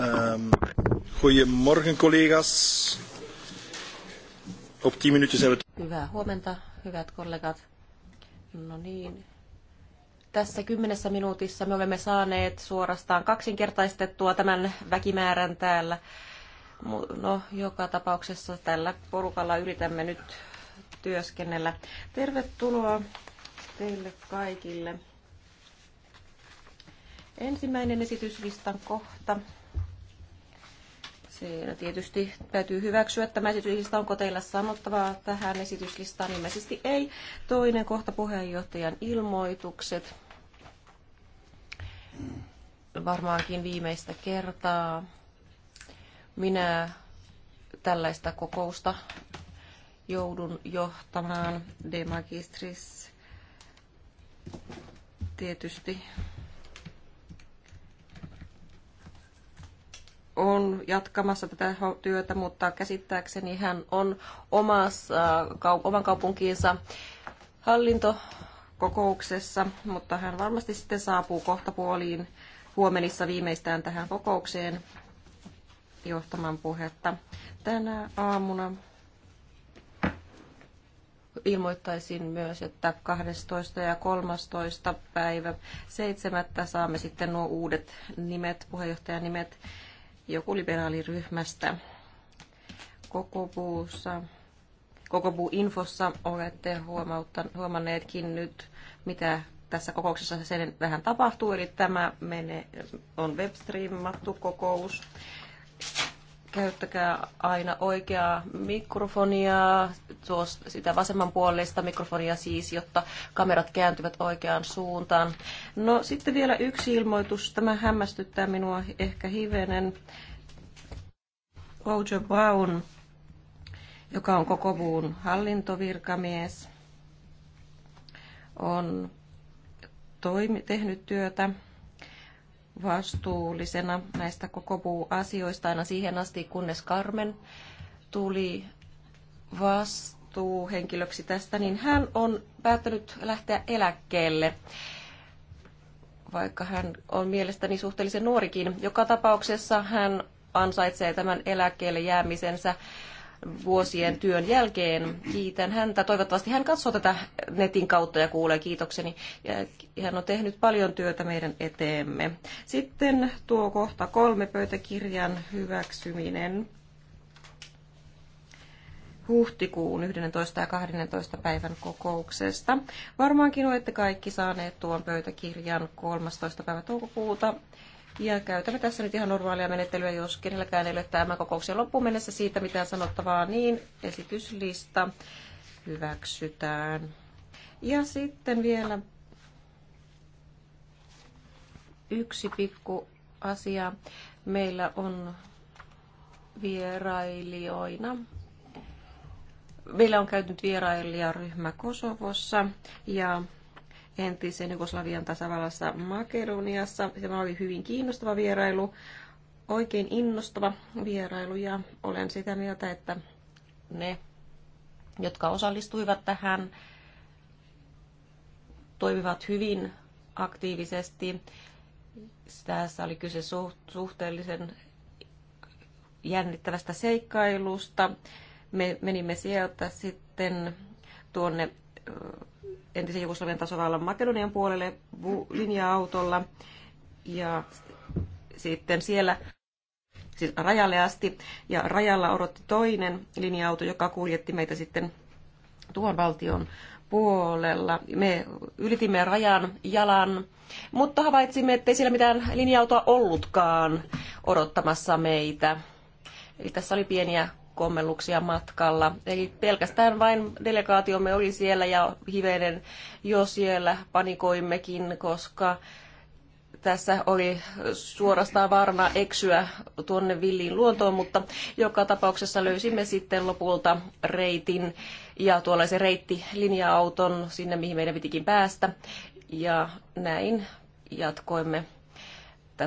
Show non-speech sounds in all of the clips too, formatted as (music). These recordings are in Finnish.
Um, goedemorgen collega's. Op 10 we... Hyvää huomenta, hyvät kollegat. No niin. Tässä kymmenessä minuutissa me olemme saaneet suorastaan kaksinkertaistettua tämän väkimäärän täällä. No, joka tapauksessa tällä porukalla yritämme nyt työskennellä. Tervetuloa teille kaikille. Ensimmäinen esityslistan kohta siellä tietysti täytyy hyväksyä, että tämä esityslista onko teillä sanottavaa tähän esityslistaan, ilmeisesti ei. Toinen kohta puheenjohtajan ilmoitukset. Varmaankin viimeistä kertaa minä tällaista kokousta joudun johtamaan de magistris tietysti on jatkamassa tätä työtä, mutta käsittääkseni hän on omassa, äh, oman kaupunkiinsa hallintokokouksessa, mutta hän varmasti sitten saapuu kohta puoliin huomenissa viimeistään tähän kokoukseen johtaman puhetta. Tänä aamuna ilmoittaisin myös, että 12. ja 13. päivä 7. saamme sitten nuo uudet nimet, puheenjohtajan nimet joku liberaaliryhmästä. Kokopuussa, puussa, infossa olette huomanneetkin nyt, mitä tässä kokouksessa sen vähän tapahtuu, eli tämä mene, on webstreamattu kokous käyttäkää aina oikeaa mikrofonia, tuos, sitä vasemmanpuoleista mikrofonia siis, jotta kamerat kääntyvät oikeaan suuntaan. No sitten vielä yksi ilmoitus. Tämä hämmästyttää minua ehkä hivenen. Roger Brown, joka on koko muun hallintovirkamies, on toimi, tehnyt työtä vastuullisena näistä koko asioista aina siihen asti, kunnes Carmen tuli vastuuhenkilöksi tästä, niin hän on päättänyt lähteä eläkkeelle vaikka hän on mielestäni suhteellisen nuorikin. Joka tapauksessa hän ansaitsee tämän eläkkeelle jäämisensä vuosien työn jälkeen. Kiitän häntä. Toivottavasti hän katsoo tätä netin kautta ja kuulee kiitokseni. Ja hän on tehnyt paljon työtä meidän eteemme. Sitten tuo kohta kolme pöytäkirjan hyväksyminen huhtikuun 11. ja 12. päivän kokouksesta. Varmaankin olette kaikki saaneet tuon pöytäkirjan 13. päivä toukokuuta ja käytämme tässä nyt ihan normaalia menettelyä, jos kenelläkään ei ole tämä kokouksen loppuun mennessä siitä mitään sanottavaa, niin esityslista hyväksytään. Ja sitten vielä yksi pikku asia. Meillä on vierailijoina. Meillä on käynyt vierailijaryhmä Kosovossa ja entisen Jugoslavian tasavallassa Makedoniassa. Tämä oli hyvin kiinnostava vierailu, oikein innostava vierailu ja olen sitä mieltä, että ne, jotka osallistuivat tähän, toimivat hyvin aktiivisesti. Tässä oli kyse suhteellisen jännittävästä seikkailusta. Me menimme sieltä sitten tuonne entisen Jugoslavian tasavallan Makedonian puolelle linja-autolla ja sitten siellä siis rajalle asti. Ja rajalla odotti toinen linja-auto, joka kuljetti meitä sitten tuon valtion puolella. Me ylitimme rajan jalan, mutta havaitsimme, ettei siellä mitään linja-autoa ollutkaan odottamassa meitä. Eli tässä oli pieniä kommelluksia matkalla. Eli pelkästään vain delegaatiomme oli siellä ja hivenen jo siellä panikoimmekin, koska tässä oli suorastaan varma eksyä tuonne villiin luontoon, mutta joka tapauksessa löysimme sitten lopulta reitin ja tuollaisen linja auton sinne, mihin meidän pitikin päästä. Ja näin jatkoimme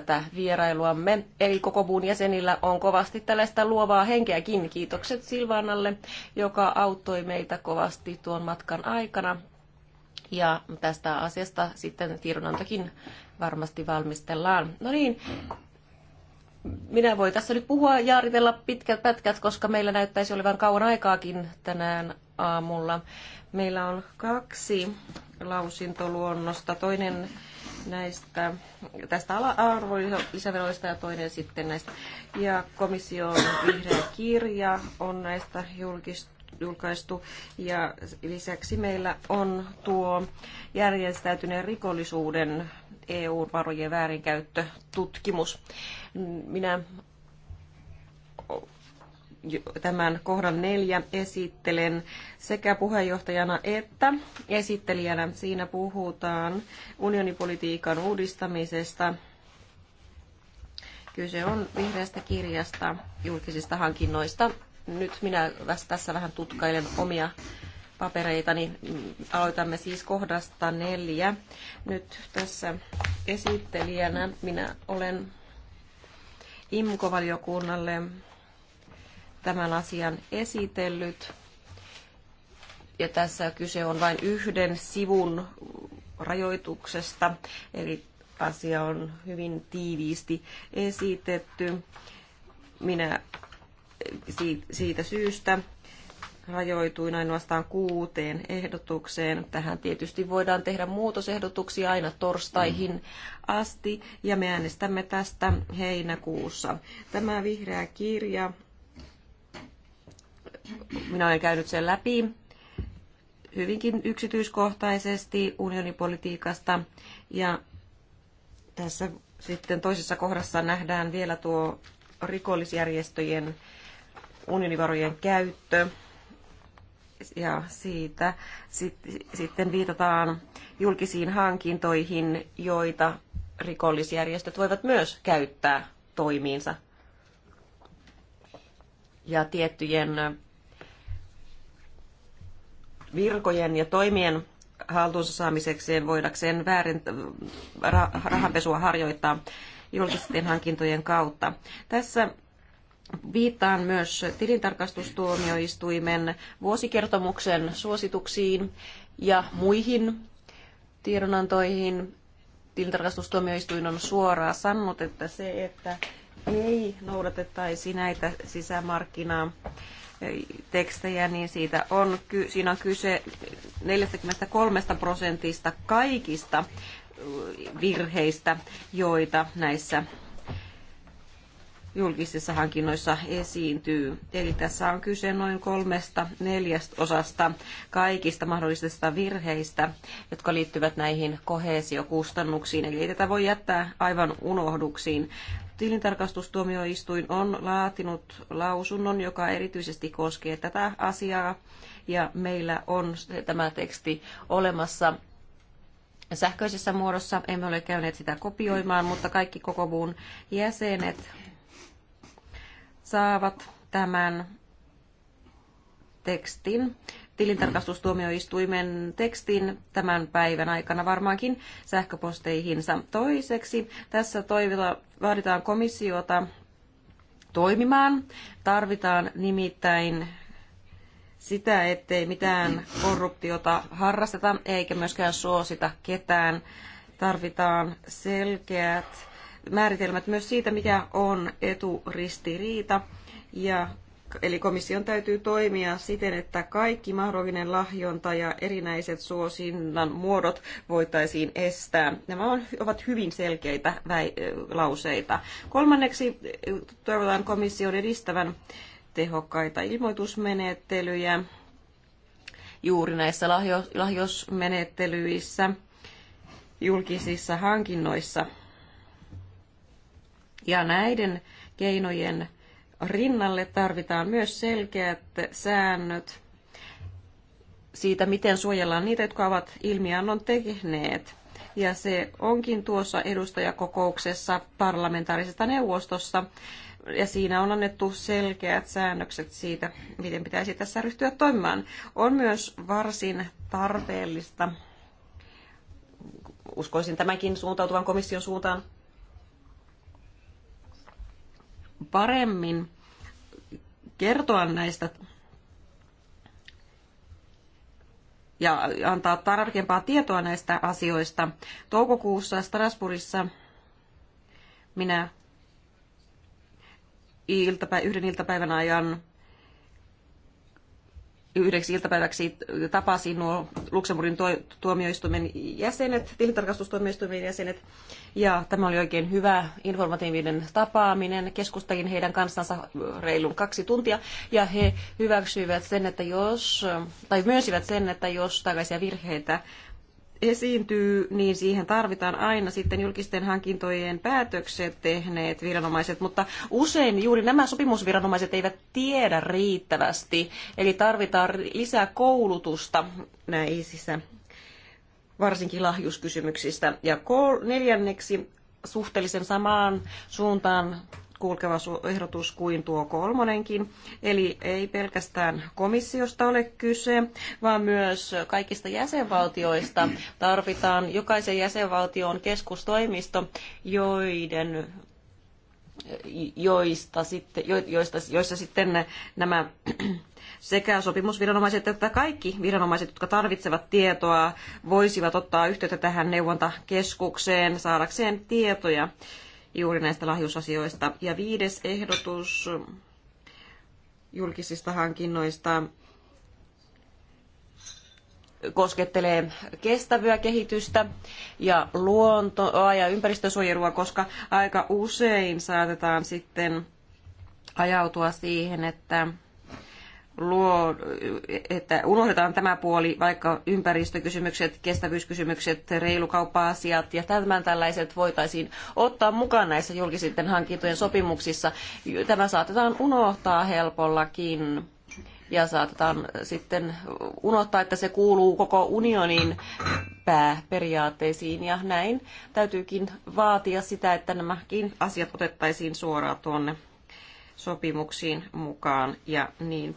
tätä vierailuamme. Eli koko muun jäsenillä on kovasti tällaista luovaa henkeäkin. Kiitokset Silvanalle, joka auttoi meitä kovasti tuon matkan aikana. Ja tästä asiasta sitten tiedonantokin varmasti valmistellaan. No niin, minä voin tässä nyt puhua ja pitkät pätkät, koska meillä näyttäisi olevan kauan aikaakin tänään aamulla. Meillä on kaksi lausintoluonnosta. Toinen näistä, tästä arvonlisäveroista ja toinen sitten näistä. Ja komission vihreä kirja on näistä julkaistu. Ja lisäksi meillä on tuo järjestäytyneen rikollisuuden EU-varojen väärinkäyttötutkimus. Minä tämän kohdan neljä esittelen sekä puheenjohtajana että esittelijänä. Siinä puhutaan unionipolitiikan uudistamisesta. Kyse on vihreästä kirjasta julkisista hankinnoista. Nyt minä tässä vähän tutkailen omia papereitani. Aloitamme siis kohdasta neljä. Nyt tässä esittelijänä minä olen IMKO-valiokunnalle tämän asian esitellyt. Ja tässä kyse on vain yhden sivun rajoituksesta, eli asia on hyvin tiiviisti esitetty. Minä siitä syystä rajoituin ainoastaan kuuteen ehdotukseen. Tähän tietysti voidaan tehdä muutosehdotuksia aina torstaihin asti ja me äänestämme tästä heinäkuussa. Tämä vihreä kirja minä olen käynyt sen läpi hyvinkin yksityiskohtaisesti unionipolitiikasta ja tässä sitten toisessa kohdassa nähdään vielä tuo rikollisjärjestöjen unionivarojen käyttö ja siitä sit, sitten viitataan julkisiin hankintoihin, joita rikollisjärjestöt voivat myös käyttää toimiinsa. Ja tiettyjen virkojen ja toimien haltuunsa saamisekseen voidakseen väärin rahanpesua harjoittaa julkisten hankintojen kautta. Tässä viittaan myös tilintarkastustuomioistuimen vuosikertomuksen suosituksiin ja muihin tiedonantoihin. Tilintarkastustuomioistuin on suoraan sanonut, että se, että ei noudatettaisi näitä sisämarkkinaa tekstejä, niin siitä on, siinä on kyse 43 prosentista kaikista virheistä, joita näissä julkisissa hankinnoissa esiintyy. Eli tässä on kyse noin kolmesta neljästä osasta kaikista mahdollisista virheistä, jotka liittyvät näihin kohesiokustannuksiin. Eli ei tätä voi jättää aivan unohduksiin. Tilintarkastustuomioistuin on laatinut lausunnon, joka erityisesti koskee tätä asiaa, ja meillä on tämä teksti olemassa sähköisessä muodossa. Emme ole käyneet sitä kopioimaan, mutta kaikki koko muun jäsenet saavat tämän tekstin tilintarkastustuomioistuimen tekstin tämän päivän aikana varmaankin sähköposteihinsa. Toiseksi tässä toivilla, vaaditaan komissiota toimimaan. Tarvitaan nimittäin sitä, ettei mitään korruptiota harrasteta eikä myöskään suosita ketään. Tarvitaan selkeät määritelmät myös siitä, mikä on eturistiriita ja Eli komission täytyy toimia siten, että kaikki mahdollinen lahjonta ja erinäiset suosinnan muodot voitaisiin estää. Nämä ovat hyvin selkeitä lauseita. Kolmanneksi toivotaan komission edistävän tehokkaita ilmoitusmenettelyjä juuri näissä lahjo- lahjosmenettelyissä, julkisissa hankinnoissa. Ja näiden keinojen rinnalle tarvitaan myös selkeät säännöt siitä, miten suojellaan niitä, jotka ovat ilmiannon tehneet. Ja se onkin tuossa edustajakokouksessa parlamentaarisesta neuvostossa ja siinä on annettu selkeät säännökset siitä, miten pitäisi tässä ryhtyä toimimaan. On myös varsin tarpeellista, uskoisin tämänkin suuntautuvan komission suuntaan, paremmin kertoa näistä ja antaa tarkempaa tietoa näistä asioista. Toukokuussa Strasbourgissa minä iltapäivä, yhden iltapäivän ajan yhdeksi iltapäiväksi tapasin nuo Luxemburgin tuomioistuimen jäsenet, tilintarkastustuomioistuimen jäsenet, ja tämä oli oikein hyvä informatiivinen tapaaminen. Keskustelin heidän kanssansa reilun kaksi tuntia, ja he hyväksyivät sen, että jos, tai myönsivät sen, että jos tällaisia virheitä esiintyy, niin siihen tarvitaan aina sitten julkisten hankintojen päätökset tehneet viranomaiset, mutta usein juuri nämä sopimusviranomaiset eivät tiedä riittävästi, eli tarvitaan lisää koulutusta näissä varsinkin lahjuskysymyksistä. Ja neljänneksi suhteellisen samaan suuntaan kulkeva ehdotus kuin tuo kolmonenkin. Eli ei pelkästään komissiosta ole kyse, vaan myös kaikista jäsenvaltioista tarvitaan jokaisen jäsenvaltion keskustoimisto, joiden joista sitten, jo, joista, joissa sitten nämä sekä sopimusviranomaiset että kaikki viranomaiset, jotka tarvitsevat tietoa, voisivat ottaa yhteyttä tähän neuvontakeskukseen saadakseen tietoja juuri näistä lahjusasioista. Ja viides ehdotus julkisista hankinnoista koskettelee kestävyä kehitystä ja luontoa ja ympäristösuojelua, koska aika usein saatetaan sitten ajautua siihen, että luo, että unohdetaan tämä puoli, vaikka ympäristökysymykset, kestävyyskysymykset, reilukauppa-asiat ja tämän tällaiset voitaisiin ottaa mukaan näissä julkisten hankintojen sopimuksissa. Tämä saatetaan unohtaa helpollakin ja saatetaan sitten unohtaa, että se kuuluu koko unionin pääperiaatteisiin ja näin täytyykin vaatia sitä, että nämäkin asiat otettaisiin suoraan tuonne sopimuksiin mukaan ja niin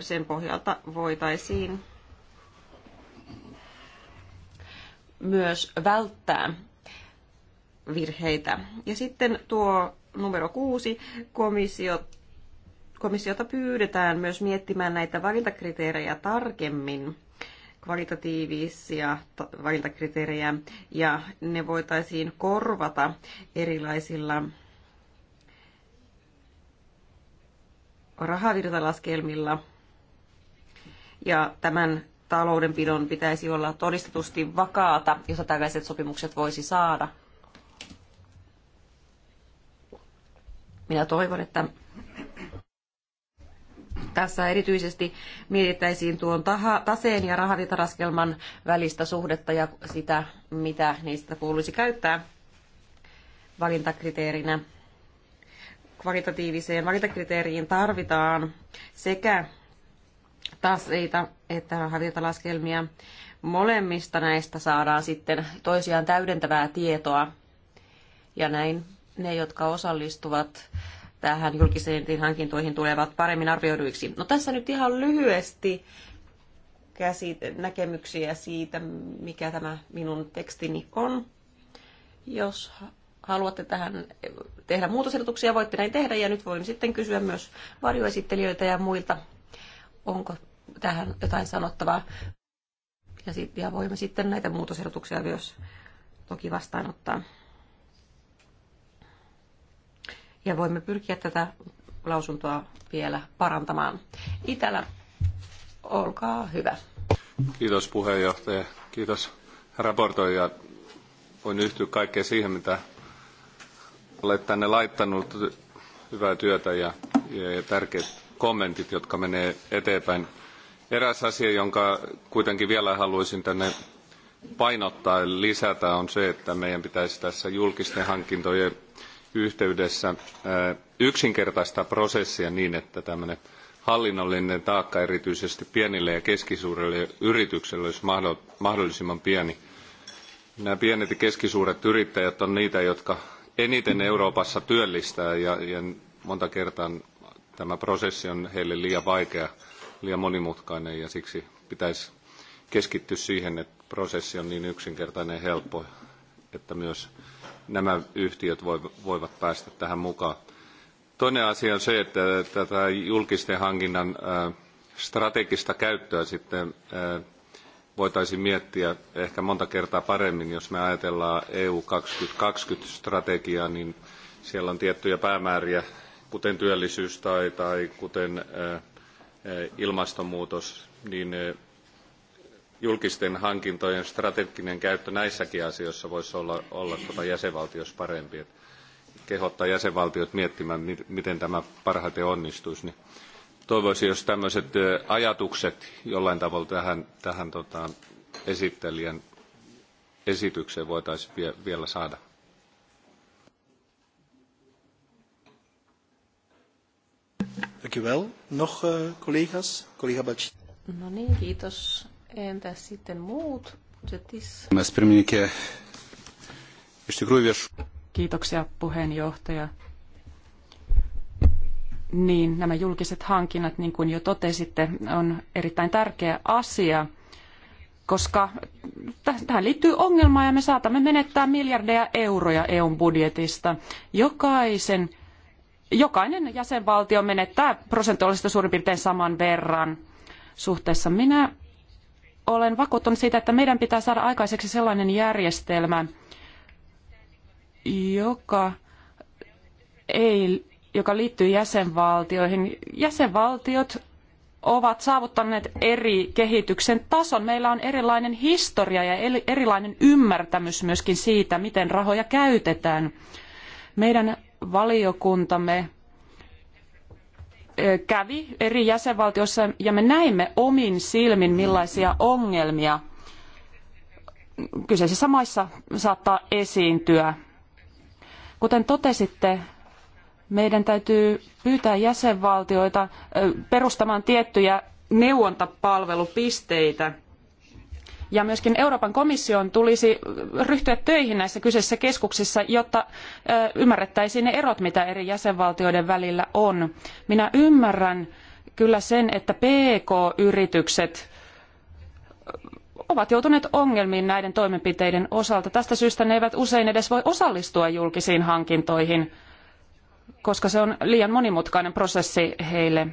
sen pohjalta voitaisiin myös välttää virheitä. Ja sitten tuo numero kuusi, komissio, komissiota pyydetään myös miettimään näitä valintakriteerejä tarkemmin kvalitatiivisia valintakriteerejä ja ne voitaisiin korvata erilaisilla rahavirtalaskelmilla. Ja tämän taloudenpidon pitäisi olla todistetusti vakaata, jotta tällaiset sopimukset voisi saada. Minä toivon, että tässä erityisesti mietittäisiin tuon taha, taseen ja rahavirtaraskelman välistä suhdetta ja sitä, mitä niistä kuuluisi käyttää valintakriteerinä kvalitatiiviseen valintakriteeriin tarvitaan sekä taseita että harjoitalaskelmia. Molemmista näistä saadaan sitten toisiaan täydentävää tietoa. Ja näin ne, jotka osallistuvat tähän julkisiin hankintoihin, tulevat paremmin arvioiduiksi. No tässä nyt ihan lyhyesti käsit- näkemyksiä siitä, mikä tämä minun tekstini on. Jos haluatte tähän tehdä muutosehdotuksia, voitte näin tehdä. Ja nyt voin sitten kysyä myös varjoesittelijöitä ja muilta, onko tähän jotain sanottavaa. Ja, sit, ja voimme sitten näitä muutosehdotuksia myös toki vastaanottaa. Ja voimme pyrkiä tätä lausuntoa vielä parantamaan. Itälä, olkaa hyvä. Kiitos puheenjohtaja. Kiitos raportoija. Voin yhtyä kaikkeen siihen, mitä olet tänne laittanut hyvää työtä ja, ja, ja tärkeät kommentit, jotka menee eteenpäin. Eräs asia, jonka kuitenkin vielä haluaisin tänne painottaa ja lisätä, on se, että meidän pitäisi tässä julkisten hankintojen yhteydessä yksinkertaistaa prosessia niin, että tämmöinen hallinnollinen taakka erityisesti pienille ja keskisuurille yrityksille olisi mahdollisimman pieni. Nämä pienet ja keskisuuret yrittäjät on niitä, jotka eniten Euroopassa työllistää ja, ja monta kertaa tämä prosessi on heille liian vaikea, liian monimutkainen ja siksi pitäisi keskittyä siihen, että prosessi on niin yksinkertainen ja helppo, että myös nämä yhtiöt voivat päästä tähän mukaan. Toinen asia on se, että tätä julkisten hankinnan strategista käyttöä sitten voitaisiin miettiä ehkä monta kertaa paremmin, jos me ajatellaan EU 2020-strategiaa, niin siellä on tiettyjä päämääriä, kuten työllisyys tai, tai kuten ilmastonmuutos, niin julkisten hankintojen strateginen käyttö näissäkin asioissa voisi olla, olla tuota jäsenvaltiossa parempi. kehottaa jäsenvaltiot miettimään, miten tämä parhaiten onnistuisi. Niin toivoisin, jos tämmöiset ajatukset jollain tavalla tähän, tähän tota, esittelijän esitykseen voitaisiin vie, vielä saada. Dank wel. Nog uh, collega's? Collega No niin, kiitos. Entä sitten muut? Budjetis. Kiitoksia puheenjohtaja niin nämä julkiset hankinnat, niin kuin jo totesitte, on erittäin tärkeä asia, koska tähän liittyy ongelma ja me saatamme menettää miljardeja euroja EUn budjetista. Jokaisen, jokainen jäsenvaltio menettää prosentuaalisesti suurin piirtein saman verran suhteessa. Minä olen vakuuttunut siitä, että meidän pitää saada aikaiseksi sellainen järjestelmä, joka ei joka liittyy jäsenvaltioihin. Jäsenvaltiot ovat saavuttaneet eri kehityksen tason. Meillä on erilainen historia ja erilainen ymmärtämys myöskin siitä, miten rahoja käytetään. Meidän valiokuntamme eh, kävi eri jäsenvaltioissa ja me näimme omin silmin, millaisia ongelmia kyseisissä maissa saattaa esiintyä. Kuten totesitte, meidän täytyy pyytää jäsenvaltioita perustamaan tiettyjä neuvontapalvelupisteitä. Ja myöskin Euroopan komission tulisi ryhtyä töihin näissä kyseisissä keskuksissa, jotta ymmärrettäisiin ne erot, mitä eri jäsenvaltioiden välillä on. Minä ymmärrän kyllä sen, että PK-yritykset ovat joutuneet ongelmiin näiden toimenpiteiden osalta. Tästä syystä ne eivät usein edes voi osallistua julkisiin hankintoihin – koska se on liian monimutkainen prosessi heille.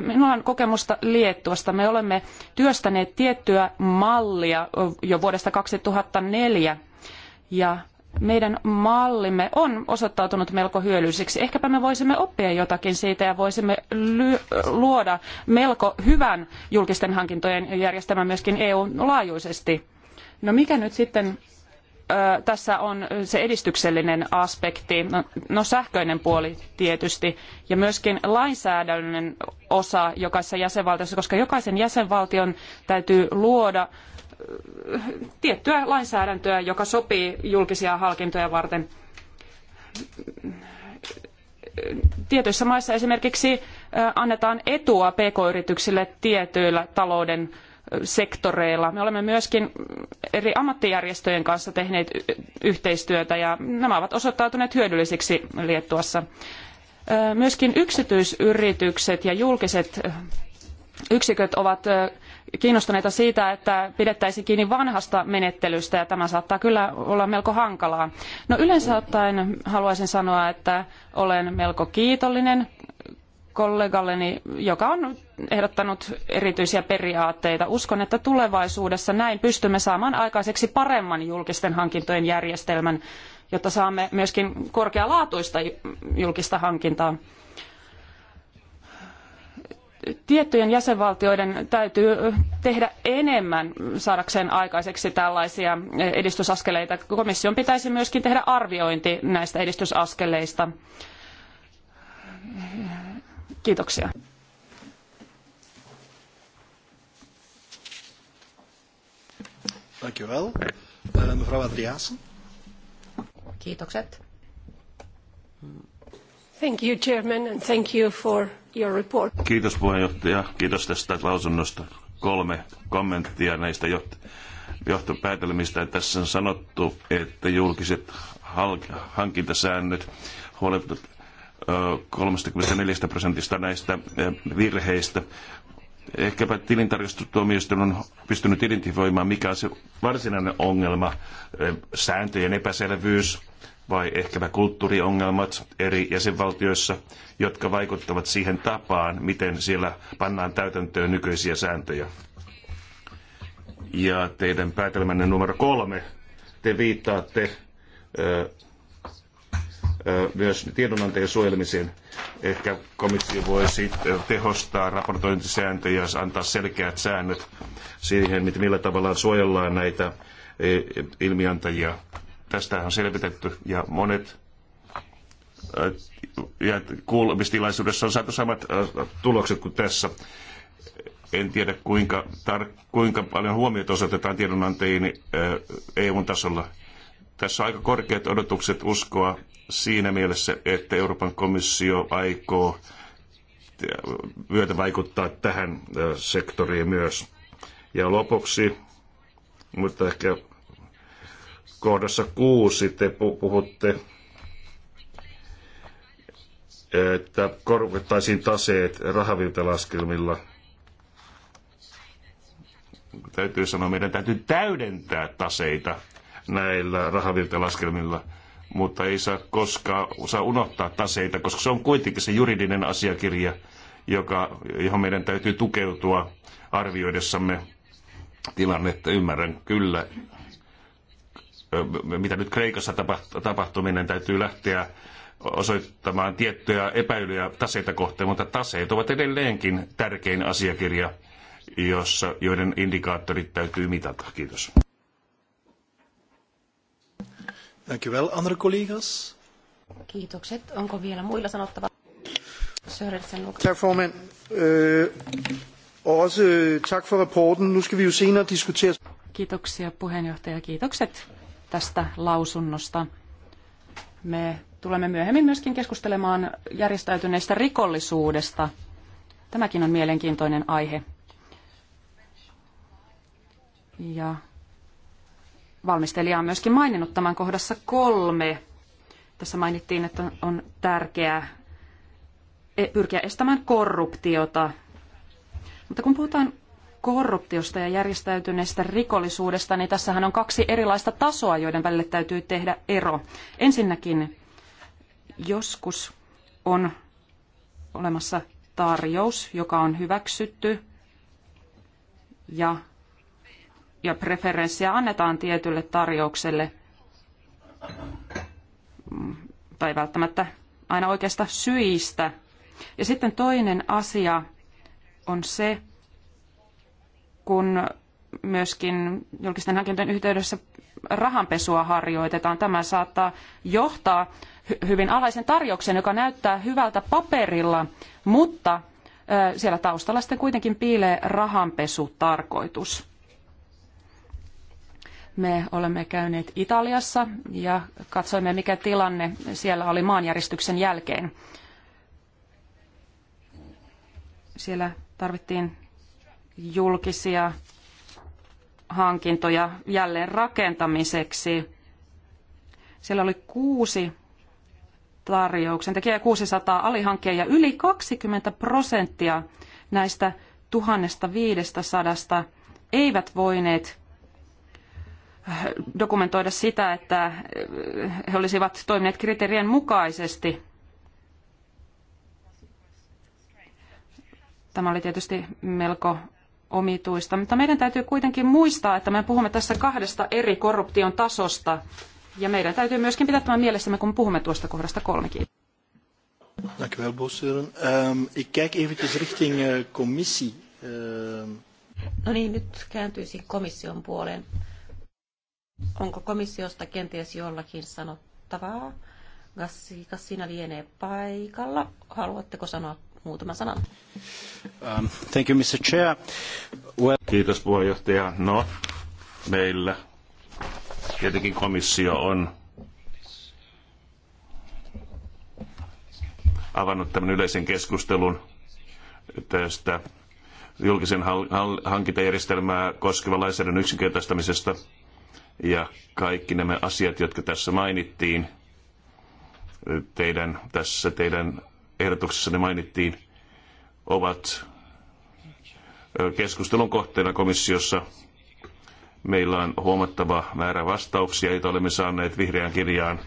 Minulla on kokemusta Liettuasta. Me olemme työstäneet tiettyä mallia jo vuodesta 2004 ja meidän mallimme on osoittautunut melko hyödylliseksi. Ehkäpä me voisimme oppia jotakin siitä ja voisimme luoda melko hyvän julkisten hankintojen järjestelmän myöskin EU-laajuisesti. No mikä nyt sitten tässä on se edistyksellinen aspekti, no, no sähköinen puoli tietysti, ja myöskin lainsäädännön osa jokaisessa jäsenvaltiossa, koska jokaisen jäsenvaltion täytyy luoda tiettyä lainsäädäntöä, joka sopii julkisia hankintoja varten. Tietyissä maissa esimerkiksi annetaan etua pk-yrityksille tietyillä talouden sektoreilla. Me olemme myöskin eri ammattijärjestöjen kanssa tehneet yhteistyötä ja nämä ovat osoittautuneet hyödyllisiksi Liettuassa. Myöskin yksityisyritykset ja julkiset yksiköt ovat kiinnostuneita siitä, että pidettäisiin kiinni vanhasta menettelystä ja tämä saattaa kyllä olla melko hankalaa. No yleensä ottaen haluaisin sanoa, että olen melko kiitollinen kollegalleni, joka on ehdottanut erityisiä periaatteita. Uskon, että tulevaisuudessa näin pystymme saamaan aikaiseksi paremman julkisten hankintojen järjestelmän, jotta saamme myöskin korkealaatuista julkista hankintaa. Tiettyjen jäsenvaltioiden täytyy tehdä enemmän saadakseen aikaiseksi tällaisia edistysaskeleita. Komission pitäisi myöskin tehdä arviointi näistä edistysaskeleista Kiitoksia. Dank u wel. Mevrouw Adriaassen. Kiitokset. Thank you, Chairman, and thank you for your report. Kiitos puheenjohtaja, kiitos tästä lausunnosta. Kolme kommenttia näistä johtopäätelmistä. Tässä on sanottu, että julkiset hankintasäännöt huolehtivat 34 prosentista näistä eh, virheistä. Ehkäpä tilintarkastustuomioistuin on pystynyt identifioimaan, mikä on se varsinainen ongelma, eh, sääntöjen epäselvyys vai ehkäpä kulttuuriongelmat eri jäsenvaltioissa, jotka vaikuttavat siihen tapaan, miten siellä pannaan täytäntöön nykyisiä sääntöjä. Ja teidän päätelmänne numero kolme, te viittaatte eh, myös tiedonantajien suojelemiseen. Ehkä komissio voi sitten tehostaa raportointisääntöjä ja antaa selkeät säännöt siihen, millä tavalla suojellaan näitä e, ilmiantajia. Tästähän on selvitetty ja monet ja kuulemistilaisuudessa on saatu samat tulokset kuin tässä. En tiedä, kuinka, tar- kuinka paljon huomiota osoitetaan tiedonantajiin eu tasolla. Tässä on aika korkeat odotukset uskoa siinä mielessä, että Euroopan komissio aikoo myötä vaikuttaa tähän sektoriin myös. Ja lopuksi, mutta ehkä kohdassa kuusi te puhutte, että korvettaisiin taseet rahavirtalaskelmilla. Täytyy sanoa, meidän täytyy täydentää taseita näillä rahavirtalaskelmilla – mutta ei saa koskaan saa unohtaa taseita, koska se on kuitenkin se juridinen asiakirja, joka, johon meidän täytyy tukeutua arvioidessamme tilannetta. Ymmärrän kyllä, mitä nyt Kreikassa tapahtuminen täytyy lähteä osoittamaan tiettyjä epäilyjä taseita kohteen, mutta taseet ovat edelleenkin tärkein asiakirja, jossa, joiden indikaattorit täytyy mitata. Kiitos. Dank u wel, andere collega's. Kiitokset. Onko vielä muilla sanottavaa? Sørensen. Tak formand. Øh, og også øh, tak for rapporten. Nu skal vi jo senere diskutere... Kiitoksia puheenjohtaja. Kiitokset tästä lausunnosta. Me tulemme myöhemmin myöskin keskustelemaan järjestäytyneestä rikollisuudesta. Tämäkin on mielenkiintoinen aihe. Ja valmistelija on myöskin maininnut tämän kohdassa kolme. Tässä mainittiin, että on tärkeää e- pyrkiä estämään korruptiota. Mutta kun puhutaan korruptiosta ja järjestäytyneestä rikollisuudesta, niin tässähän on kaksi erilaista tasoa, joiden välille täytyy tehdä ero. Ensinnäkin joskus on olemassa tarjous, joka on hyväksytty ja ja preferenssiä annetaan tietylle tarjoukselle tai välttämättä aina oikeasta syistä. Ja sitten toinen asia on se, kun myöskin julkisten hankintojen yhteydessä rahanpesua harjoitetaan. Tämä saattaa johtaa hyvin alaisen tarjouksen, joka näyttää hyvältä paperilla, mutta siellä taustalla sitten kuitenkin piilee rahanpesutarkoitus. Me olemme käyneet Italiassa ja katsoimme, mikä tilanne siellä oli maanjäristyksen jälkeen. Siellä tarvittiin julkisia hankintoja jälleen rakentamiseksi. Siellä oli kuusi tarjouksen tekijä 600 alihankkeja ja yli 20 prosenttia näistä 1500 eivät voineet dokumentoida sitä, että he olisivat toimineet kriteerien mukaisesti. Tämä oli tietysti melko omituista, mutta meidän täytyy kuitenkin muistaa, että me puhumme tässä kahdesta eri korruption tasosta. Ja meidän täytyy myöskin pitää tämä mielessämme, kun puhumme tuosta kohdasta kolmekin. Dank u wel, Bosuren. Um, ehm, ik kijk eventjes richting uh, commissie. Uh... No niin, nyt kääntyisin komission puoleen. Onko komissiosta kenties jollakin sanottavaa? Gassi, Gassina lienee paikalla. Haluatteko sanoa muutaman sanan? Um, thank you, Mr. Chair. Well... Kiitos puheenjohtaja. No, meillä tietenkin komissio on avannut tämän yleisen keskustelun tästä julkisen hankintajärjestelmää koskevan lainsäädännön yksinkertaistamisesta – ja kaikki nämä asiat, jotka tässä mainittiin, teidän, tässä teidän ehdotuksessanne mainittiin, ovat keskustelun kohteena komissiossa. Meillä on huomattava määrä vastauksia, joita olemme saaneet vihreään kirjaan,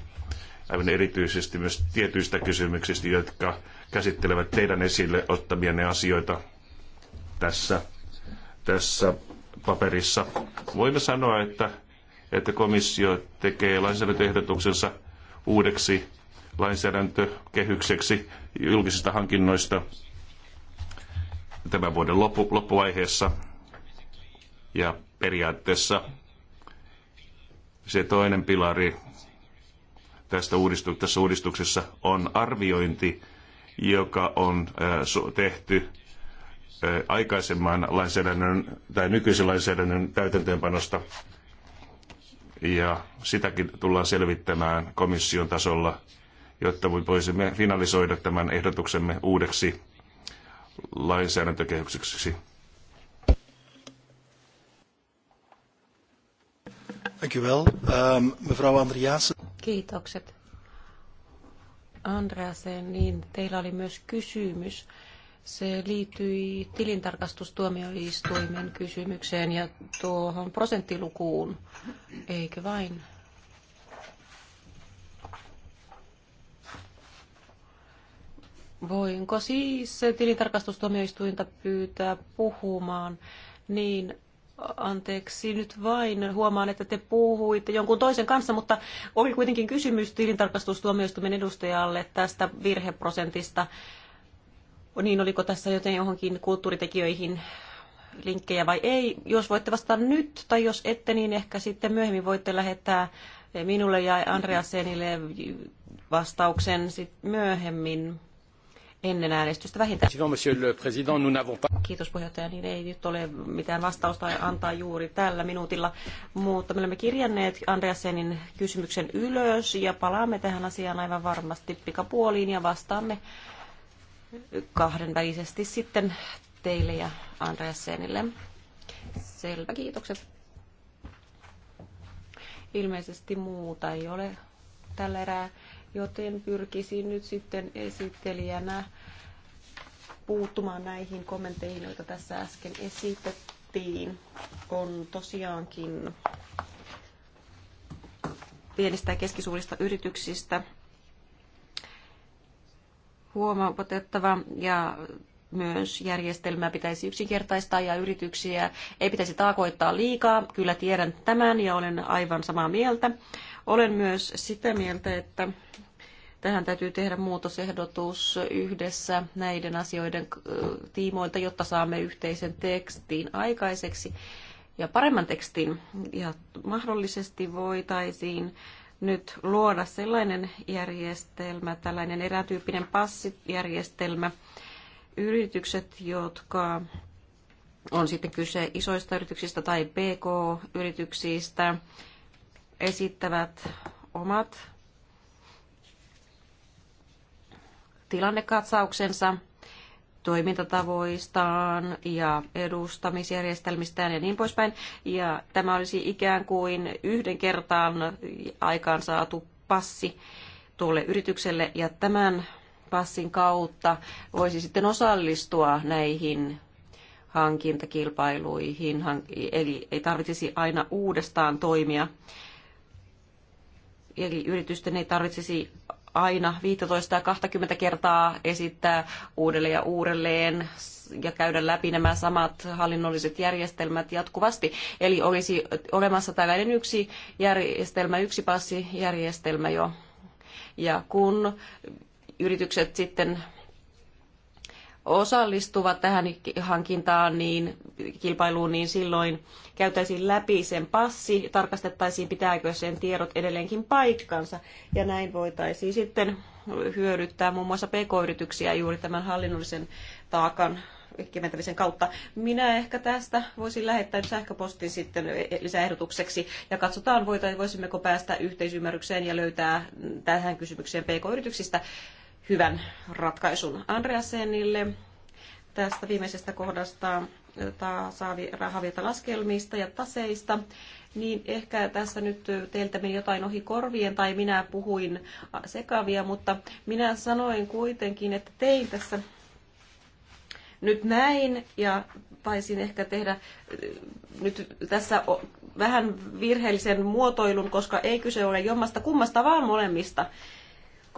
aivan erityisesti myös tietyistä kysymyksistä, jotka käsittelevät teidän esille ottamienne asioita tässä, tässä paperissa. Voimme sanoa, että että komissio tekee lainsäädäntöehdotuksensa uudeksi lainsäädäntökehykseksi julkisista hankinnoista tämän vuoden loppu, loppuvaiheessa. Ja periaatteessa se toinen pilari tästä uudistu- tässä uudistuksessa on arviointi, joka on tehty aikaisemman lainsäädännön tai nykyisen lainsäädännön täytäntöönpanosta ja sitäkin tullaan selvittämään komission tasolla, jotta voisimme finalisoida tämän ehdotuksemme uudeksi lainsäädäntökehykseksi. Dank u wel. Um, mevrouw Andreasen. Kiitokset. Andreasen, niin teillä oli myös kysymys se liittyi tilintarkastustuomioistuimen kysymykseen ja tuohon prosenttilukuun, eikö vain? Voinko siis tilintarkastustuomioistuinta pyytää puhumaan? Niin anteeksi nyt vain, huomaan, että te puhuitte jonkun toisen kanssa, mutta oli kuitenkin kysymys tilintarkastustuomioistuimen edustajalle tästä virheprosentista. Niin, oliko tässä joten johonkin kulttuuritekijöihin linkkejä vai ei? Jos voitte vastata nyt tai jos ette, niin ehkä sitten myöhemmin voitte lähettää minulle ja Andreasenille vastauksen sit myöhemmin ennen äänestystä vähintään. Kiitos puheenjohtaja, niin ei nyt ole mitään vastausta antaa juuri tällä minuutilla, mutta me olemme kirjanneet Andreasenin kysymyksen ylös ja palaamme tähän asiaan aivan varmasti pikapuoliin ja vastaamme kahdenvälisesti sitten teille ja Seenille. Selvä, kiitokset. Ilmeisesti muuta ei ole tällä erää, joten pyrkisin nyt sitten esittelijänä puuttumaan näihin kommentteihin, joita tässä äsken esitettiin. On tosiaankin pienistä ja keskisuurista yrityksistä huomautettava ja myös järjestelmää pitäisi yksinkertaistaa ja yrityksiä ei pitäisi taakoittaa liikaa. Kyllä tiedän tämän ja olen aivan samaa mieltä. Olen myös sitä mieltä, että tähän täytyy tehdä muutosehdotus yhdessä näiden asioiden äh, tiimoilta, jotta saamme yhteisen tekstin aikaiseksi ja paremman tekstin. Ja mahdollisesti voitaisiin nyt luoda sellainen järjestelmä, tällainen erätyyppinen passijärjestelmä, yritykset, jotka on sitten kyse isoista yrityksistä tai PK-yrityksistä, esittävät omat tilannekatsauksensa – toimintatavoistaan ja edustamisjärjestelmistään ja niin poispäin. Ja tämä olisi ikään kuin yhden kertaan aikaan saatu passi tuolle yritykselle ja tämän passin kautta voisi sitten osallistua näihin hankintakilpailuihin, eli ei tarvitsisi aina uudestaan toimia. Eli yritysten ei tarvitsisi aina 15 ja 20 kertaa esittää uudelleen ja uudelleen ja käydä läpi nämä samat hallinnolliset järjestelmät jatkuvasti. Eli olisi olemassa tällainen yksi järjestelmä, yksi passijärjestelmä jo. Ja kun yritykset sitten osallistuvat tähän hankintaan, niin kilpailuun, niin silloin käytäisiin läpi sen passi, tarkastettaisiin pitääkö sen tiedot edelleenkin paikkansa ja näin voitaisiin sitten hyödyttää muun muassa pk-yrityksiä juuri tämän hallinnollisen taakan keventämisen kautta. Minä ehkä tästä voisin lähettää sähköpostin sitten lisäehdotukseksi ja katsotaan, voisimmeko päästä yhteisymmärrykseen ja löytää tähän kysymykseen pk-yrityksistä hyvän ratkaisun Andreasenille tästä viimeisestä kohdasta laskelmista ja taseista, niin ehkä tässä nyt teiltä meni jotain ohi korvien tai minä puhuin sekavia, mutta minä sanoin kuitenkin, että tein tässä nyt näin ja taisin ehkä tehdä eh, nyt tässä vähän virheellisen muotoilun, koska ei kyse ole jommasta kummasta, vaan molemmista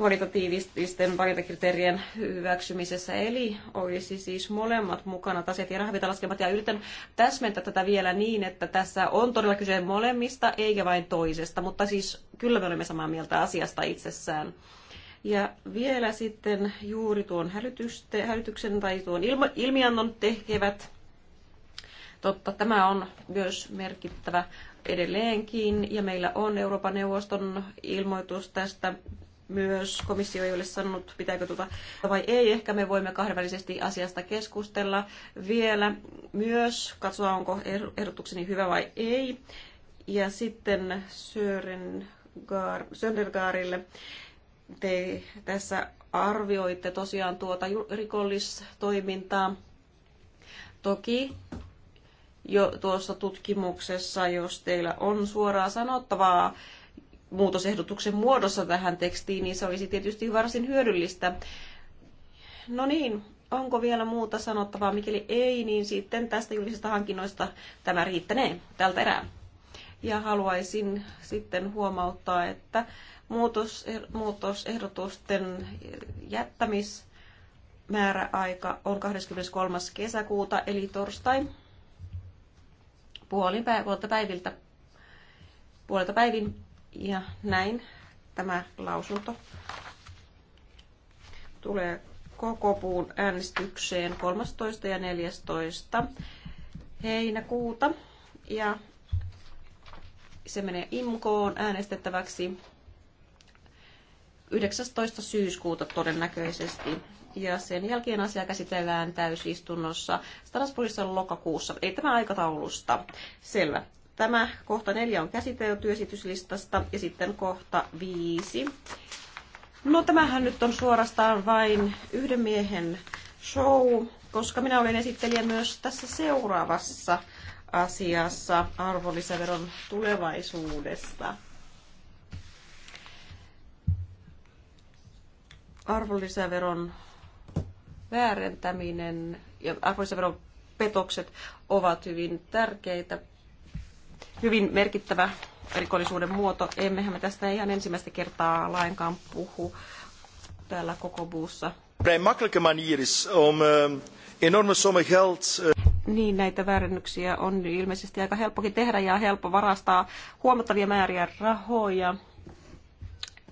kvalitatiivisten valintakriteerien hyväksymisessä, eli olisi siis molemmat mukana, taseet ja rahavirtalaskelmat, ja yritän täsmentää tätä vielä niin, että tässä on todella kyse molemmista, eikä vain toisesta, mutta siis kyllä me olemme samaa mieltä asiasta itsessään. Ja vielä sitten juuri tuon hälytyksen tai tuon ilma, ilmiannon tekevät. Totta, tämä on myös merkittävä edelleenkin, ja meillä on Euroopan neuvoston ilmoitus tästä myös komissio ei ole sanonut, pitääkö tuota vai ei. Ehkä me voimme kahdenvälisesti asiasta keskustella vielä myös, katsoa onko er- ehdotukseni hyvä vai ei. Ja sitten Söndergaarille te tässä arvioitte tosiaan tuota rikollistoimintaa. Toki jo tuossa tutkimuksessa, jos teillä on suoraa sanottavaa muutosehdotuksen muodossa tähän tekstiin, niin se olisi tietysti varsin hyödyllistä. No niin, onko vielä muuta sanottavaa? Mikäli ei, niin sitten tästä julkisesta hankinnoista tämä riittänee tältä erää. Ja haluaisin sitten huomauttaa, että er- muutosehdotusten jättämismääräaika on 23. kesäkuuta, eli torstai puolin päiviltä, puolilta päivin ja näin tämä lausunto tulee koko puun äänestykseen 13. ja 14. heinäkuuta. Ja se menee IMKOon äänestettäväksi 19. syyskuuta todennäköisesti. Ja sen jälkeen asia käsitellään täysistunnossa Strasbourgissa lokakuussa. Ei tämä aikataulusta. Selvä. Tämä kohta neljä on käsitelty esityslistasta ja sitten kohta viisi. No tämähän nyt on suorastaan vain yhden miehen show, koska minä olen esittelijä myös tässä seuraavassa asiassa arvonlisäveron tulevaisuudesta. Arvonlisäveron väärentäminen ja arvonlisäveron petokset ovat hyvin tärkeitä hyvin merkittävä rikollisuuden muoto. Emmehän me tästä ihan ensimmäistä kertaa lainkaan puhu täällä koko buussa. Eh, eh, niin, näitä väärennyksiä on ilmeisesti aika helppokin tehdä ja helppo varastaa huomattavia määriä rahoja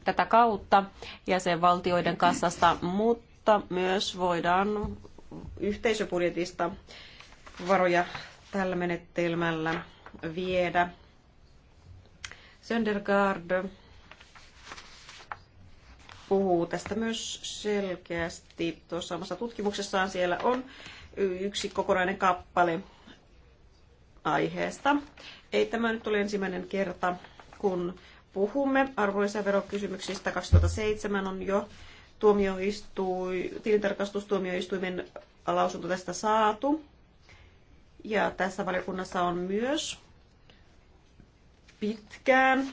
tätä kautta jäsenvaltioiden kassasta, mutta myös voidaan yhteisöbudjetista varoja tällä menetelmällä viedä. Söndergaard puhuu tästä myös selkeästi. Tuossa omassa tutkimuksessaan siellä on yksi kokonainen kappale aiheesta. Ei tämä nyt ole ensimmäinen kerta, kun puhumme arvonlisäverokysymyksistä. 2007 on jo tuomioistui, tilintarkastustuomioistuimen lausunto tästä saatu. Ja tässä valiokunnassa on myös pitkään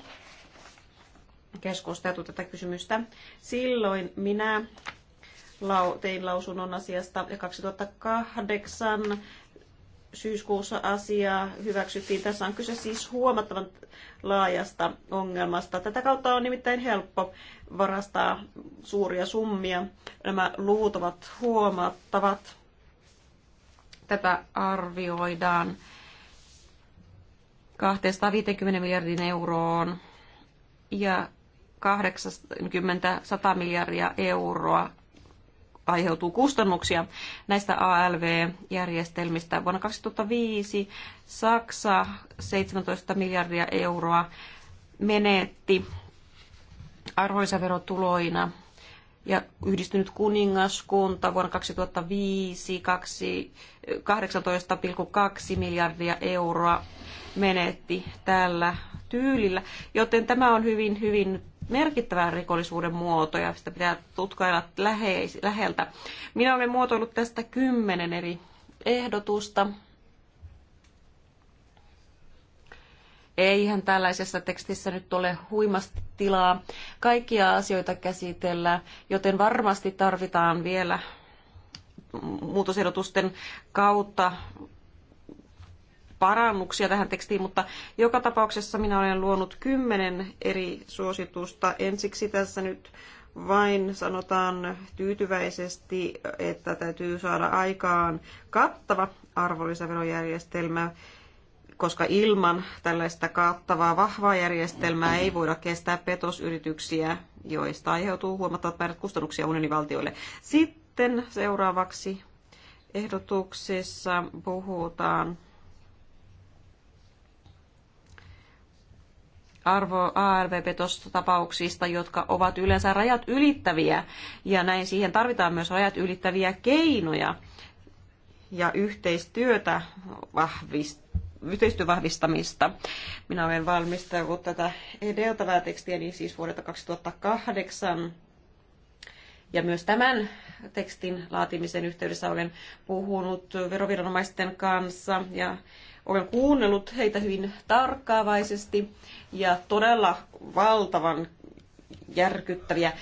keskusteltu tätä kysymystä. Silloin minä tein lausunnon asiasta ja 2008 syyskuussa asia hyväksyttiin. Tässä on kyse siis huomattavan laajasta ongelmasta. Tätä kautta on nimittäin helppo varastaa suuria summia. Nämä luut ovat huomattavat. Tätä arvioidaan 250 miljardin euroon ja 80-100 miljardia euroa aiheutuu kustannuksia näistä ALV-järjestelmistä. Vuonna 2005 Saksa 17 miljardia euroa menetti arvonlisäverotuloina ja yhdistynyt kuningaskunta vuonna 2005 18,2 miljardia euroa menetti tällä tyylillä. Joten tämä on hyvin, hyvin merkittävää rikollisuuden muoto ja sitä pitää tutkailla läheltä. Minä olen muotoillut tästä kymmenen eri ehdotusta Eihän tällaisessa tekstissä nyt ole huimasti tilaa kaikkia asioita käsitellä, joten varmasti tarvitaan vielä muutosehdotusten kautta parannuksia tähän tekstiin, mutta joka tapauksessa minä olen luonut kymmenen eri suositusta. Ensiksi tässä nyt vain sanotaan tyytyväisesti, että täytyy saada aikaan kattava arvonlisäverojärjestelmä koska ilman tällaista kattavaa vahvaa järjestelmää ei voida kestää petosyrityksiä, joista aiheutuu huomattavat määrät kustannuksia unionivaltioille. Sitten seuraavaksi ehdotuksessa puhutaan arvo ARV-petostapauksista, jotka ovat yleensä rajat ylittäviä, ja näin siihen tarvitaan myös rajat ylittäviä keinoja ja yhteistyötä vahvist- yhteistyön vahvistamista. Minä olen valmistellut tätä edeltävää tekstiä niin siis vuodelta 2008 ja myös tämän tekstin laatimisen yhteydessä olen puhunut veroviranomaisten kanssa ja olen kuunnellut heitä hyvin tarkkaavaisesti ja todella valtavan järkyttäviä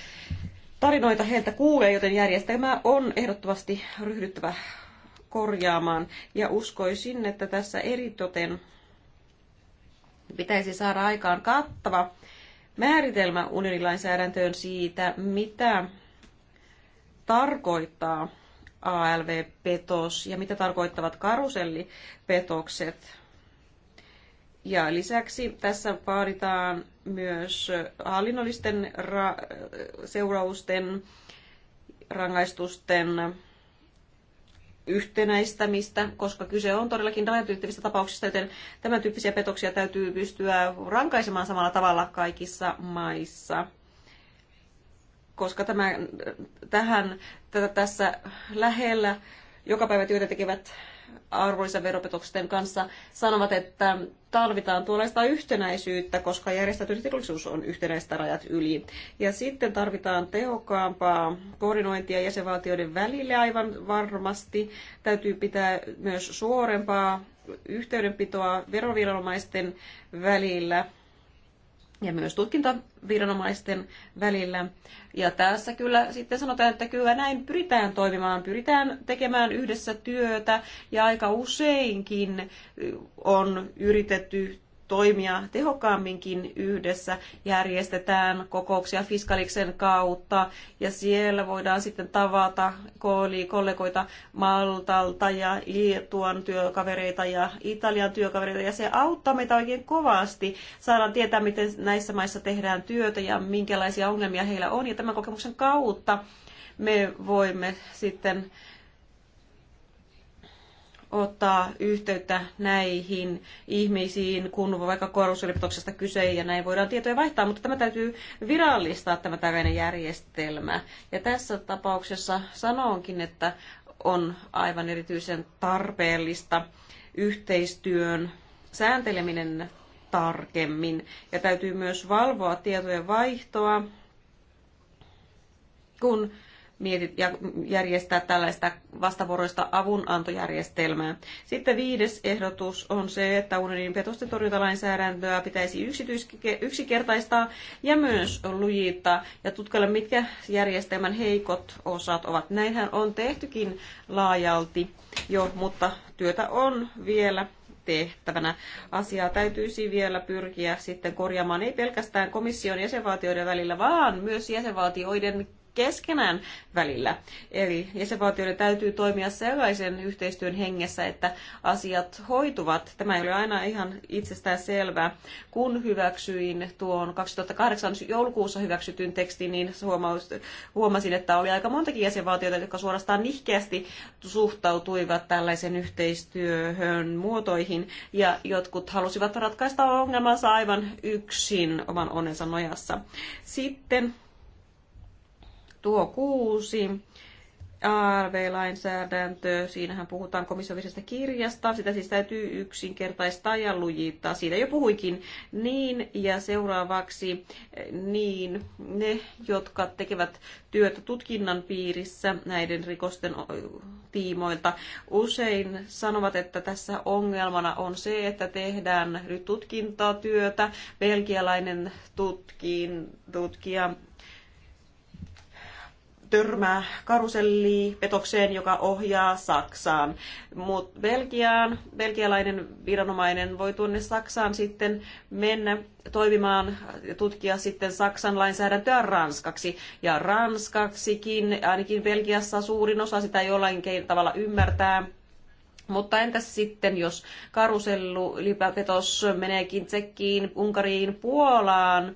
tarinoita heiltä kuulee, joten järjestelmää on ehdottomasti ryhdyttävä korjaamaan. Ja uskoisin, että tässä eritoten pitäisi saada aikaan kattava määritelmä unionilainsäädäntöön siitä, mitä tarkoittaa ALV-petos ja mitä tarkoittavat karusellipetokset. Ja lisäksi tässä vaaditaan myös hallinnollisten ra- seurausten, rangaistusten yhtenäistämistä, koska kyse on todellakin rajat ylittävistä tapauksista, joten tämän tyyppisiä petoksia täytyy pystyä rankaisemaan samalla tavalla kaikissa maissa. Koska tämä, tähän, tätä tässä lähellä työtä tekevät arvonlisäveropetoksen kanssa sanovat, että tarvitaan tuollaista yhtenäisyyttä, koska järjestäytynyt rikollisuus on yhtenäistä rajat yli. Ja sitten tarvitaan tehokkaampaa koordinointia jäsenvaltioiden välille aivan varmasti. Täytyy pitää myös suorempaa yhteydenpitoa veroviranomaisten välillä ja myös tutkintaviranomaisten välillä. Ja tässä kyllä sitten sanotaan, että kyllä näin pyritään toimimaan, pyritään tekemään yhdessä työtä ja aika useinkin on yritetty toimia tehokkaamminkin yhdessä. Järjestetään kokouksia Fiskaliksen kautta ja siellä voidaan sitten tavata kollegoita Maltalta ja Lietuan työkavereita ja Italian työkavereita ja se auttaa meitä oikein kovasti. Saadaan tietää, miten näissä maissa tehdään työtä ja minkälaisia ongelmia heillä on ja tämän kokemuksen kautta me voimme sitten ottaa yhteyttä näihin ihmisiin, kun vaikka korruptiolipitoksesta kyse ja näin voidaan tietoja vaihtaa, mutta tämä täytyy virallistaa tämä tällainen järjestelmä. Ja tässä tapauksessa sanoonkin, että on aivan erityisen tarpeellista yhteistyön säänteleminen tarkemmin ja täytyy myös valvoa tietojen vaihtoa, kun mietit, ja järjestää tällaista vastavuoroista avunantojärjestelmää. Sitten viides ehdotus on se, että unionin petosten torjuntalainsäädäntöä pitäisi yksityis- yksikertaistaa ja myös lujittaa ja tutkailla, mitkä järjestelmän heikot osat ovat. Näinhän on tehtykin laajalti jo, mutta työtä on vielä tehtävänä. Asiaa täytyisi vielä pyrkiä sitten korjaamaan ei pelkästään komission jäsenvaltioiden välillä, vaan myös jäsenvaltioiden keskenään välillä. Eli jäsenvaltioiden täytyy toimia sellaisen yhteistyön hengessä, että asiat hoituvat. Tämä ei ole aina ihan itsestään selvää. Kun hyväksyin tuon 2008 joulukuussa hyväksytyn tekstin, niin huomasin, että oli aika montakin jäsenvaltioita, jotka suorastaan nihkeästi suhtautuivat tällaisen yhteistyöhön muotoihin, ja jotkut halusivat ratkaista ongelmansa aivan yksin oman onnensa nojassa. Sitten tuo kuusi ARV-lainsäädäntö, siinähän puhutaan komissiovisesta kirjasta, sitä siis täytyy yksinkertaistaa ja lujittaa, siitä jo puhuikin. Niin, ja seuraavaksi niin, ne, jotka tekevät työtä tutkinnan piirissä näiden rikosten tiimoilta, usein sanovat, että tässä ongelmana on se, että tehdään nyt tutkintatyötä. Belgialainen tutkin, tutkija törmää karuselli-petokseen, joka ohjaa Saksaan. Mut Belgiaan, belgialainen viranomainen voi tuonne Saksaan sitten mennä toimimaan ja tutkia sitten Saksan lainsäädäntöä ranskaksi. Ja ranskaksikin, ainakin Belgiassa suurin osa sitä jollain tavalla ymmärtää. Mutta entäs sitten, jos karusellu, lipäpetos meneekin Tsekkiin, Unkariin, Puolaan,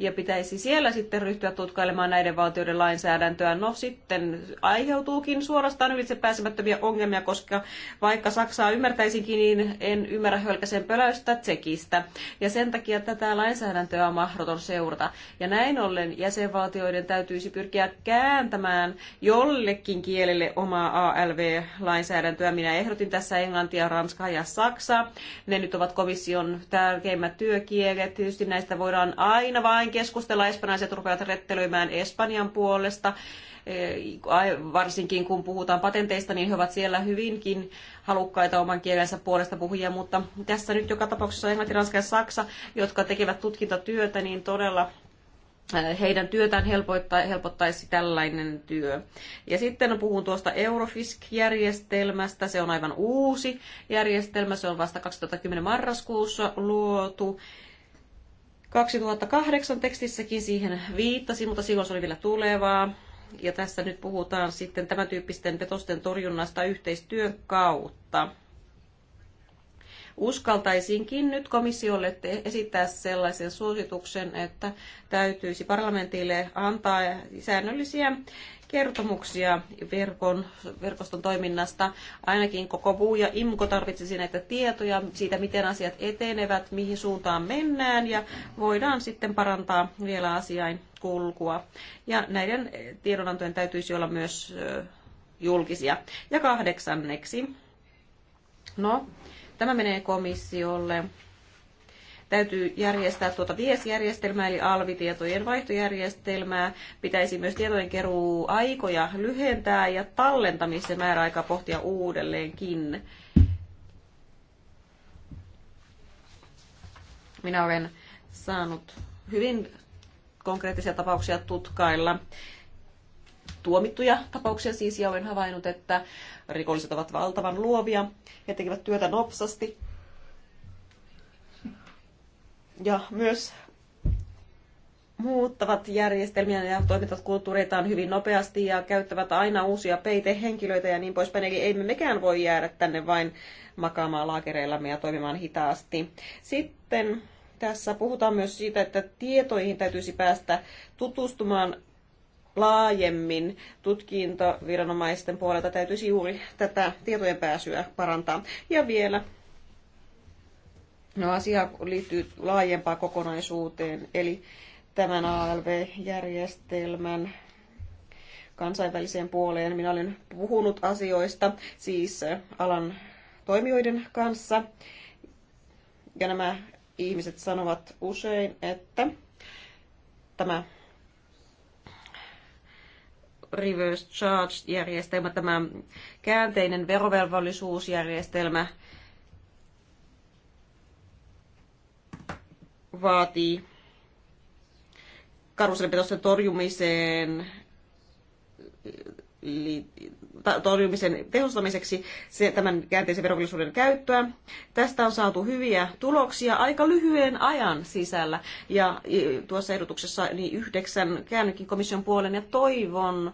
ja pitäisi siellä sitten ryhtyä tutkailemaan näiden valtioiden lainsäädäntöä. No sitten aiheutuukin suorastaan pääsemättömiä ongelmia, koska vaikka Saksaa ymmärtäisinkin, niin en ymmärrä hölkäsen pöläystä tsekistä. Ja sen takia tätä lainsäädäntöä on mahdoton seurata. Ja näin ollen jäsenvaltioiden täytyisi pyrkiä kääntämään jollekin kielelle omaa ALV-lainsäädäntöä. Minä ehdotin tässä Englantia, Ranskaa ja Saksaa. Ne nyt ovat komission tärkeimmät työkielet. Tietysti näistä voidaan aina vain vain keskustella. Espanjalaiset rupeavat rettelyimään Espanjan puolesta eh, varsinkin kun puhutaan patenteista, niin he ovat siellä hyvinkin halukkaita oman kielensä puolesta puhujia, mutta tässä nyt joka tapauksessa Englanti, Ranska ja Saksa, jotka tekevät tutkintatyötä, niin todella eh, heidän työtään helpottaisi tällainen työ. Ja sitten puhun tuosta Eurofisk-järjestelmästä. Se on aivan uusi järjestelmä. Se on vasta 2010 marraskuussa luotu 2008 tekstissäkin siihen viittasi, mutta silloin se oli vielä tulevaa. Ja tässä nyt puhutaan sitten tämän tyyppisten petosten torjunnasta yhteistyön kautta. Uskaltaisinkin nyt komissiolle esittää sellaisen suosituksen, että täytyisi parlamentille antaa säännöllisiä kertomuksia verkon, verkoston toiminnasta. Ainakin koko VU ja Imko tarvitsisi näitä tietoja siitä, miten asiat etenevät, mihin suuntaan mennään ja voidaan sitten parantaa vielä asiain kulkua. Ja näiden eh, tiedonantojen täytyisi olla myös julkisia. Ja kahdeksanneksi. No, tämä menee komissiolle Täytyy järjestää tuota viesjärjestelmää eli alvitietojen vaihtojärjestelmää. Pitäisi myös tietojen aikoja lyhentää ja tallentamisen määräaikaa pohtia uudelleenkin. Minä olen saanut hyvin konkreettisia tapauksia tutkailla tuomittuja tapauksia siis, ja olen havainnut, että rikolliset ovat valtavan luovia. He tekevät työtä nopsasti ja myös muuttavat järjestelmiä ja toimintat kulttuureitaan hyvin nopeasti ja käyttävät aina uusia peitehenkilöitä ja niin poispäin. Eli ei me mekään voi jäädä tänne vain makaamaan laakereillamme ja toimimaan hitaasti. Sitten tässä puhutaan myös siitä, että tietoihin täytyisi päästä tutustumaan laajemmin tutkintoviranomaisten puolelta täytyisi juuri tätä tietojen pääsyä parantaa. Ja vielä No asia liittyy laajempaan kokonaisuuteen, eli tämän ALV-järjestelmän kansainväliseen puoleen. Minä olen puhunut asioista siis äh, alan toimijoiden kanssa. Ja nämä ihmiset sanovat usein, että tämä reverse charge-järjestelmä, tämä käänteinen verovelvollisuusjärjestelmä, vaatii karuselipetosten torjumiseen torjumisen tehostamiseksi se, tämän käänteisen verovelvollisuuden käyttöä. Tästä on saatu hyviä tuloksia aika lyhyen ajan sisällä ja tuossa ehdotuksessa niin yhdeksän käännykin komission puolen ja toivon,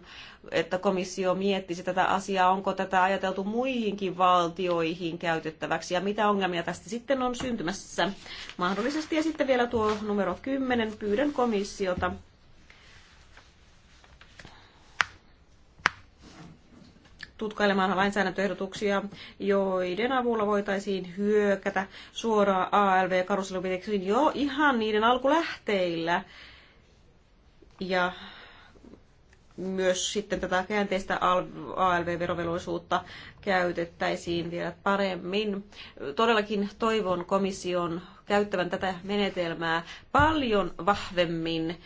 että komissio miettisi tätä asiaa, onko tätä ajateltu muihinkin valtioihin käytettäväksi ja mitä ongelmia tästä sitten on syntymässä mahdollisesti. Ja sitten vielä tuo numero 10, pyydän komissiota tutkailemaan lainsäädäntöehdotuksia, joiden avulla voitaisiin hyökätä suoraan ALV-karuselubiteksiin jo ihan niiden alkulähteillä. Ja myös sitten tätä käänteistä ALV-verovelvollisuutta käytettäisiin vielä paremmin. Todellakin toivon komission käyttävän tätä menetelmää paljon vahvemmin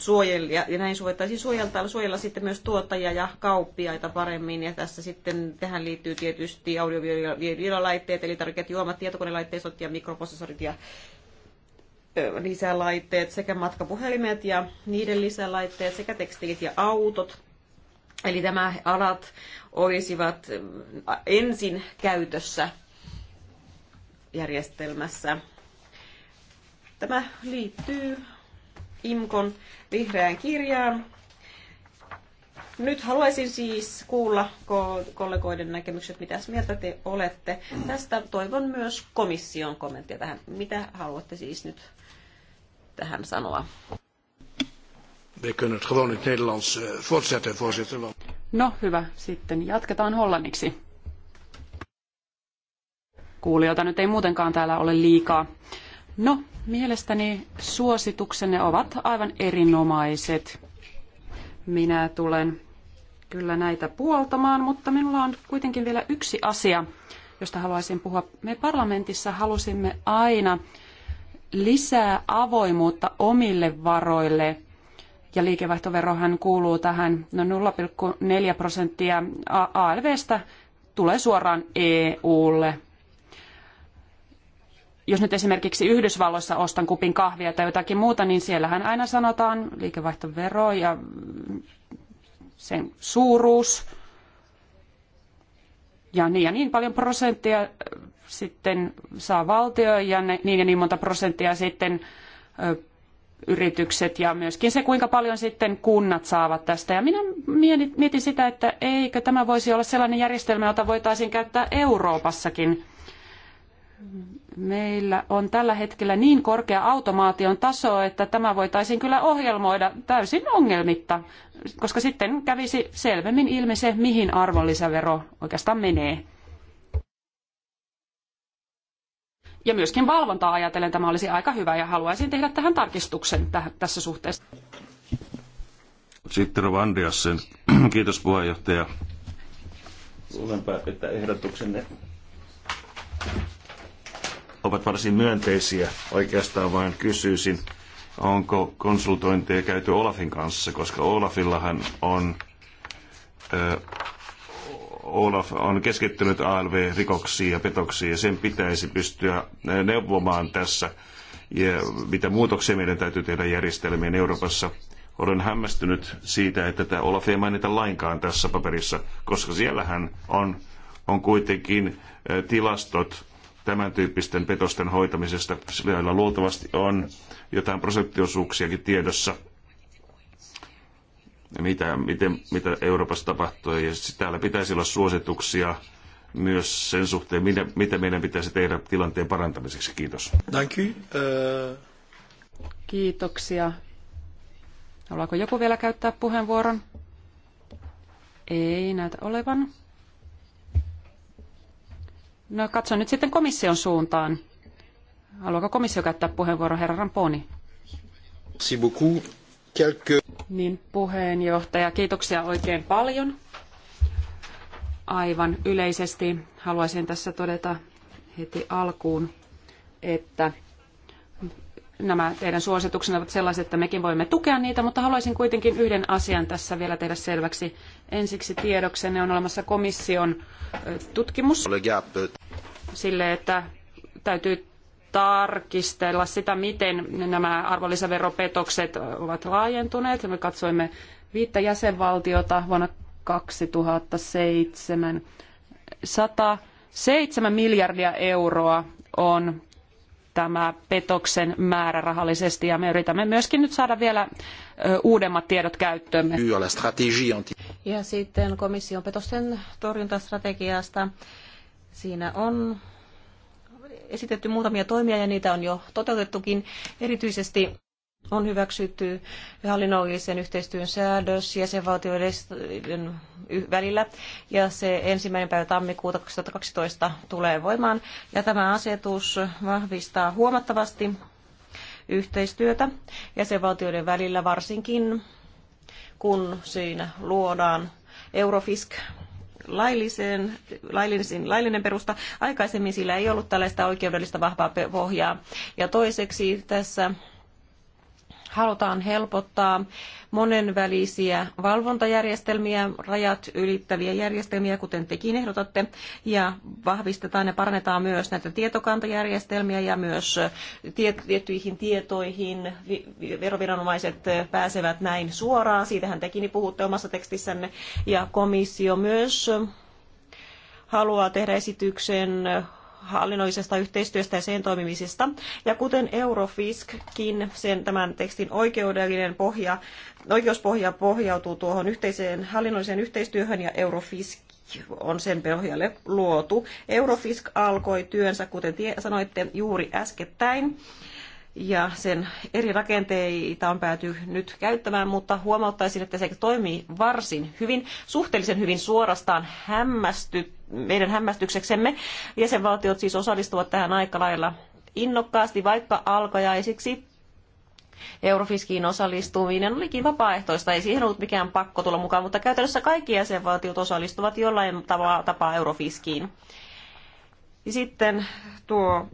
suojelija, ja näin voitaisiin suojelta, suojella sitten myös tuottajia ja kauppiaita paremmin, ja tässä sitten tähän liittyy tietysti audiovisuaalilaitteet, eli tarkeet juomat, tietokonelaitteet, ja mikroprosessorit ja lisälaitteet sekä matkapuhelimet ja niiden lisälaitteet sekä tekstiilit ja autot. Eli nämä alat olisivat ensin käytössä järjestelmässä. Tämä liittyy IMKON vihreään kirjaan. Nyt haluaisin siis kuulla kollegoiden näkemykset, mitä mieltä te olette. Tästä toivon myös komission kommenttia tähän. Mitä haluatte siis nyt tähän sanoa? Me kunnen gewoon het Nederlands eh, voortzetten, voorzitter. No hyvä, sitten jatketaan hollanniksi. Kuulijoita nyt ei muutenkaan täällä ole liikaa. No, Mielestäni suosituksenne ovat aivan erinomaiset. Minä tulen kyllä näitä puoltamaan, mutta minulla on kuitenkin vielä yksi asia, josta haluaisin puhua. Me parlamentissa halusimme aina lisää avoimuutta omille varoille ja liikevaihtoverohan kuuluu tähän no 0,4 prosenttia ALVstä tulee suoraan EUlle jos nyt esimerkiksi Yhdysvalloissa ostan kupin kahvia tai jotakin muuta, niin siellähän aina sanotaan liikevaihtovero ja sen suuruus ja niin ja niin paljon prosenttia sitten saa valtio ja niin ja niin monta prosenttia sitten yritykset ja myöskin se, kuinka paljon sitten kunnat saavat tästä. Ja minä mietin sitä, että eikö tämä voisi olla sellainen järjestelmä, jota voitaisiin käyttää Euroopassakin Meillä on tällä hetkellä niin korkea automaation taso, että tämä voitaisiin kyllä ohjelmoida täysin ongelmitta, koska sitten kävisi selvemmin ilmi se, mihin arvonlisävero oikeastaan menee. Ja myöskin valvontaa ajatellen tämä olisi aika hyvä ja haluaisin tehdä tähän tarkistuksen tässä suhteessa. Sitten Vandiassen. Kiitos puheenjohtaja. Luulenpa, että ehdotuksenne ovat varsin myönteisiä. Oikeastaan vain kysyisin, onko konsultointeja käyty Olafin kanssa, koska Olafillahan on, ö, Olaf on keskittynyt ALV-rikoksiin ja petoksiin ja sen pitäisi pystyä neuvomaan tässä, ja mitä muutoksia meidän täytyy tehdä järjestelmien Euroopassa. Olen hämmästynyt siitä, että tämä Olaf ei mainita lainkaan tässä paperissa, koska siellähän on, on kuitenkin tilastot tämän tyyppisten petosten hoitamisesta. joilla luultavasti on jotain prosenttiosuuksiakin tiedossa, mitä, miten, mitä Euroopassa tapahtuu. Ja täällä pitäisi olla suosituksia myös sen suhteen, mitä, mitä meidän pitäisi tehdä tilanteen parantamiseksi. Kiitos. Thank you. Uh... Kiitoksia. Haluaako joku vielä käyttää puheenvuoron? Ei näytä olevan. No katson nyt sitten komission suuntaan. Haluaako komissio käyttää puheenvuoron, herra Ramponi? Merci beaucoup. Quelque... Niin, puheenjohtaja, kiitoksia oikein paljon. Aivan yleisesti haluaisin tässä todeta heti alkuun, että Nämä teidän suosituksenne ovat sellaiset, että mekin voimme tukea niitä, mutta haluaisin kuitenkin yhden asian tässä vielä tehdä selväksi. Ensiksi tiedoksenne on olemassa komission tutkimus sille, että täytyy tarkistella sitä, miten nämä arvonlisäveropetokset ovat laajentuneet. Me katsoimme viittä jäsenvaltiota vuonna 2007. 107 miljardia euroa on tämä petoksen määrä rahallisesti ja me yritämme myöskin nyt saada vielä uudemmat tiedot käyttöömme. Ja sitten komission petosten torjuntastrategiasta. Siinä on esitetty muutamia toimia ja niitä on jo toteutettukin erityisesti on hyväksytty hallinnollisen yhteistyön säädös jäsenvaltioiden välillä ja se ensimmäinen päivä tammikuuta 2012 tulee voimaan ja tämä asetus vahvistaa huomattavasti yhteistyötä jäsenvaltioiden välillä varsinkin kun siinä luodaan Eurofisk laillisen laillisen laillinen perusta. Aikaisemmin sillä ei ollut tällaista oikeudellista vahvaa pohjaa. Ja toiseksi tässä halutaan helpottaa monenvälisiä valvontajärjestelmiä, rajat ylittäviä järjestelmiä, kuten tekin ehdotatte, ja vahvistetaan ja parannetaan myös näitä tietokantajärjestelmiä ja myös tiettyihin tietoihin veroviranomaiset pääsevät näin suoraan. Siitähän tekin puhutte omassa tekstissänne, ja komissio myös haluaa tehdä esityksen hallinnollisesta yhteistyöstä ja sen toimimisesta. Ja kuten Eurofiskkin, sen tämän tekstin oikeudellinen pohja, oikeuspohja pohjautuu tuohon yhteiseen hallinnolliseen yhteistyöhön ja Eurofisk on sen pohjalle luotu. Eurofisk alkoi työnsä, kuten tie, sanoitte, juuri äskettäin ja sen eri rakenteita on pääty nyt käyttämään, mutta huomauttaisin, että se toimii varsin hyvin, suhteellisen hyvin suorastaan hämmästyttävän meidän hämmästykseksemme. Jäsenvaltiot siis osallistuvat tähän aika lailla innokkaasti, vaikka alkajaisiksi Eurofiskiin osallistuminen olikin vapaaehtoista, ei siihen ollut mikään pakko tulla mukaan, mutta käytännössä kaikki jäsenvaltiot osallistuvat jollain tapaa Eurofiskiin. Ja sitten tuo,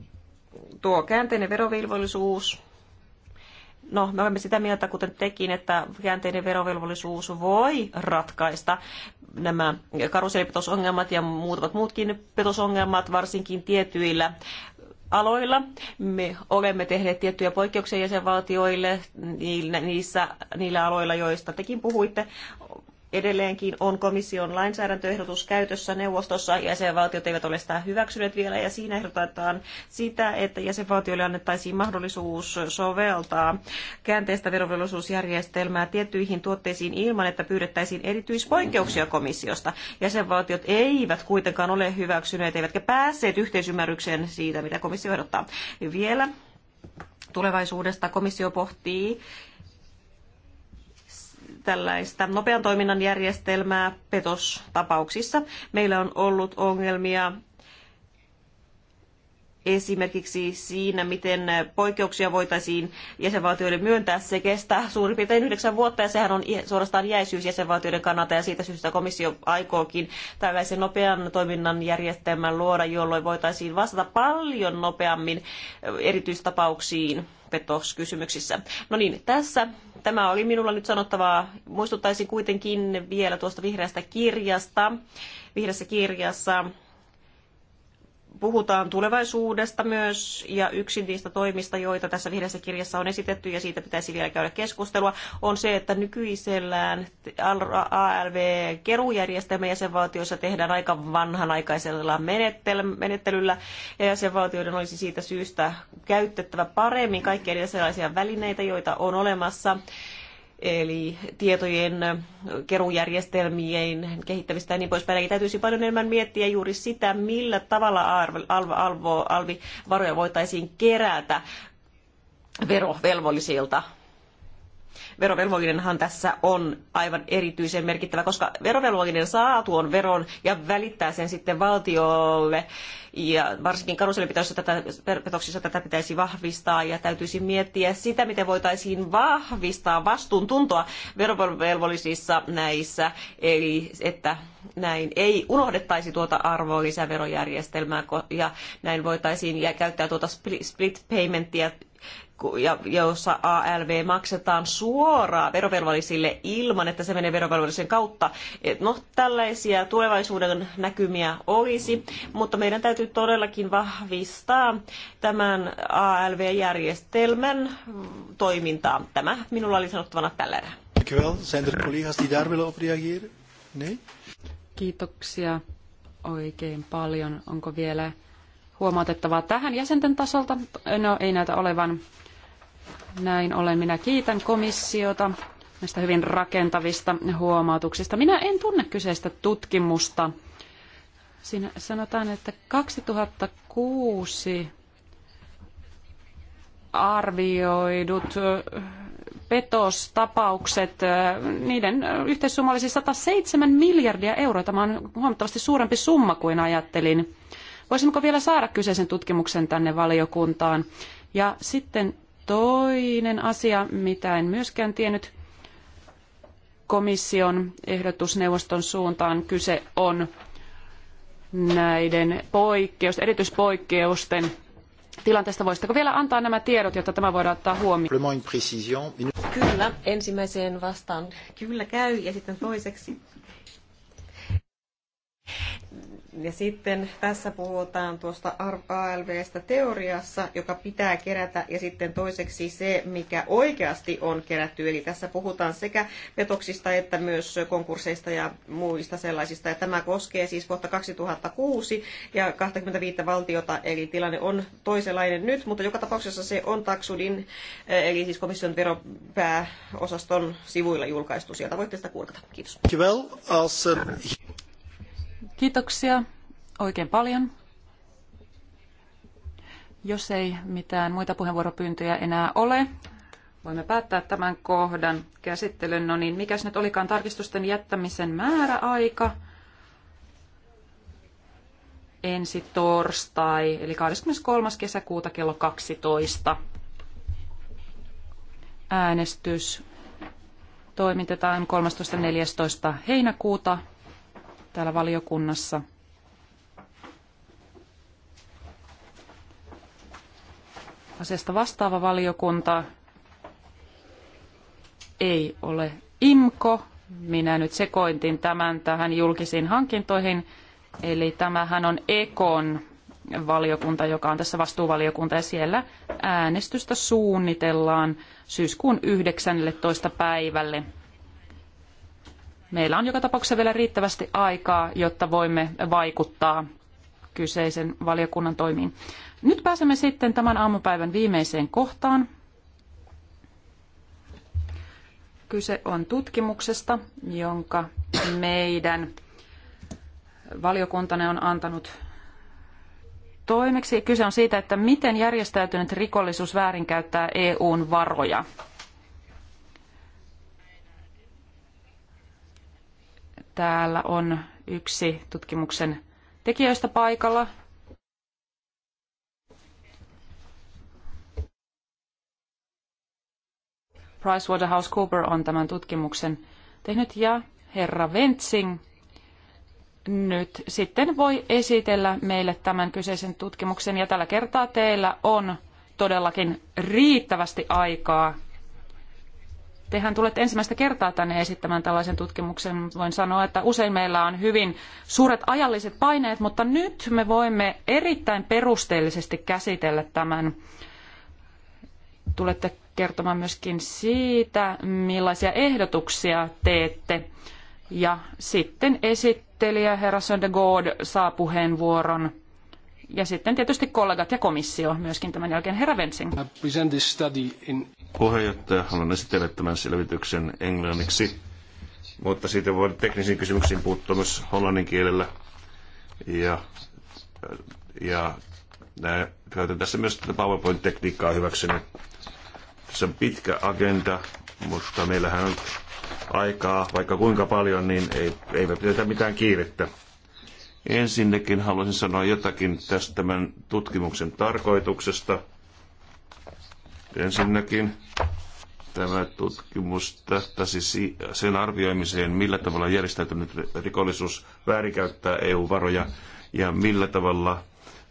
tuo käänteinen verovelvollisuus No, me olemme sitä mieltä, kuten tekin, että käänteinen verovelvollisuus voi ratkaista nämä karuselipetosongelmat ja muutamat muutkin petosongelmat, varsinkin tietyillä aloilla. Me olemme tehneet tiettyjä poikkeuksia jäsenvaltioille niillä, niissä, niillä aloilla, joista tekin puhuitte. Edelleenkin on komission lainsäädäntöehdotus käytössä neuvostossa, ja jäsenvaltiot eivät ole sitä hyväksyneet vielä, ja siinä ehdotetaan sitä, että jäsenvaltioille annettaisiin mahdollisuus soveltaa käänteistä verovelvollisuusjärjestelmää tiettyihin tuotteisiin ilman, että pyydettäisiin erityispoikkeuksia komissiosta. Jäsenvaltiot eivät kuitenkaan ole hyväksyneet, eivätkä päässeet yhteisymmärrykseen siitä, mitä komissio ehdottaa. Vielä tulevaisuudesta komissio pohtii tällaista nopean toiminnan järjestelmää petostapauksissa. Meillä on ollut ongelmia esimerkiksi siinä, miten poikkeuksia voitaisiin jäsenvaltioille myöntää. Se kestää suurin piirtein yhdeksän vuotta ja sehän on suorastaan jäisyys jäsenvaltioiden kannalta ja siitä syystä komissio aikookin tällaisen nopean toiminnan järjestelmän luoda, jolloin voitaisiin vastata paljon nopeammin erityistapauksiin petoskysymyksissä. No niin, tässä Tämä oli minulla nyt sanottavaa. Muistuttaisin kuitenkin vielä tuosta vihreästä kirjasta. Vihreässä kirjassa puhutaan tulevaisuudesta myös ja yksi niistä toimista, joita tässä vihreässä kirjassa on esitetty ja siitä pitäisi vielä käydä keskustelua, on se, että nykyisellään ALV-kerujärjestelmä jäsenvaltioissa tehdään aika vanhanaikaisella menettelyllä ja jäsenvaltioiden olisi siitä syystä käytettävä paremmin kaikkia sellaisia välineitä, joita on olemassa eli tietojen kerujärjestelmien kehittämistä ja niin poispäin. Eli täytyisi paljon enemmän miettiä juuri sitä, millä tavalla alvivaroja voitaisiin kerätä verovelvollisilta Verovelvollinenhan tässä on aivan erityisen merkittävä, koska verovelvollinen saa tuon veron ja välittää sen sitten valtiolle. Ja varsinkin karuselipitoissa tätä, petoksissa tätä pitäisi vahvistaa ja täytyisi miettiä sitä, miten voitaisiin vahvistaa vastuuntuntoa verovelvollisissa näissä, eli että näin ei unohdettaisi tuota arvonlisäverojärjestelmää ja näin voitaisiin käyttää tuota split paymentia ja jossa ALV maksetaan suoraan verovelvollisille ilman, että se menee verovelvollisen kautta. No, tällaisia tulevaisuuden näkymiä olisi, mutta meidän täytyy todellakin vahvistaa tämän ALV-järjestelmän toimintaa. Tämä minulla oli sanottavana tällä erää. Er Kiitoksia oikein paljon. Onko vielä huomautettavaa tähän jäsenten tasolta? No ei näytä olevan. Näin ollen minä kiitän komissiota näistä hyvin rakentavista huomautuksista. Minä en tunne kyseistä tutkimusta. Siinä sanotaan, että 2006 arvioidut petostapaukset, niiden yhteissumma olisi siis 107 miljardia euroa. Tämä on huomattavasti suurempi summa kuin ajattelin. Voisimmeko vielä saada kyseisen tutkimuksen tänne valiokuntaan? Ja sitten toinen asia, mitä en myöskään tiennyt, komission ehdotusneuvoston suuntaan kyse on näiden poikkeus, erityispoikkeusten tilanteesta. Voisitteko vielä antaa nämä tiedot, jotta tämä voidaan ottaa huomioon? Kyllä, ensimmäiseen vastaan kyllä käy ja sitten toiseksi ja sitten tässä puhutaan tuosta ALVstä teoriassa, joka pitää kerätä, ja sitten toiseksi se, mikä oikeasti on kerätty. Eli tässä puhutaan sekä petoksista että myös konkursseista ja muista sellaisista. Ja tämä koskee siis vuotta 2006 ja 25 valtiota, eli tilanne on toisenlainen nyt, mutta joka tapauksessa se on Taksudin, eh, eli siis komission veropääosaston sivuilla julkaistu. Sieltä voitte sitä kurkata. Kiitos. Kiitos. Kiitoksia oikein paljon. Jos ei mitään muita puheenvuoropyyntöjä enää ole, voimme päättää tämän kohdan käsittelyn. No niin, mikäs nyt olikaan tarkistusten jättämisen määräaika? Ensi torstai, eli 23. kesäkuuta kello 12. Äänestys toimitetaan 13.14. heinäkuuta täällä valiokunnassa. Asiasta vastaava valiokunta ei ole IMKO. Minä nyt sekointin tämän tähän julkisiin hankintoihin. Eli tämähän on EKON valiokunta, joka on tässä vastuuvaliokunta, ja siellä äänestystä suunnitellaan syyskuun 19. päivälle meillä on joka tapauksessa vielä riittävästi aikaa, jotta voimme vaikuttaa kyseisen valiokunnan toimiin. Nyt pääsemme sitten tämän aamupäivän viimeiseen kohtaan. Kyse on tutkimuksesta, jonka meidän valiokuntanne on antanut toimeksi. Kyse on siitä, että miten järjestäytynyt rikollisuus väärinkäyttää EUn varoja. Täällä on yksi tutkimuksen tekijöistä paikalla. PricewaterhouseCooper on tämän tutkimuksen tehnyt ja herra Ventsing nyt sitten voi esitellä meille tämän kyseisen tutkimuksen ja tällä kertaa teillä on todellakin riittävästi aikaa tehän tulette ensimmäistä kertaa tänne esittämään tällaisen tutkimuksen. Voin sanoa, että usein meillä on hyvin suuret ajalliset paineet, mutta nyt me voimme erittäin perusteellisesti käsitellä tämän. Tulette kertomaan myöskin siitä, millaisia ehdotuksia teette. Ja sitten esittelijä herra Söndergaard saa puheenvuoron ja sitten tietysti kollegat ja komissio myöskin tämän jälkeen. Herra Vensing. In... Puheenjohtaja, haluan esitellä tämän selvityksen englanniksi, mutta siitä voi teknisiin kysymyksiin puuttua myös hollannin kielellä. Ja, ja nää, käytän tässä myös tätä PowerPoint-tekniikkaa hyväkseni. Tässä on pitkä agenda, mutta meillähän on aikaa vaikka kuinka paljon, niin ei, ei pidetä mitään kiirettä. Ensinnäkin haluaisin sanoa jotakin tästä tämän tutkimuksen tarkoituksesta. Ensinnäkin tämä tutkimus tähtäisi sen arvioimiseen, millä tavalla järjestäytynyt rikollisuus väärinkäyttää EU-varoja ja millä tavalla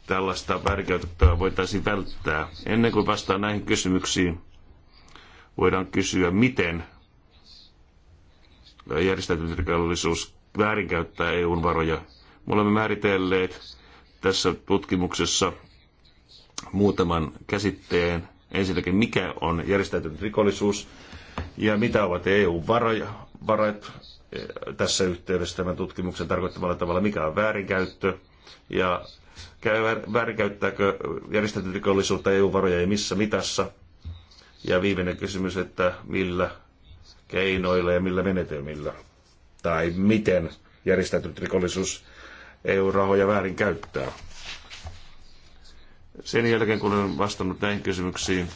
tällaista väärinkäyttöä voitaisiin välttää. Ennen kuin vastaan näihin kysymyksiin, voidaan kysyä, miten järjestäytynyt rikollisuus väärinkäyttää EU varoja me olemme määritelleet tässä tutkimuksessa muutaman käsitteen. Ensinnäkin, mikä on järjestäytynyt rikollisuus ja mitä ovat EU-varat eh, tässä yhteydessä tämän tutkimuksen tarkoittamalla tavalla, mikä on väärinkäyttö ja väärinkäyttääkö järjestäytynyt rikollisuutta EU-varoja ja missä mitassa. Ja viimeinen kysymys, että millä keinoilla ja millä menetelmillä tai miten järjestäytynyt rikollisuus EU-rahoja väärin käyttää. Sen jälkeen, kun olen vastannut näihin kysymyksiin,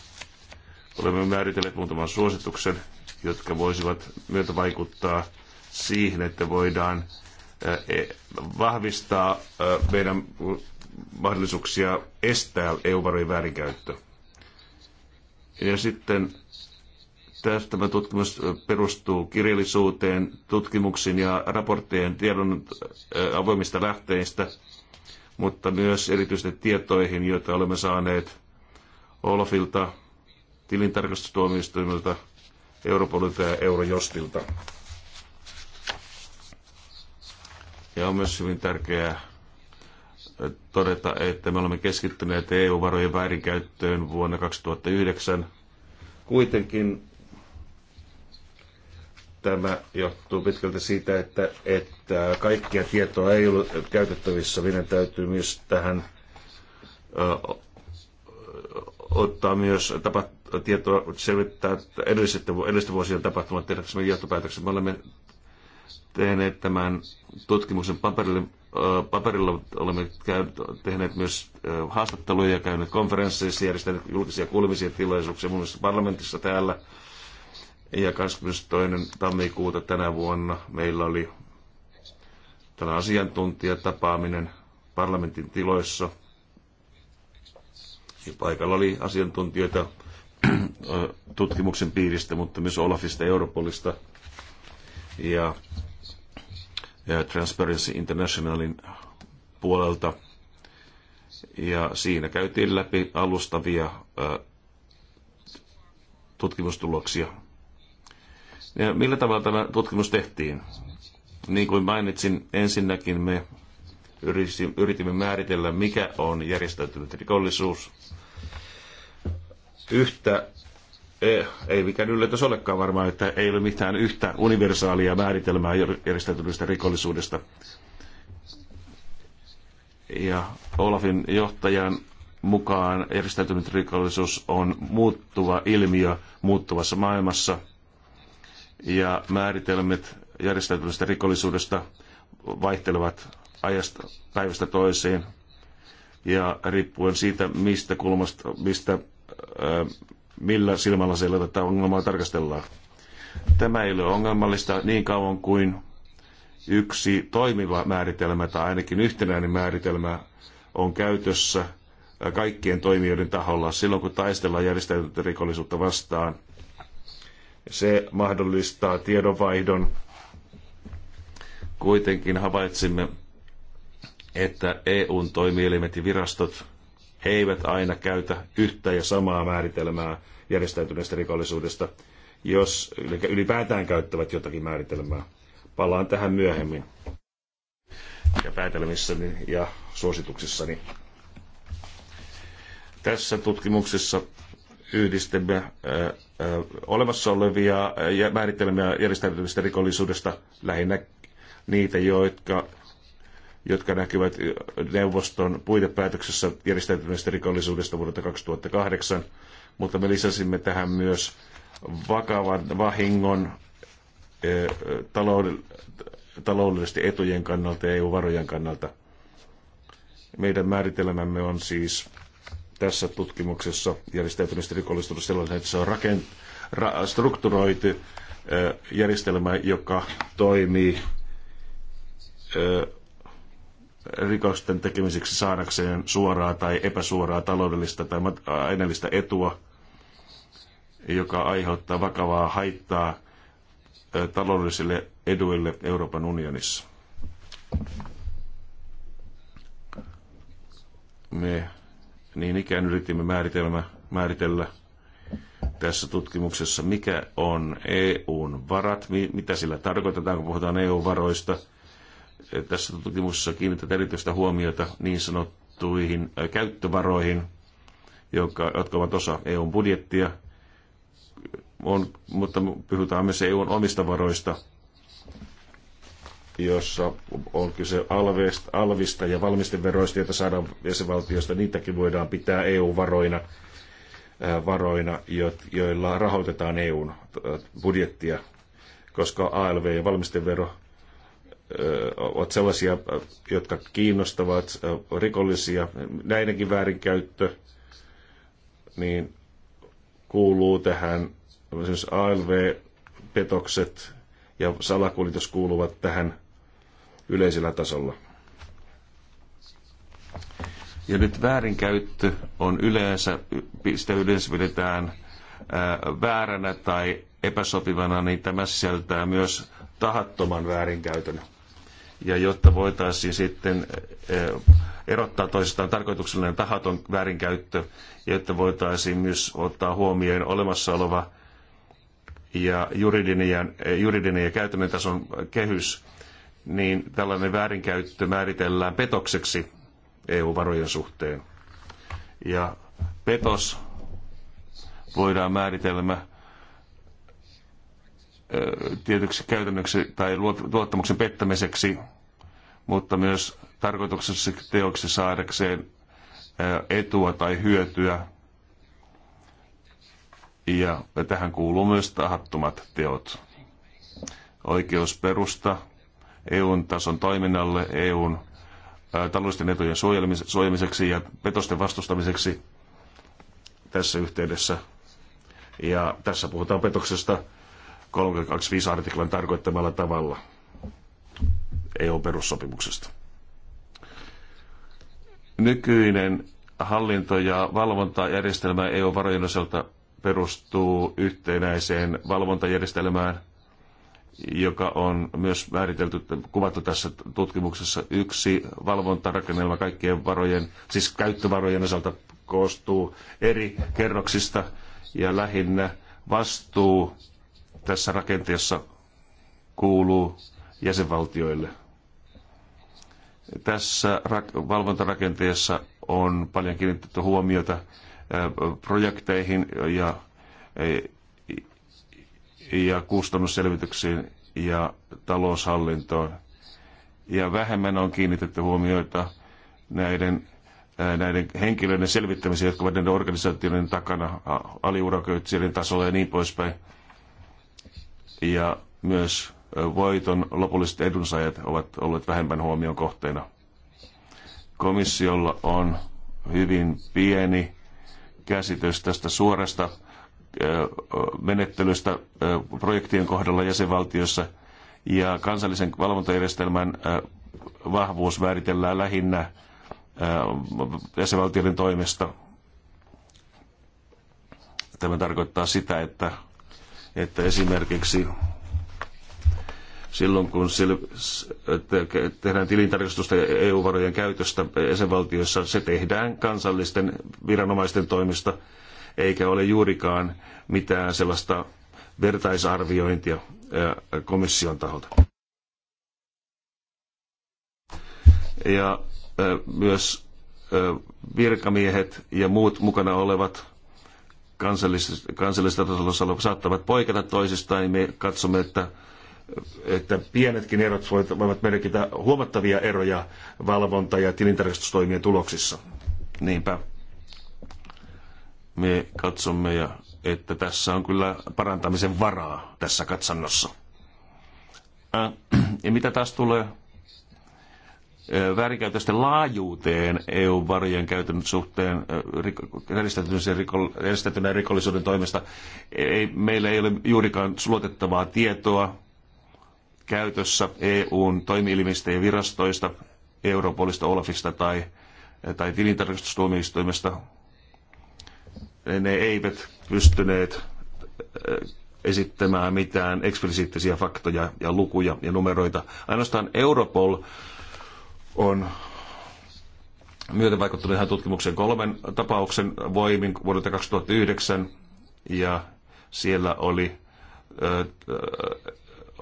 olemme määritelleet muutaman suosituksen, jotka voisivat myötä vaikuttaa siihen, että voidaan eh, eh, vahvistaa eh, meidän mahdollisuuksia estää EU-varojen väärinkäyttö. Ja sitten Tämä tutkimus perustuu kirjallisuuteen, tutkimuksiin ja raporttien tiedon avoimista lähteistä, mutta myös erityisesti tietoihin, joita olemme saaneet Olafilta, tilintarkastustuomioistuimelta, Europolilta ja Eurojostilta. Ja on myös hyvin tärkeää todeta, että me olemme keskittyneet EU-varojen väärinkäyttöön vuonna 2009. Kuitenkin Tämä johtuu pitkälti siitä, että, että kaikkia tietoa ei ollut käytettävissä. Meidän täytyy myös tähän ö, ottaa myös tapa, tietoa, selvittää edellisten vuosien tapahtumat tehdäksemme johtopäätöksen. Me olemme tehneet tämän tutkimuksen paperille, paperilla, olemme käynyt, tehneet myös haastatteluja, käyneet konferensseissa, järjestäneet julkisia kuulemisia tilaisuuksia muun muassa parlamentissa täällä ja 22. tammikuuta tänä vuonna meillä oli tällainen asiantuntijatapaaminen parlamentin tiloissa. Ja paikalla oli asiantuntijoita (clears throat) tutkimuksen piiristä, mutta myös Olafista Europolista ja, Transparency Internationalin puolelta. Ja siinä käytiin läpi alustavia tutkimustuloksia ja millä tavalla tämä tutkimus tehtiin? Niin kuin mainitsin, ensinnäkin me yritimme määritellä, mikä on järjestäytynyt rikollisuus. Yhtä, eh, ei mikään yllätys olekaan varmaan, että ei ole mitään yhtä universaalia määritelmää järjestäytyneestä rikollisuudesta. Ja Olafin johtajan mukaan järjestäytynyt rikollisuus on muuttuva ilmiö muuttuvassa maailmassa – ja määritelmät järjestäytyneestä rikollisuudesta vaihtelevat ajasta, päivästä toiseen ja riippuen siitä, mistä kulmasta, mistä, millä millä siellä tätä ongelmaa tarkastellaan. Tämä ei ole ongelmallista niin kauan kuin yksi toimiva määritelmä tai ainakin yhtenäinen määritelmä on käytössä kaikkien toimijoiden taholla silloin, kun taistellaan järjestäytynyttä rikollisuutta vastaan – se mahdollistaa tiedonvaihdon. Kuitenkin havaitsimme, että EUn toimielimet ja virastot eivät aina käytä yhtä ja samaa määritelmää järjestäytyneestä rikollisuudesta, jos ylipäätään käyttävät jotakin määritelmää. Palaan tähän myöhemmin ja päätelmissäni ja suosituksissani. Tässä tutkimuksessa yhdistämme olemassa olevia ja määrittelemiä järjestäytymistä rikollisuudesta lähinnä niitä, jotka, jotka näkyvät neuvoston puitepäätöksessä järjestäytymistä rikollisuudesta vuodelta 2008, mutta me lisäsimme tähän myös vakavan vahingon taloudellisesti etujen kannalta ja EU-varojen kannalta. Meidän määritelmämme on siis tässä tutkimuksessa järjestäytyneestä rikollisuudesta sellainen, että se on rakent, ra, strukturoitu järjestelmä, joka toimii rikosten tekemiseksi saadakseen suoraa tai epäsuoraa taloudellista tai aineellista etua, joka aiheuttaa vakavaa haittaa taloudellisille eduille Euroopan unionissa. Me niin ikään yritimme määritelmä, määritellä tässä tutkimuksessa, mikä on EUn varat, mitä sillä tarkoitetaan, kun puhutaan EU-varoista. E, tässä tutkimuksessa kiinnitetään erityistä huomiota niin sanottuihin käyttövaroihin, jotka, jotka ovat osa EUn budjettia, on, mutta puhutaan myös EUn omista varoista – jossa on kyse alvista, alvista ja valmisteveroista, joita saadaan jäsenvaltiosta, niitäkin voidaan pitää EU-varoina, varoina, joilla rahoitetaan EUn budjettia, koska ALV ja valmistevero ovat sellaisia, jotka kiinnostavat rikollisia. Näidenkin väärinkäyttö niin kuuluu tähän, esimerkiksi ALV-petokset ja salakuljetus kuuluvat tähän yleisellä tasolla. Ja nyt väärinkäyttö on yleensä, sitä yleensä pidetään vääränä tai epäsopivana, niin tämä sisältää myös tahattoman väärinkäytön. Ja jotta voitaisiin sitten erottaa toisistaan tarkoituksellinen tahaton väärinkäyttö, ja jotta voitaisiin myös ottaa huomioon olemassa oleva ja juridinen ja, juridinen ja käytännön tason kehys, niin tällainen väärinkäyttö määritellään petokseksi EU-varojen suhteen. Ja petos voidaan määritellä tietyksi käytännöksi tai luottamuksen pettämiseksi, mutta myös tarkoitukselliseksi teoksi saadakseen etua tai hyötyä. Ja tähän kuuluu myös tahattomat teot. Oikeusperusta EUn tason toiminnalle, EUn taloudellisten etujen suojelemiseksi ja petosten vastustamiseksi tässä yhteydessä. Ja tässä puhutaan petoksesta 325 artiklan tarkoittamalla tavalla EU-perussopimuksesta. Nykyinen hallinto- ja valvontajärjestelmä EU-varojen osalta perustuu yhtenäiseen valvontajärjestelmään – joka on myös määritelty, kuvattu tässä tutkimuksessa. Yksi valvontarakennelma kaikkien varojen, siis käyttövarojen osalta koostuu eri kerroksista ja lähinnä vastuu tässä rakenteessa kuuluu jäsenvaltioille. Tässä valvontarakenteessa on paljon kiinnitetty huomiota projekteihin ja ja kustannusselvityksiin ja taloushallintoon. Ja vähemmän on kiinnitetty huomioita näiden, näiden henkilöiden selvittämiseen, jotka ovat näiden organisaatioiden takana, aliurakoitsijoiden tasolla ja niin poispäin. Ja myös voiton lopulliset edunsaajat ovat olleet vähemmän huomion kohteena. Komissiolla on hyvin pieni käsitys tästä suorasta menettelystä projektien kohdalla jäsenvaltiossa ja kansallisen valvontajärjestelmän vahvuus määritellään lähinnä jäsenvaltioiden toimesta. Tämä tarkoittaa sitä, että, että esimerkiksi silloin kun tehdään tilintarkastusta EU-varojen käytöstä jäsenvaltioissa, se tehdään kansallisten viranomaisten toimesta – eikä ole juurikaan mitään sellaista vertaisarviointia komission taholta. Ja myös virkamiehet ja muut mukana olevat kansallisella tasolla saattavat poiketa toisistaan, me katsomme, että, että pienetkin erot voivat merkitä huomattavia eroja valvonta- ja tilintarkastustoimien tuloksissa. Niinpä me katsomme, ja, että tässä on kyllä parantamisen varaa tässä katsannossa. Ja mitä taas tulee väärinkäytösten laajuuteen eu varien käytön suhteen järjestäytyneen rikollisuuden toimesta. Ei, meillä ei ole juurikaan sulotettavaa tietoa käytössä EUn toimielimistä ja virastoista, Europolista, Olafista tai, tai tilintarkastustuomioistuimesta ne eivät pystyneet äh, esittämään mitään eksplisiittisiä faktoja ja lukuja ja numeroita. Ainoastaan Europol on myöten vaikuttanut tähän tutkimukseen kolmen tapauksen voimin vuodelta 2009 ja siellä oli, ö, äh,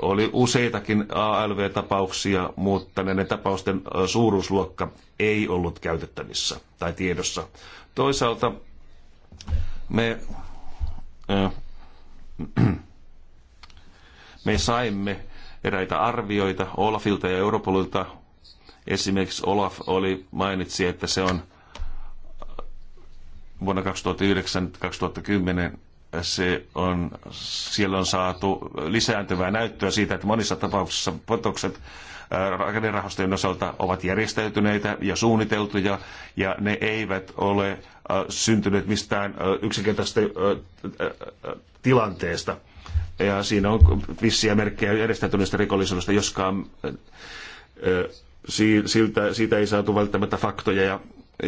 oli useitakin ALV-tapauksia, mutta näiden tapausten suuruusluokka ei ollut käytettävissä tai tiedossa. Toisaalta me, (clears throat) me saimme eräitä arvioita Olafilta ja Europolilta. Esimerkiksi Olaf oli, mainitsi, että se on vuonna 2009-2010 se on, siellä on saatu lisääntyvää näyttöä siitä, että monissa tapauksissa potokset rakennerahastojen osalta ovat järjestäytyneitä ja suunniteltuja, ja ne eivät ole syntyneet mistään yksinkertaisesta tilanteesta. Ja siinä on vissiä merkkejä järjestäytyneestä rikollisuudesta, joskaan siltä, siitä ei saatu välttämättä faktoja ja,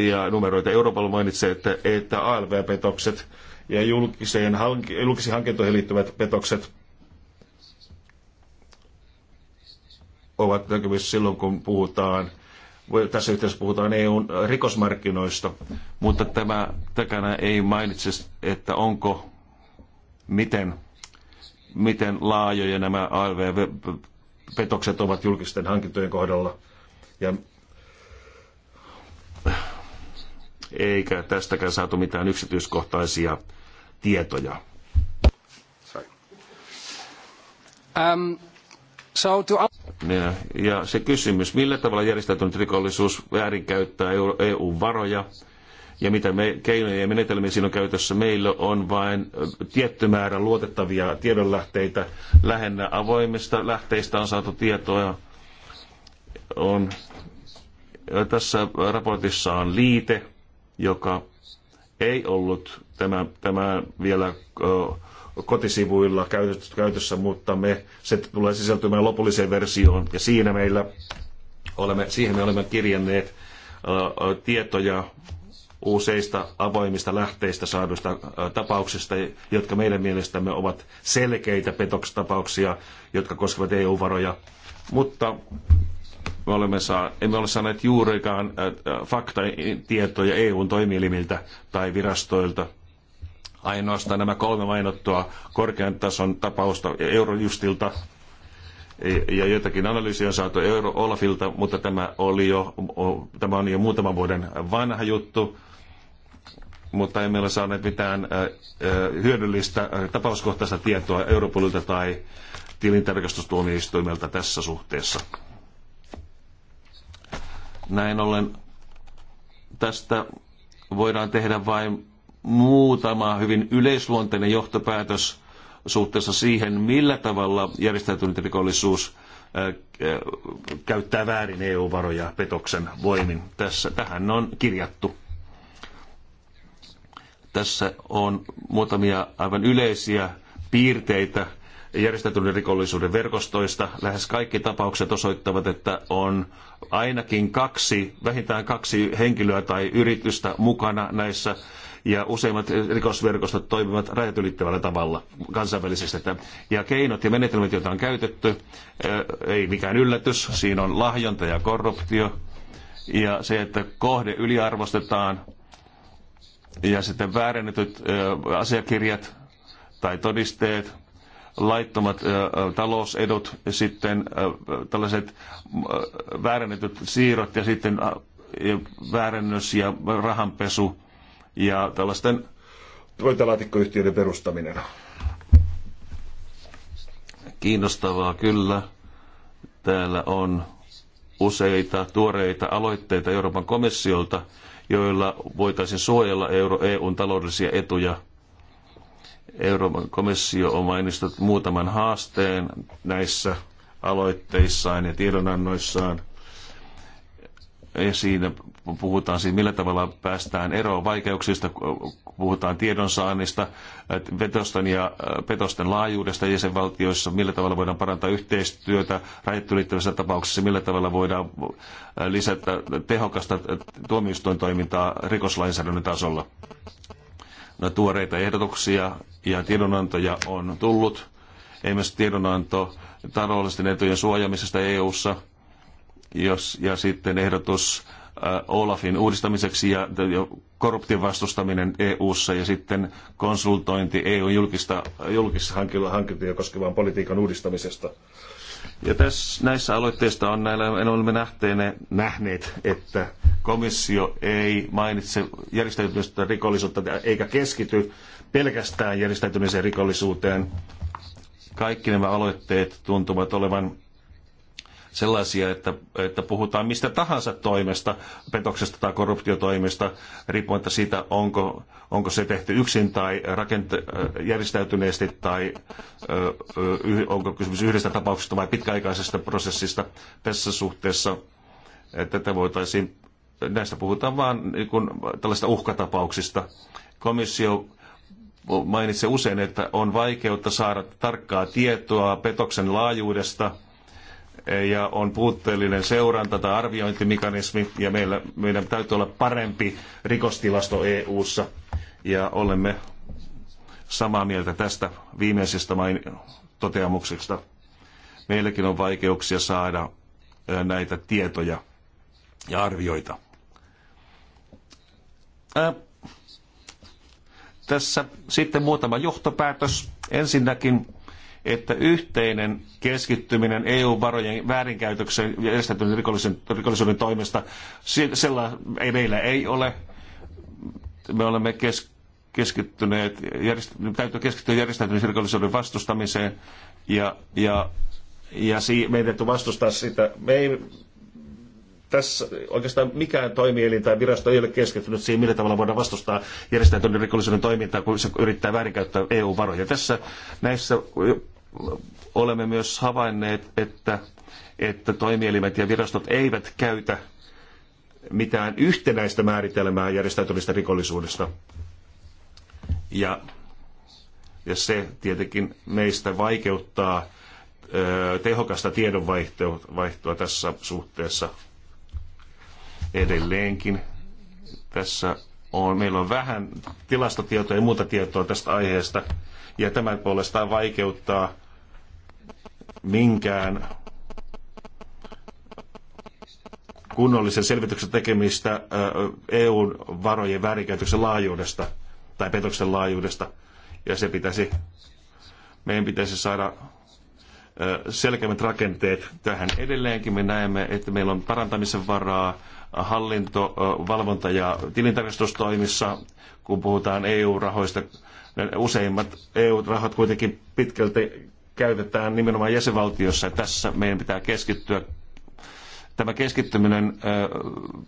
ja numeroita. Euroopan mainitsee, että, että ALV-petokset ja julkiseen, julkisiin hankintoihin liittyvät petokset – ovat näkyvissä silloin, kun puhutaan tässä yhteydessä puhutaan EUn rikosmarkkinoista, mutta tämä takana ei mainitse, että onko, miten, miten laajoja nämä ALV-petokset ovat julkisten hankintojen kohdalla. Ja eikä tästäkään saatu mitään yksityiskohtaisia tietoja. Um, So to... ja, ja se kysymys, millä tavalla järjestäytynyt rikollisuus väärinkäyttää EU-varoja ja mitä me, keinoja ja menetelmiä siinä on käytössä. Meillä on vain tietty määrä luotettavia tiedonlähteitä. Lähinnä avoimista lähteistä on saatu tietoa. On, tässä raportissa on liite, joka ei ollut tämä, tämä vielä... Uh, kotisivuilla käytössä, mutta me, se tulee sisältymään lopulliseen versioon. Ja siinä meillä olemme, siihen me olemme kirjanneet tietoja useista avoimista lähteistä saaduista tapauksista, jotka meidän mielestämme ovat selkeitä petokstapauksia, jotka koskevat EU-varoja. Mutta me olemme saa, emme ole saaneet juurikaan faktatietoja EUn toimielimiltä tai virastoilta ainoastaan nämä kolme mainottua korkean tason tapausta Eurojustilta ja joitakin analyysiä on saatu Euro Olafilta, mutta tämä, oli jo, tämä on jo muutaman vuoden vanha juttu mutta emme ole saaneet mitään hyödyllistä tapauskohtaista tietoa Europolilta tai tilintarkastustuomioistuimelta tässä suhteessa. Näin ollen tästä voidaan tehdä vain muutama hyvin yleisluonteinen johtopäätös suhteessa siihen, millä tavalla järjestäytynyt rikollisuus käyttää väärin EU-varoja petoksen voimin. Tässä, tähän on kirjattu. Tässä on muutamia aivan yleisiä piirteitä järjestäytyneen rikollisuuden verkostoista. Lähes kaikki tapaukset osoittavat, että on ainakin kaksi, vähintään kaksi henkilöä tai yritystä mukana näissä ja useimmat rikosverkostot toimivat rajat ylittävällä tavalla kansainvälisesti. Ja keinot ja menetelmät, joita on käytetty, eh, ei mikään yllätys, siinä on lahjonta ja korruptio ja se, että kohde yliarvostetaan ja sitten väärennetyt eh, asiakirjat tai todisteet, laittomat eh, talousedut ja sitten tällaiset väärennetyt siirrot ja sitten väärennös ja rahanpesu ja tällaisten pöytälaatikkoyhtiöiden perustaminen. Kiinnostavaa kyllä. Täällä on useita tuoreita aloitteita Euroopan komissiolta, joilla voitaisiin suojella euro, EUn taloudellisia etuja. Euroopan komissio on mainistanut muutaman haasteen näissä aloitteissaan ja tiedonannoissaan – esiin. Puhutaan siitä, millä tavalla päästään eroon vaikeuksista, puhutaan tiedonsaannista, petosten ja äh, petosten laajuudesta jäsenvaltioissa, millä tavalla voidaan parantaa yhteistyötä rajat ylittävissä tapauksissa, millä tavalla voidaan äh, lisätä tehokasta äh, toimintaa rikoslainsäädännön tasolla. No, tuoreita ehdotuksia ja tiedonantoja on tullut. myös tiedonanto taloudellisten etujen suojaamisesta EU:ssa jos, ja sitten ehdotus äh, Olafin uudistamiseksi ja korruption vastustaminen EU-ssa ja sitten konsultointi eu julkista, julkisissa hankintoja koskevan politiikan uudistamisesta. Ja tässä, näissä aloitteissa on näillä, olemme nähteene, nähneet, että komissio ei mainitse järjestäytymistä rikollisuutta eikä keskity pelkästään järjestäytymiseen rikollisuuteen. Kaikki nämä aloitteet tuntuvat olevan sellaisia, että, että puhutaan mistä tahansa toimesta, petoksesta tai korruptiotoimesta, riippumatta siitä, onko, onko se tehty yksin tai rakente- äh, järjestäytyneesti tai ö, äh, äh, onko kysymys yhdestä tapauksesta vai pitkäaikaisesta prosessista. Tässä suhteessa tätä voitaisiin, näistä puhutaan vain niin tällaista uhkatapauksista. Komissio mainitsee usein, että on vaikeutta saada tarkkaa tietoa petoksen laajuudesta – ja on puutteellinen seuranta tai arviointimekanismi ja meillä, meidän täytyy olla parempi rikostilasto EU:ssa ja olemme samaa mieltä tästä viimeisestä main toteamuksesta. Meilläkin on vaikeuksia saada näitä tietoja ja arvioita. Ää, tässä sitten muutama johtopäätös. Ensinnäkin että yhteinen keskittyminen EU-varojen väärinkäytöksen ja järjestäytyneen rikollisuuden toimesta, sillä ei, meillä ei ole. Me olemme kes, keskittyneet, järjest, täytyy keskittyä järjestäytyneen rikollisuuden vastustamiseen ja, ja, ja si, meidän täytyy vastustaa sitä. Me ei, tässä oikeastaan mikään toimielin tai virasto ei ole keskittynyt siihen, millä tavalla voidaan vastustaa järjestäytyneen rikollisuuden toimintaa, kun se yrittää väärinkäyttää EU-varoja. Tässä näissä olemme myös havainneet, että, että toimielimet ja virastot eivät käytä mitään yhtenäistä määritelmää järjestäytyneestä rikollisuudesta. Ja, ja se tietenkin meistä vaikeuttaa ö, tehokasta tiedonvaihtoa tässä suhteessa edelleenkin. Tässä on, meillä on vähän tilastotietoa ja muuta tietoa tästä aiheesta, ja tämä puolestaan vaikeuttaa minkään kunnollisen selvityksen tekemistä EUn varojen väärinkäytöksen laajuudesta tai petoksen laajuudesta. Ja se pitäisi, meidän pitäisi saada selkeimmät rakenteet tähän. Edelleenkin me näemme, että meillä on parantamisen varaa hallinto, valvonta ja tilintarkastustoimissa, kun puhutaan EU-rahoista. Useimmat EU-rahat kuitenkin pitkälti käytetään nimenomaan jäsenvaltiossa. Tässä meidän pitää keskittyä tämä keskittyminen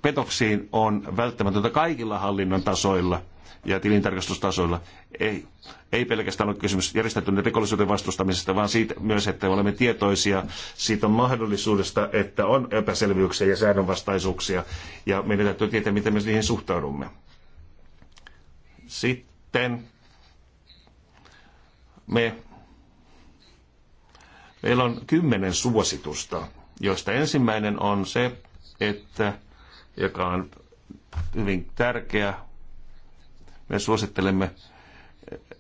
petoksiin on välttämätöntä kaikilla hallinnon tasoilla ja tilintarkastustasoilla. Ei, ei pelkästään ole kysymys järjestäytyneen rikollisuuden vastustamisesta, vaan siitä myös, että olemme tietoisia siitä mahdollisuudesta, että on epäselvyyksiä ja säännönvastaisuuksia, ja meidän täytyy tietää, miten me niihin suhtaudumme. Sitten me Meillä on kymmenen suositusta, joista ensimmäinen on se, että, joka on hyvin tärkeä, me suosittelemme,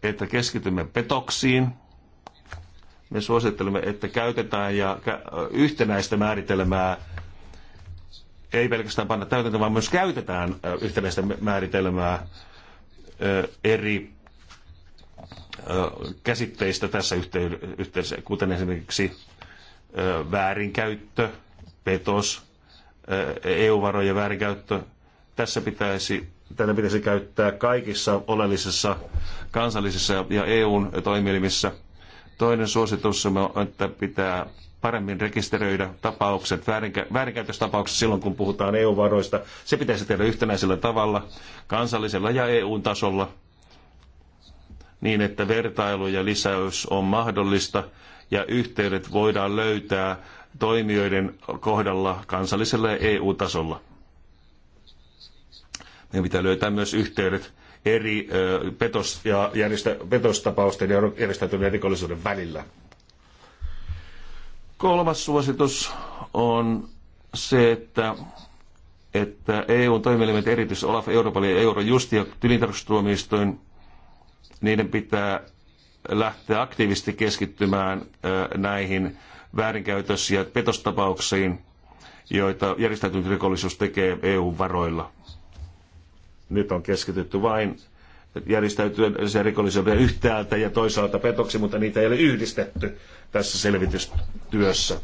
että keskitymme petoksiin, me suosittelemme, että käytetään ja yhtenäistä määritelmää ei pelkästään panna täytäntöön, vaan myös käytetään yhtenäistä määritelmää eri käsitteistä tässä yhteydessä, kuten esimerkiksi väärinkäyttö, petos, EU-varojen väärinkäyttö. Tässä pitäisi, tänä pitäisi käyttää kaikissa oleellisissa kansallisissa ja EUn toimielimissä. Toinen suositus on, että pitää paremmin rekisteröidä tapaukset, väärinkä, väärinkäytöstapaukset silloin, kun puhutaan EU-varoista. Se pitäisi tehdä yhtenäisellä tavalla, kansallisella ja EU-tasolla niin, että vertailu ja lisäys on mahdollista ja yhteydet voidaan löytää toimijoiden kohdalla kansallisella ja EU-tasolla. Meidän pitää löytää myös yhteydet eri petos- ja järjestä, petostapausten ja järjestäytyneen rikollisuuden välillä. Kolmas suositus on se, että, että eu toimielimet erityisesti Olaf, Euroopan ja Eurojusti ja tilintarkastustuomioistuin niiden pitää lähteä aktiivisesti keskittymään näihin väärinkäytös- ja petostapauksiin, joita järjestäytynyt rikollisuus tekee EU-varoilla. Nyt on keskitytty vain järjestäytyneeseen rikollisuuden yhtäältä ja toisaalta petoksi, mutta niitä ei ole yhdistetty tässä selvitystyössä.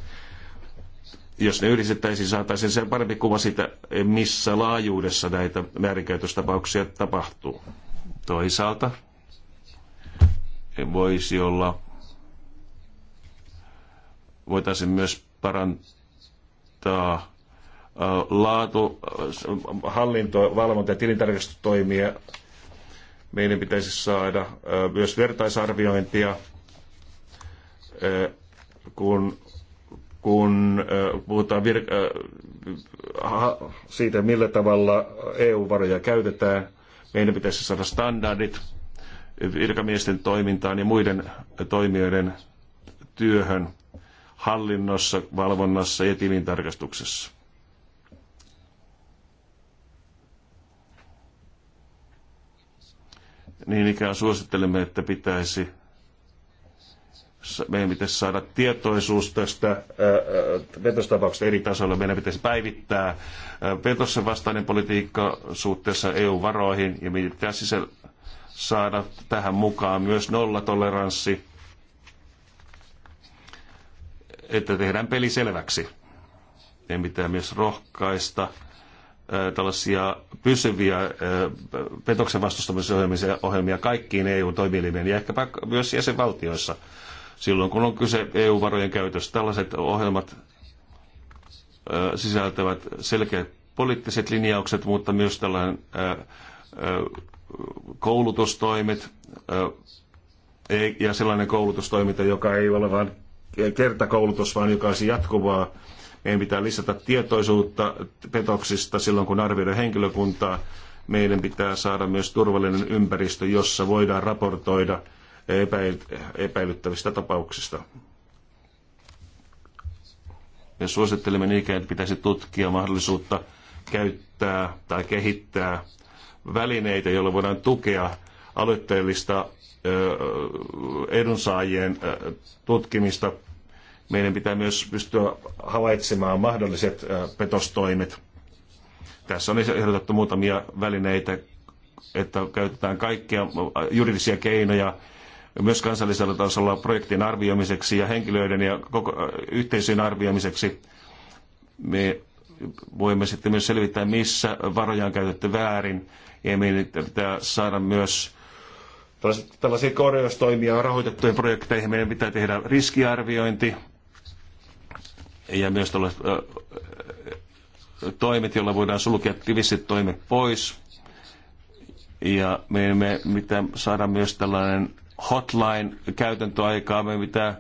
Jos ne yhdistettäisiin, saataisiin sen parempi kuva siitä, missä laajuudessa näitä väärinkäytöstapauksia tapahtuu. Toisaalta voisi olla, voitaisiin myös parantaa äh, laatu, äh, hallinto, valvonta ja tilintarkastustoimia. Meidän pitäisi saada äh, myös vertaisarviointia, kun, kun puhutaan vir- siitä, millä tavalla EU-varoja käytetään. Meidän pitäisi saada standardit virkamiesten toimintaan ja muiden toimijoiden työhön hallinnossa, valvonnassa ja tilintarkastuksessa. Niin ikään suosittelemme, että pitäisi meidän pitäisi saada tietoisuus tästä petostapauksesta eri tasolla, Meidän pitäisi päivittää petoksen vastainen politiikka suhteessa EU-varoihin ja meidän pitäisi sisällä saada tähän mukaan myös nollatoleranssi, että tehdään peli selväksi. Ei pitää myös rohkaista tällaisia pysyviä petoksen vastustamisohjelmia kaikkiin EU-toimielimiin ja ehkäpä myös jäsenvaltioissa silloin, kun on kyse EU-varojen käytöstä. Tällaiset ohjelmat sisältävät selkeät poliittiset linjaukset, mutta myös tällainen koulutustoimet e, ja sellainen koulutustoiminta, joka ei ole vain kertakoulutus, vaan joka olisi jatkuvaa. Meidän pitää lisätä tietoisuutta petoksista silloin, kun arvioidaan henkilökuntaa. Meidän pitää saada myös turvallinen ympäristö, jossa voidaan raportoida epäilyttävistä tapauksista. Me suosittelemme niinkään, että pitäisi tutkia mahdollisuutta käyttää tai kehittää välineitä, joilla voidaan tukea aloitteellista edunsaajien tutkimista. Meidän pitää myös pystyä havaitsemaan mahdolliset petostoimet. Tässä on ehdotettu muutamia välineitä, että käytetään kaikkia juridisia keinoja myös kansallisella tasolla projektin arvioimiseksi ja henkilöiden ja koko, yhteisöjen arvioimiseksi. Me voimme sitten myös selvittää, missä varoja on käytetty väärin ja meidän pitää saada myös tällaisia korjaustoimia rahoitettujen projekteihin. Meidän pitää tehdä riskiarviointi ja myös tällaiset toimet, joilla voidaan sulkea tivistit toimet pois. Ja meidän me pitää saada myös tällainen hotline-käytäntöaikaa. Meidän pitää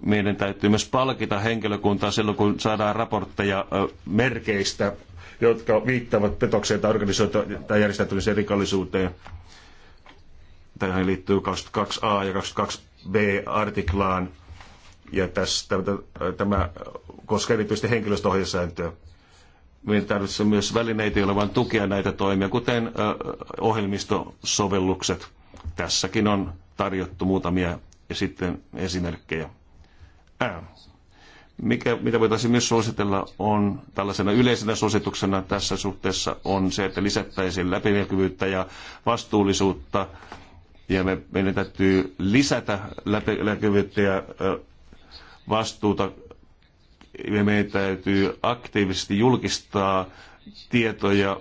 meidän täytyy myös palkita henkilökuntaa silloin, kun saadaan raportteja merkeistä jotka viittaavat petokseen tai organisoitua tai järjestäytymiseen rikollisuuteen. Tähän liittyy 22a ja 22b-artiklaan, ja tässä, tämä, tämä koskee erityisesti henkilöstöohjesääntöä. Meillä tarvitsee myös välineitä, joilla vain tukea näitä toimia, kuten ohjelmistosovellukset. Tässäkin on tarjottu muutamia ja sitten esimerkkejä. Ää mikä, mitä voitaisiin myös suositella on tällaisena yleisenä suosituksena tässä suhteessa on se, että lisättäisiin läpinäkyvyyttä ja vastuullisuutta ja me, meidän täytyy lisätä läpinäkyvyyttä ja vastuuta ja meidän täytyy aktiivisesti julkistaa tietoja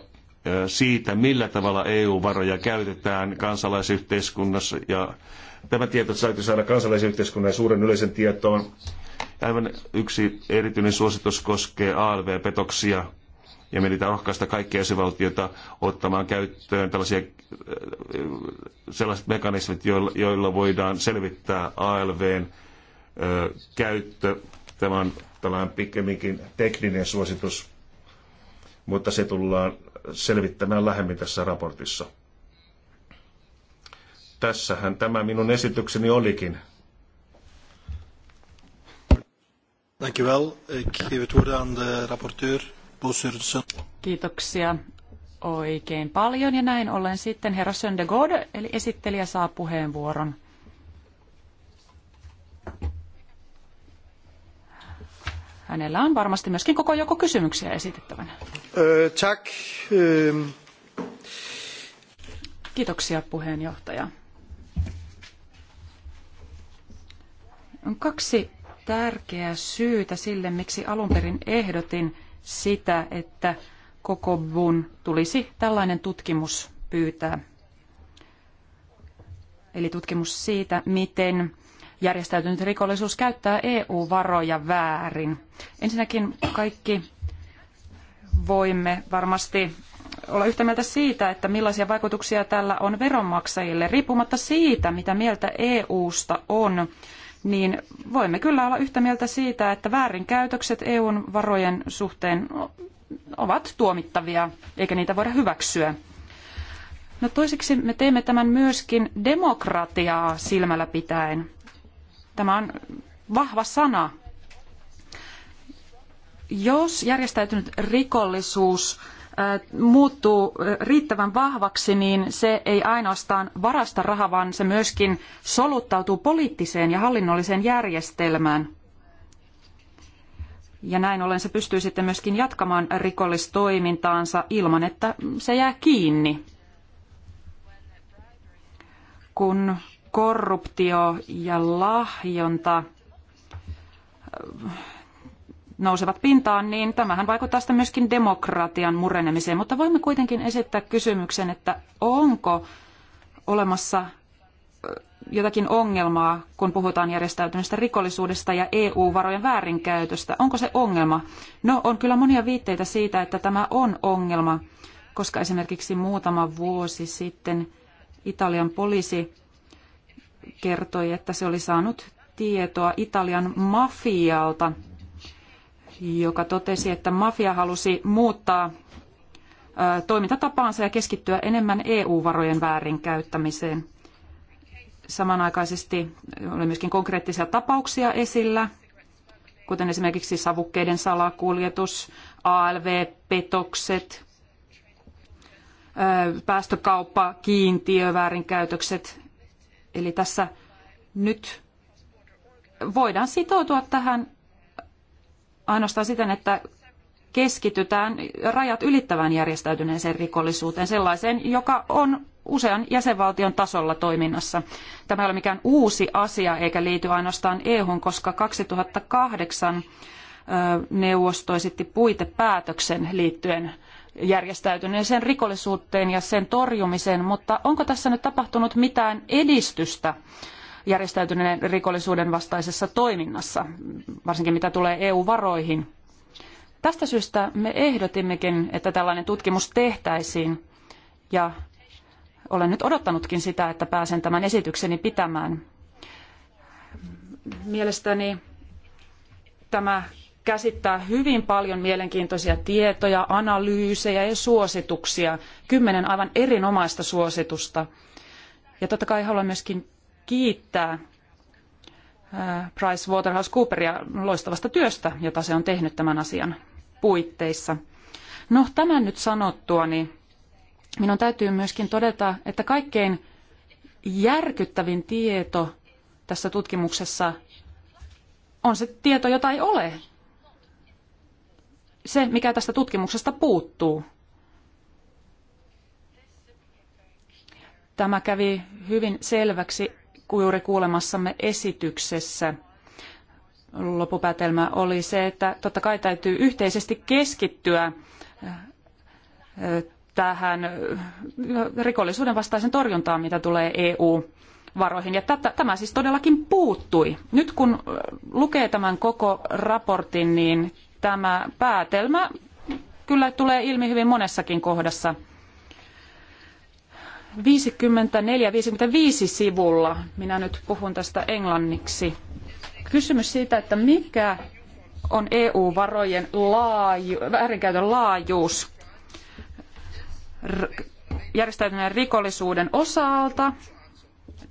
siitä, millä tavalla EU-varoja käytetään kansalaisyhteiskunnassa ja tämä tieto täytyy saada kansalaisyhteiskunnan suuren yleisen tietoon Aivan yksi erityinen suositus koskee ALV-petoksia ja me niitä rohkaista kaikkia jäsenvaltioita ottamaan käyttöön tällaisia, äh, sellaiset mekanismit, joilla, joilla voidaan selvittää ALVn ö, käyttö. Tämä on tällainen pikemminkin tekninen suositus, mutta se tullaan selvittämään lähemmin tässä raportissa. Tässähän tämä minun esitykseni olikin. Dank u wel. Ik geef het woord aan de rapporteur, Bo Sørensen. Kiitoksia oikein paljon ja näin ollen sitten herra Söndegård, eli esittelijä saa puheenvuoron. Hänellä on varmasti myöskin koko joko kysymyksiä esitettävänä. Öö, tack. Öö. Kiitoksia puheenjohtaja. On kaksi tärkeä syytä sille, miksi alun perin ehdotin sitä, että koko BUN tulisi tällainen tutkimus pyytää. Eli tutkimus siitä, miten järjestäytynyt rikollisuus käyttää EU-varoja väärin. Ensinnäkin kaikki voimme varmasti olla yhtä mieltä siitä, että millaisia vaikutuksia tällä on veronmaksajille, riippumatta siitä, mitä mieltä EUsta on niin voimme kyllä olla yhtä mieltä siitä, että väärinkäytökset EUn varojen suhteen ovat tuomittavia, eikä niitä voida hyväksyä. No toiseksi me teemme tämän myöskin demokratiaa silmällä pitäen. Tämä on vahva sana. Jos järjestäytynyt rikollisuus muuttuu riittävän vahvaksi, niin se ei ainoastaan varasta rahaa, vaan se myöskin soluttautuu poliittiseen ja hallinnolliseen järjestelmään. Ja näin ollen se pystyy sitten myöskin jatkamaan rikollistoimintaansa ilman, että se jää kiinni. Kun korruptio ja lahjonta nousevat pintaan, niin tämähän vaikuttaa sitten myöskin demokratian murenemiseen. Mutta voimme kuitenkin esittää kysymyksen, että onko olemassa jotakin ongelmaa, kun puhutaan järjestäytyneestä rikollisuudesta ja EU-varojen väärinkäytöstä. Onko se ongelma? No, on kyllä monia viitteitä siitä, että tämä on ongelma, koska esimerkiksi muutama vuosi sitten Italian poliisi kertoi, että se oli saanut tietoa Italian mafialta – joka totesi, että mafia halusi muuttaa toimintatapaansa ja keskittyä enemmän EU-varojen väärinkäyttämiseen. Samanaikaisesti oli myöskin konkreettisia tapauksia esillä, kuten esimerkiksi savukkeiden salakuljetus, ALV-petokset, päästökauppa, kiintiö, väärinkäytökset. Eli tässä nyt voidaan sitoutua tähän ainoastaan siten, että keskitytään rajat ylittävään järjestäytyneeseen rikollisuuteen, sellaiseen, joka on usean jäsenvaltion tasolla toiminnassa. Tämä ei ole mikään uusi asia eikä liity ainoastaan EU:hun, koska 2008 neuvosto esitti puitepäätöksen liittyen järjestäytyneeseen rikollisuuteen ja sen torjumiseen, mutta onko tässä nyt tapahtunut mitään edistystä järjestäytyneen rikollisuuden vastaisessa toiminnassa, varsinkin mitä tulee EU-varoihin. Tästä syystä me ehdotimmekin, että tällainen tutkimus tehtäisiin ja olen nyt odottanutkin sitä, että pääsen tämän esitykseni pitämään. Mielestäni tämä käsittää hyvin paljon mielenkiintoisia tietoja, analyysejä ja suosituksia. Kymmenen aivan erinomaista suositusta. Ja totta kai haluan myöskin kiittää PricewaterhouseCooperia loistavasta työstä, jota se on tehnyt tämän asian puitteissa. No tämän nyt sanottua, niin minun täytyy myöskin todeta, että kaikkein järkyttävin tieto tässä tutkimuksessa on se tieto, jota ei ole. Se, mikä tästä tutkimuksesta puuttuu. Tämä kävi hyvin selväksi juuri kuulemassamme esityksessä loppupäätelmä oli se, että totta kai täytyy yhteisesti keskittyä äh, tähän äh, rikollisuuden vastaisen torjuntaan, mitä tulee EU-varoihin. Ja tämä siis todellakin puuttui. Nyt kun äh, lukee tämän koko raportin, niin tämä päätelmä kyllä tulee ilmi hyvin monessakin kohdassa – 54-55 sivulla, minä nyt puhun tästä englanniksi, kysymys siitä, että mikä on EU-varojen laaju, väärinkäytön laajuus järjestäytyneen rikollisuuden osalta.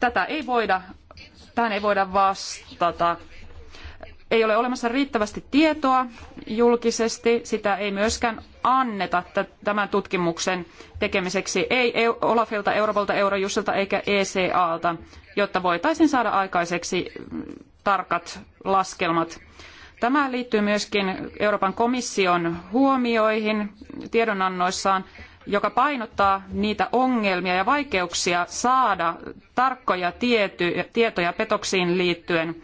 Tätä ei voida, tähän ei voida vastata, ei ole olemassa riittävästi tietoa julkisesti, sitä ei myöskään anneta tämän tutkimuksen tekemiseksi, ei Olafilta, Euroopalta, Eurojussilta eikä ECAlta, jotta voitaisiin saada aikaiseksi mm, tarkat laskelmat. Tämä liittyy myöskin Euroopan komission huomioihin tiedonannoissaan, joka painottaa niitä ongelmia ja vaikeuksia saada tarkkoja tietoja petoksiin liittyen –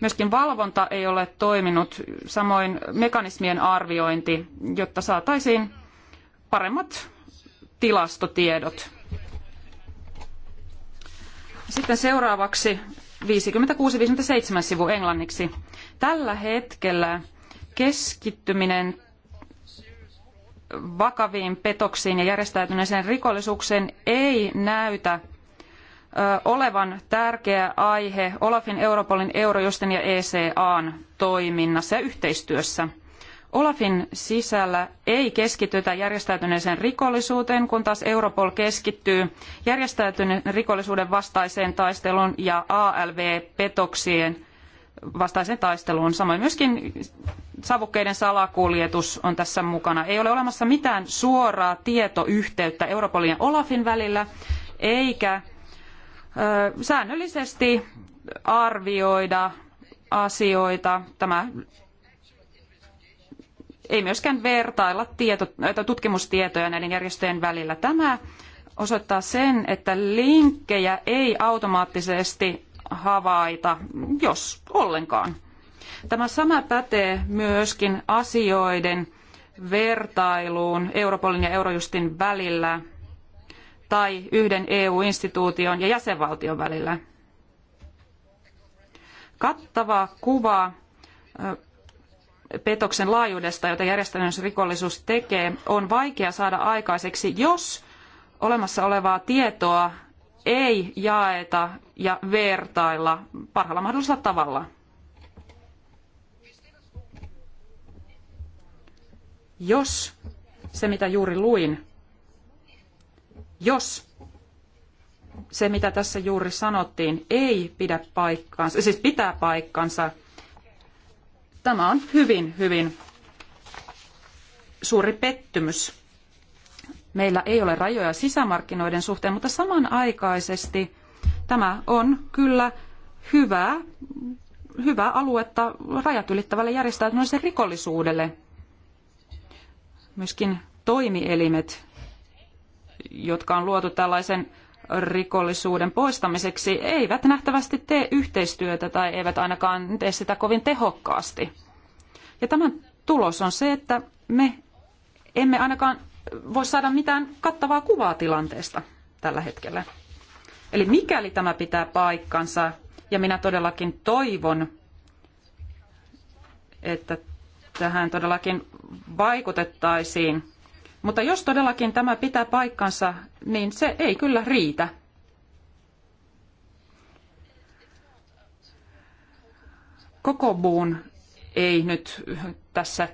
Myöskin valvonta ei ole toiminut, samoin mekanismien arviointi, jotta saataisiin paremmat tilastotiedot. Sitten seuraavaksi 56-57 sivu englanniksi. Tällä hetkellä keskittyminen vakaviin petoksiin ja järjestäytyneeseen rikollisuuteen ei näytä olevan tärkeä aihe Olafin, Europolin, Eurojustin ja ECAn toiminnassa ja yhteistyössä. Olafin sisällä ei keskitytä järjestäytyneeseen rikollisuuteen, kun taas Europol keskittyy järjestäytyneen rikollisuuden vastaiseen taisteluun ja ALV-petoksien vastaiseen taisteluun. Samoin myöskin savukkeiden salakuljetus on tässä mukana. Ei ole olemassa mitään suoraa tietoyhteyttä Europolin ja Olafin välillä, eikä säännöllisesti arvioida asioita. Tämä ei myöskään vertailla tieto, tutkimustietoja näiden järjestöjen välillä. Tämä osoittaa sen, että linkkejä ei automaattisesti havaita, jos ollenkaan. Tämä sama pätee myöskin asioiden vertailuun Europolin ja Eurojustin välillä – tai yhden EU-instituution ja jäsenvaltion välillä. Kattava kuva petoksen laajuudesta, jota järjestäytymisrikollisuus tekee, on vaikea saada aikaiseksi, jos olemassa olevaa tietoa ei jaeta ja vertailla parhaalla mahdollisella tavalla. Jos se, mitä juuri luin, jos se, mitä tässä juuri sanottiin, ei pidä paikkaansa, siis pitää paikkansa, tämä on hyvin, hyvin suuri pettymys. Meillä ei ole rajoja sisämarkkinoiden suhteen, mutta samanaikaisesti tämä on kyllä hyvää, hyvää aluetta rajat ylittävälle järjestäytyneelle rikollisuudelle. Myöskin toimielimet jotka on luotu tällaisen rikollisuuden poistamiseksi, eivät nähtävästi tee yhteistyötä tai eivät ainakaan tee sitä kovin tehokkaasti. Ja tämän tulos on se, että me emme ainakaan voi saada mitään kattavaa kuvaa tilanteesta tällä hetkellä. Eli mikäli tämä pitää paikkansa, ja minä todellakin toivon, että tähän todellakin vaikutettaisiin mutta jos todellakin tämä pitää paikkansa, niin se ei kyllä riitä. Koko buun ei nyt tässä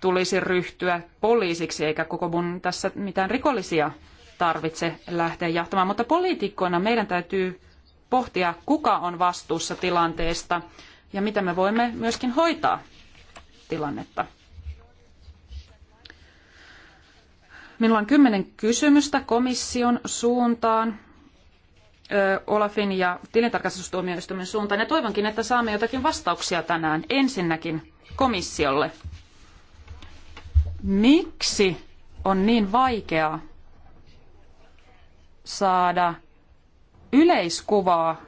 tulisi ryhtyä poliisiksi, eikä koko mun tässä mitään rikollisia tarvitse lähteä jahtamaan. Mutta poliitikkoina meidän täytyy pohtia, kuka on vastuussa tilanteesta ja mitä me voimme myöskin hoitaa tilannetta. Minulla on kymmenen kysymystä komission suuntaan, Olafin ja tilintarkastustuomioistuimen suuntaan. Ja toivonkin, että saamme jotakin vastauksia tänään ensinnäkin komissiolle. Miksi on niin vaikeaa saada yleiskuvaa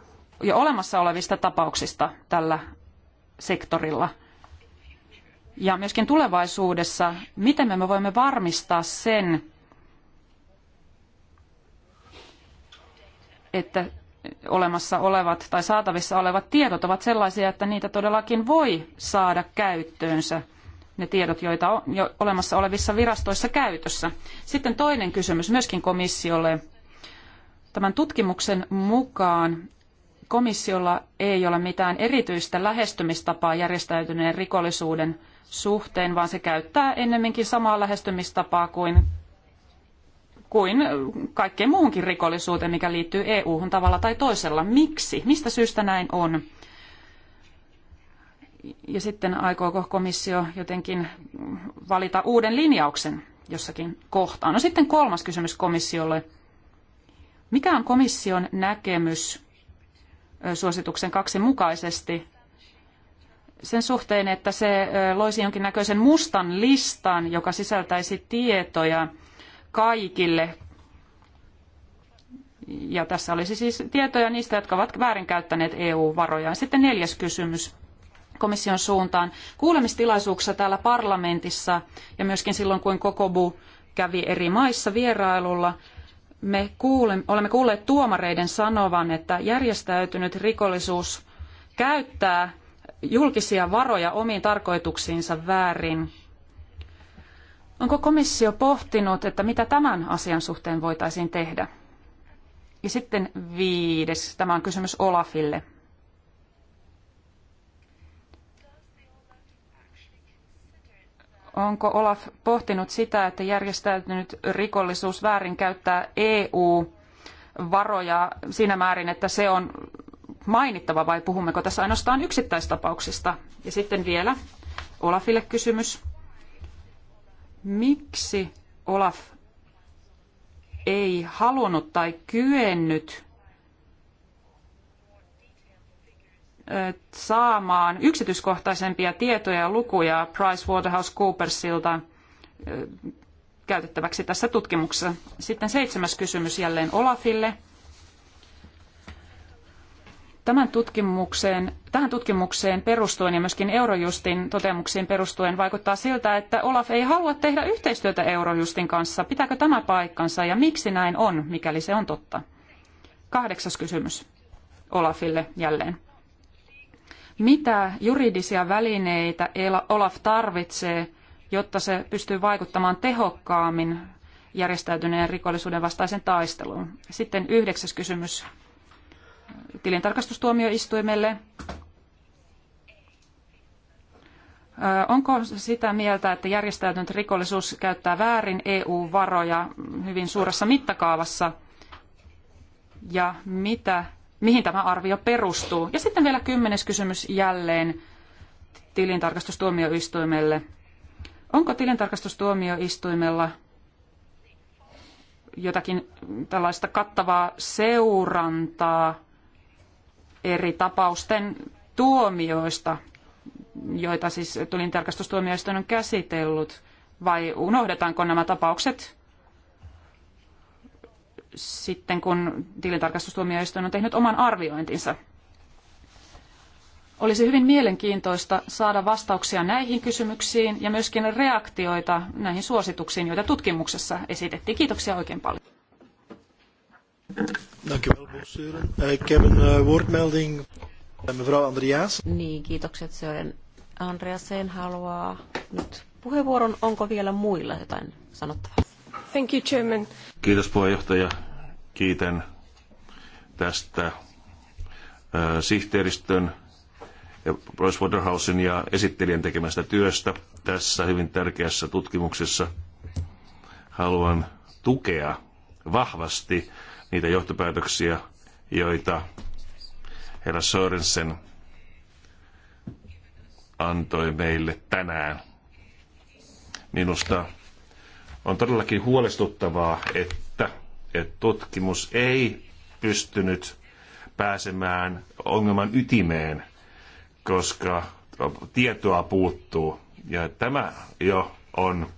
jo olemassa olevista tapauksista tällä sektorilla – ja myöskin tulevaisuudessa, miten me voimme varmistaa sen, että olemassa olevat tai saatavissa olevat tiedot ovat sellaisia, että niitä todellakin voi saada käyttöönsä, ne tiedot, joita on jo olemassa olevissa virastoissa käytössä. Sitten toinen kysymys myöskin komissiolle. Tämän tutkimuksen mukaan komissiolla ei ole mitään erityistä lähestymistapaa järjestäytyneen rikollisuuden suhteen, vaan se käyttää ennemminkin samaa lähestymistapaa kuin, kuin kaikkeen muuhunkin rikollisuuteen, mikä liittyy EU-hun tavalla tai toisella. Miksi? Mistä syystä näin on? Ja sitten aikooko komissio jotenkin valita uuden linjauksen jossakin kohtaan? No sitten kolmas kysymys komissiolle. Mikä on komission näkemys suosituksen kaksi mukaisesti sen suhteen, että se loisi jonkinnäköisen mustan listan, joka sisältäisi tietoja kaikille. Ja tässä olisi siis tietoja niistä, jotka ovat väärinkäyttäneet EU-varoja. Sitten neljäs kysymys komission suuntaan. Kuulemistilaisuuksissa täällä parlamentissa ja myöskin silloin, kun Kokobu kävi eri maissa vierailulla, me kuule, olemme kuulleet tuomareiden sanovan, että järjestäytynyt rikollisuus käyttää julkisia varoja omiin tarkoituksiinsa väärin. Onko komissio pohtinut, että mitä tämän asian suhteen voitaisiin tehdä? Ja sitten viides, tämä on kysymys Olafille. Onko Olaf pohtinut sitä, että järjestäytynyt rikollisuus väärinkäyttää EU-varoja siinä määrin, että se on mainittava vai puhummeko tässä ainoastaan yksittäistapauksista? Ja sitten vielä Olafille kysymys. Miksi Olaf ei halunnut tai kyennyt saamaan yksityiskohtaisempia tietoja ja lukuja PricewaterhouseCoopersilta käytettäväksi tässä tutkimuksessa. Sitten seitsemäs kysymys jälleen Olafille. Tämän tutkimukseen, tähän tutkimukseen perustuen ja myöskin Eurojustin toteamuksiin perustuen vaikuttaa siltä, että Olaf ei halua tehdä yhteistyötä Eurojustin kanssa. Pitääkö tämä paikkansa ja miksi näin on, mikäli se on totta? Kahdeksas kysymys Olafille jälleen. Mitä juridisia välineitä Olaf tarvitsee, jotta se pystyy vaikuttamaan tehokkaammin järjestäytyneen rikollisuuden vastaisen taisteluun? Sitten yhdeksäs kysymys tilintarkastustuomioistuimelle. Onko sitä mieltä, että järjestäytynyt rikollisuus käyttää väärin EU-varoja hyvin suuressa mittakaavassa? Ja mitä, mihin tämä arvio perustuu? Ja sitten vielä kymmenes kysymys jälleen tilintarkastustuomioistuimelle. Onko tilintarkastustuomioistuimella jotakin tällaista kattavaa seurantaa eri tapausten tuomioista, joita siis tulintarkastustuomioistuin on käsitellyt, vai unohdetaanko nämä tapaukset sitten, kun tilintarkastustuomioistuin on tehnyt oman arviointinsa? Olisi hyvin mielenkiintoista saada vastauksia näihin kysymyksiin ja myöskin reaktioita näihin suosituksiin, joita tutkimuksessa esitettiin. Kiitoksia oikein paljon. Dank u wel, eh, Ik heb een eh, woordmelding mevrouw Andreas. Niin, kiitokset. Sören haluaa nyt puheenvuoron. Onko vielä muilla jotain sanottavaa? Thank you, Chairman. Kiitos puheenjohtaja. Kiitän tästä eh, sihteeristön ja Bryce ja esittelijän tekemästä työstä tässä hyvin tärkeässä tutkimuksessa. Haluan tukea vahvasti niitä johtopäätöksiä, joita herra Sorensen antoi meille tänään. Minusta on todellakin huolestuttavaa, että, että tutkimus ei pystynyt pääsemään ongelman ytimeen, koska tietoa puuttuu. Ja tämä jo on,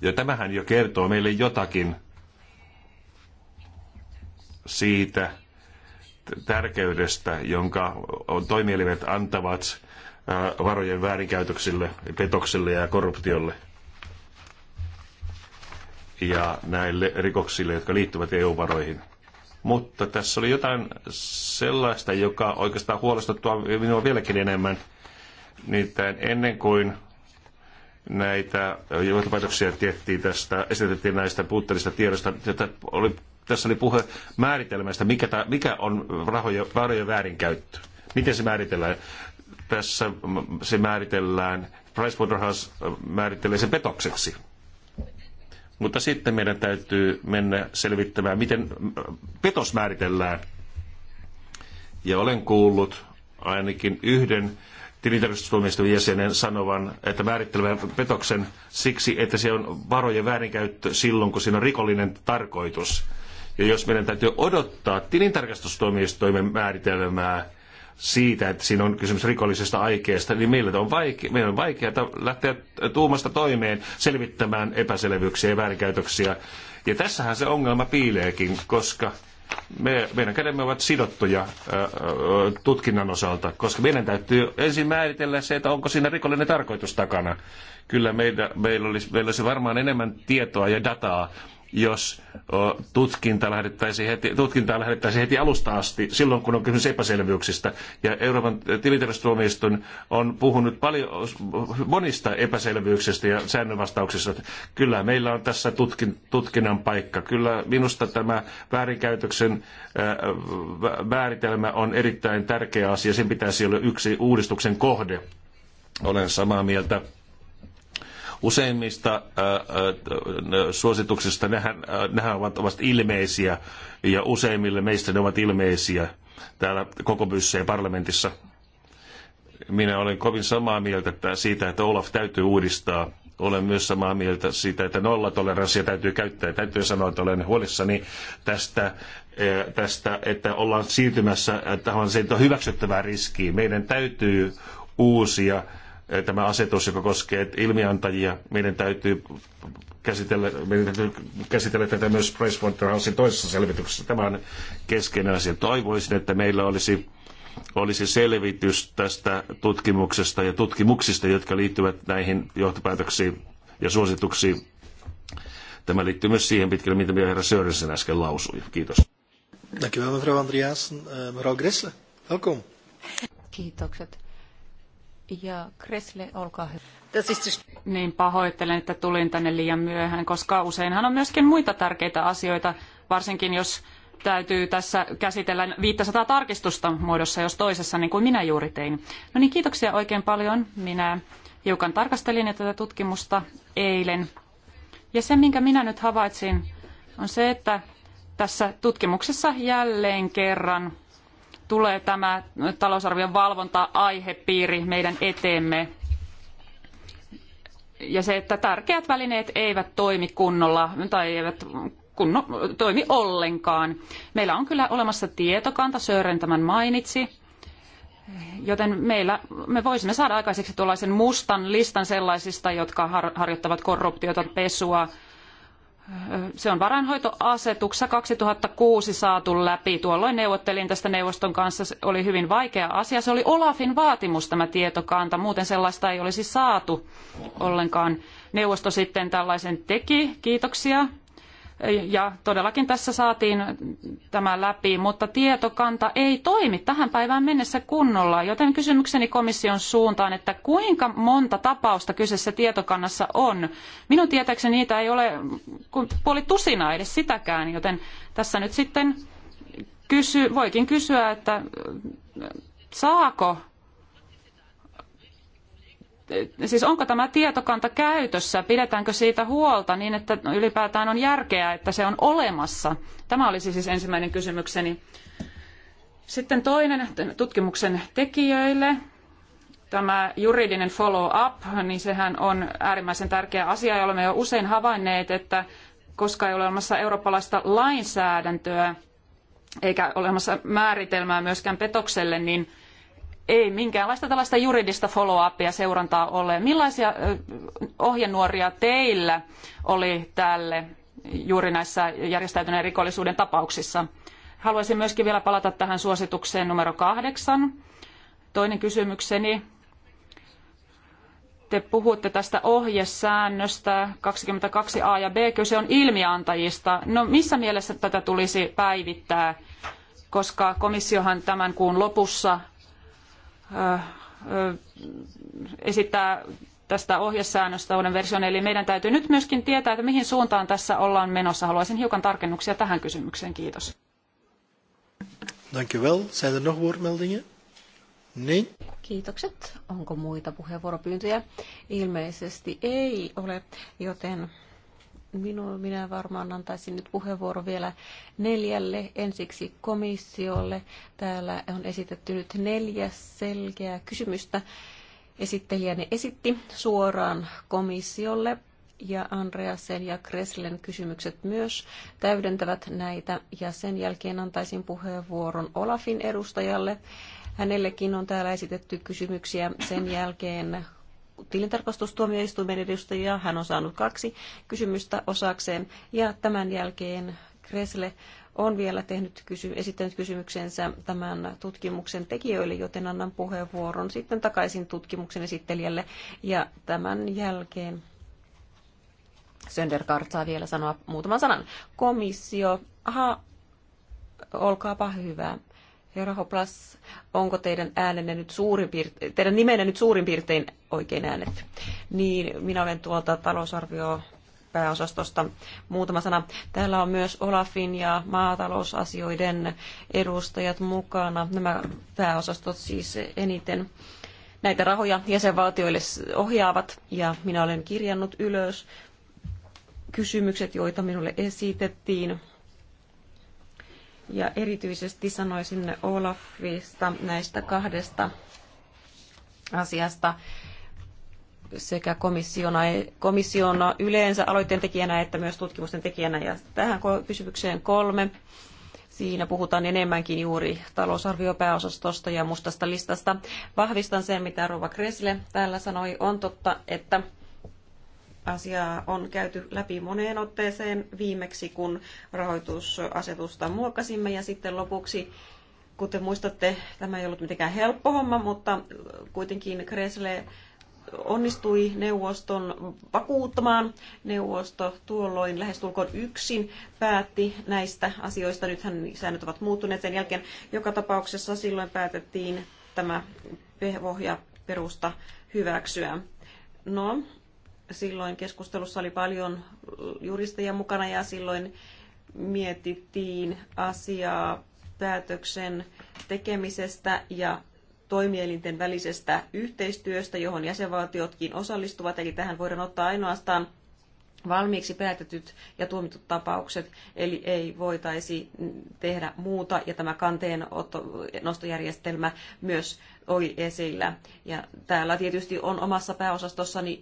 ja tämähän jo kertoo meille jotakin siitä tärkeydestä, jonka toimielimet antavat äh, varojen väärinkäytöksille, petoksille ja korruptiolle ja näille rikoksille, jotka liittyvät EU-varoihin. Mutta tässä oli jotain sellaista, joka oikeastaan huolestuttaa minua vieläkin enemmän. niitä ennen kuin näitä johtopäätöksiä tiettiin tästä, esitettiin näistä puutteellisista tiedosta, että oli tässä oli puhe määritelmästä, mikä, ta, mikä on rahoja, varojen väärinkäyttö. Miten se määritellään? Tässä se määritellään, Pricewaterhouse äh, määrittelee sen petokseksi. Mutta sitten meidän täytyy mennä selvittämään, miten petos määritellään. Ja olen kuullut ainakin yhden tilintarkastustuomioistuimen jäsenen sanovan, että määrittelemme petoksen siksi, että se on varojen väärinkäyttö silloin, kun siinä on rikollinen tarkoitus. Ja jos meidän täytyy odottaa tilintarkastustuomioistuimen määritelmää siitä, että siinä on kysymys rikollisesta aikeesta, niin meillä on, vaikea, meillä on vaikeaa lähteä tuumasta toimeen selvittämään epäselvyyksiä ja väärinkäytöksiä. Ja tässähän se ongelma piileekin, koska me, meidän kädemme ovat sidottuja ää, tutkinnan osalta, koska meidän täytyy ensin määritellä se, että onko siinä rikollinen tarkoitus takana. Kyllä meillä, meillä, olisi, meillä olisi varmaan enemmän tietoa ja dataa, jos tutkinta lähdettäisiin heti, tutkintaa lähdettäisiin heti alusta asti, silloin kun on kysymys epäselvyyksistä. Ja Euroopan tilintarkastustuomioistuin on puhunut paljon, monista epäselvyyksistä ja säännönvastauksista. Kyllä meillä on tässä tutkin, tutkinnan paikka. Kyllä minusta tämä väärinkäytöksen määritelmä on erittäin tärkeä asia. Sen pitäisi olla yksi uudistuksen kohde. Olen samaa mieltä Useimmista äh, äh, suosituksista nehän, äh, nehän ovat, ovat ilmeisiä ja useimmille meistä ne ovat ilmeisiä täällä koko Bysseen parlamentissa. Minä olen kovin samaa mieltä siitä, että Olaf täytyy uudistaa olen myös samaa mieltä siitä, että nollatoleranssia täytyy käyttää. Täytyy sanoa, että olen huolissani tästä, tästä että ollaan siirtymässä tähän hyväksyttävään riskiin. Meidän täytyy uusia Eh, tämä asetus, joka koskee ilmiantajia. Meidän täytyy käsitellä, meidän täytyy käsitellä tätä myös Pricewaterhousein toisessa selvityksessä. Tämä on keskeinen asia. Toivoisin, että meillä olisi, olisi selvitys tästä tutkimuksesta ja tutkimuksista, jotka liittyvät näihin johtopäätöksiin ja suosituksiin. Tämä liittyy myös siihen pitkälle, mitä herra Sörensen äsken lausui. Kiitos. Dankjewel mevrouw Mevrouw Gressle, welkom. Kiitokset. Ja Kresle, olkaa hyvä. Niin pahoittelen, että tulin tänne liian myöhään, koska useinhan on myöskin muita tärkeitä asioita, varsinkin jos täytyy tässä käsitellä 500 tarkistusta muodossa, jos toisessa, niin kuin minä juuri tein. No niin, kiitoksia oikein paljon. Minä hiukan tarkastelin tätä tutkimusta eilen. Ja se, minkä minä nyt havaitsin, on se, että tässä tutkimuksessa jälleen kerran tulee tämä talousarvion valvonta-aihepiiri meidän eteemme. Ja se, että tärkeät välineet eivät toimi kunnolla tai eivät kunno, toimi ollenkaan. Meillä on kyllä olemassa tietokanta, Sören tämän mainitsi, joten meillä, me voisimme saada aikaiseksi tuollaisen mustan listan sellaisista, jotka har, harjoittavat korruptiota, pesua, se on varainhoitoasetuksessa 2006 saatu läpi. Tuolloin neuvottelin tästä neuvoston kanssa. Se oli hyvin vaikea asia. Se oli Olafin vaatimus tämä tietokanta. Muuten sellaista ei olisi saatu ollenkaan. Neuvosto sitten tällaisen teki. Kiitoksia ja todellakin tässä saatiin tämä läpi, mutta tietokanta ei toimi tähän päivään mennessä kunnolla, joten kysymykseni komission suuntaan, että kuinka monta tapausta kyseessä tietokannassa on. Minun tietääkseni niitä ei ole kuin puoli tusinaa edes sitäkään, joten tässä nyt sitten kysy, voikin kysyä, että saako siis onko tämä tietokanta käytössä, pidetäänkö siitä huolta niin, että ylipäätään on järkeä, että se on olemassa? Tämä olisi siis ensimmäinen kysymykseni. Sitten toinen tutkimuksen tekijöille. Tämä juridinen follow-up, niin sehän on äärimmäisen tärkeä asia, ja olemme jo usein havainneet, että koska ei ole olemassa eurooppalaista lainsäädäntöä, eikä ole olemassa määritelmää myöskään petokselle, niin ei minkäänlaista tällaista juridista follow-upia seurantaa ole. Millaisia ohjenuoria teillä oli tälle juuri näissä järjestäytyneen rikollisuuden tapauksissa? Haluaisin myöskin vielä palata tähän suositukseen numero kahdeksan. Toinen kysymykseni. Te puhutte tästä ohjesäännöstä 22a ja b. Kyse on ilmiantajista. No missä mielessä tätä tulisi päivittää? Koska komissiohan tämän kuun lopussa Äh, äh, esittää tästä ohjesäännöstä uuden version. Eli meidän täytyy nyt myöskin tietää, että mihin suuntaan tässä ollaan menossa. Haluaisin hiukan tarkennuksia tähän kysymykseen. Kiitos. Dank u wel. Zijn er nog woordmeldingen? Niin. Kiitokset. Onko muita puheenvuoropyyntöjä? Ilmeisesti ei ole, joten Minun minä varmaan antaisin nyt puheenvuoro vielä neljälle, ensiksi komissiolle. Täällä on esitetty nyt neljä selkeää kysymystä. Esittelijäni esitti suoraan komissiolle ja Andreasen ja Kreslen kysymykset myös täydentävät näitä. Ja sen jälkeen antaisin puheenvuoron Olafin edustajalle. Hänellekin on täällä esitetty kysymyksiä. Sen jälkeen tilintarkastustuomioistuimen edustajia. Hän on saanut kaksi kysymystä osakseen ja tämän jälkeen Kresle on vielä tehnyt, kysy, esittänyt kysymyksensä tämän tutkimuksen tekijöille, joten annan puheenvuoron sitten takaisin tutkimuksen esittelijälle. Ja tämän jälkeen Söndergaard saa vielä sanoa muutaman sanan. Komissio, aha, olkaapa hyvä. Herra Hoplas, onko teidän äänenne nyt suurin piirtein, teidän nimenne nyt suurin piirtein oikein äänet? Niin, minä olen tuolta talousarvio pääosastosta muutama sana. Täällä on myös Olafin ja maatalousasioiden edustajat mukana. Nämä pääosastot siis eniten näitä rahoja jäsenvaltioille ohjaavat ja minä olen kirjannut ylös kysymykset, joita minulle esitettiin ja erityisesti sanoisin Olafista näistä kahdesta asiasta sekä komissiona, komissiona yleensä aloitteen tekijänä että myös tutkimusten tekijänä. Ja tähän kysymykseen kolme. Siinä puhutaan enemmänkin juuri talousarviopääosastosta ja mustasta listasta. Vahvistan sen, mitä Rova Kresle täällä sanoi. On totta, että Asiaa on käyty läpi moneen otteeseen viimeksi, kun rahoitusasetusta muokkasimme ja sitten lopuksi Kuten muistatte, tämä ei ollut mitenkään helppo homma, mutta kuitenkin Kresle onnistui neuvoston vakuuttamaan. Neuvosto tuolloin lähestulkoon yksin päätti näistä asioista. Nythän säännöt ovat muuttuneet sen jälkeen. Joka tapauksessa silloin päätettiin tämä pohja perusta hyväksyä. No, silloin keskustelussa oli paljon äh, juristeja mukana ja silloin mietittiin asiaa päätöksen tekemisestä ja toimielinten välisestä yhteistyöstä, johon jäsenvaltiotkin osallistuvat, eli tähän voidaan ottaa ainoastaan valmiiksi päätetyt ja tuomitut tapaukset, eli ei voitaisi tehdä muuta, ja tämä kanteen nostojärjestelmä myös oli esillä. Ja täällä tietysti on omassa pääosastossani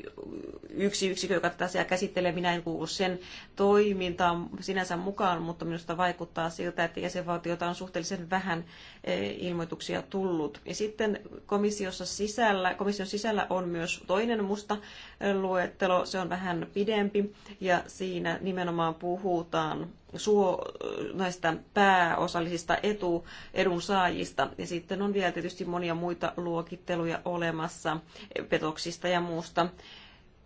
yksi yksikö, joka tätä asiaa käsittelee. Minä en kuulu sen toimintaan sinänsä mukaan, mutta minusta vaikuttaa siltä, että jäsenvaltiota on suhteellisen vähän e, ilmoituksia tullut. Ja sitten komissiossa sisällä, komission sisällä on myös toinen musta e, luettelo. Se on vähän pidempi ja siinä nimenomaan puhutaan suo, näistä pääosallisista etu, edunsaajista. Ja sitten on vielä tietysti monia muita luokitteluja olemassa petoksista ja muusta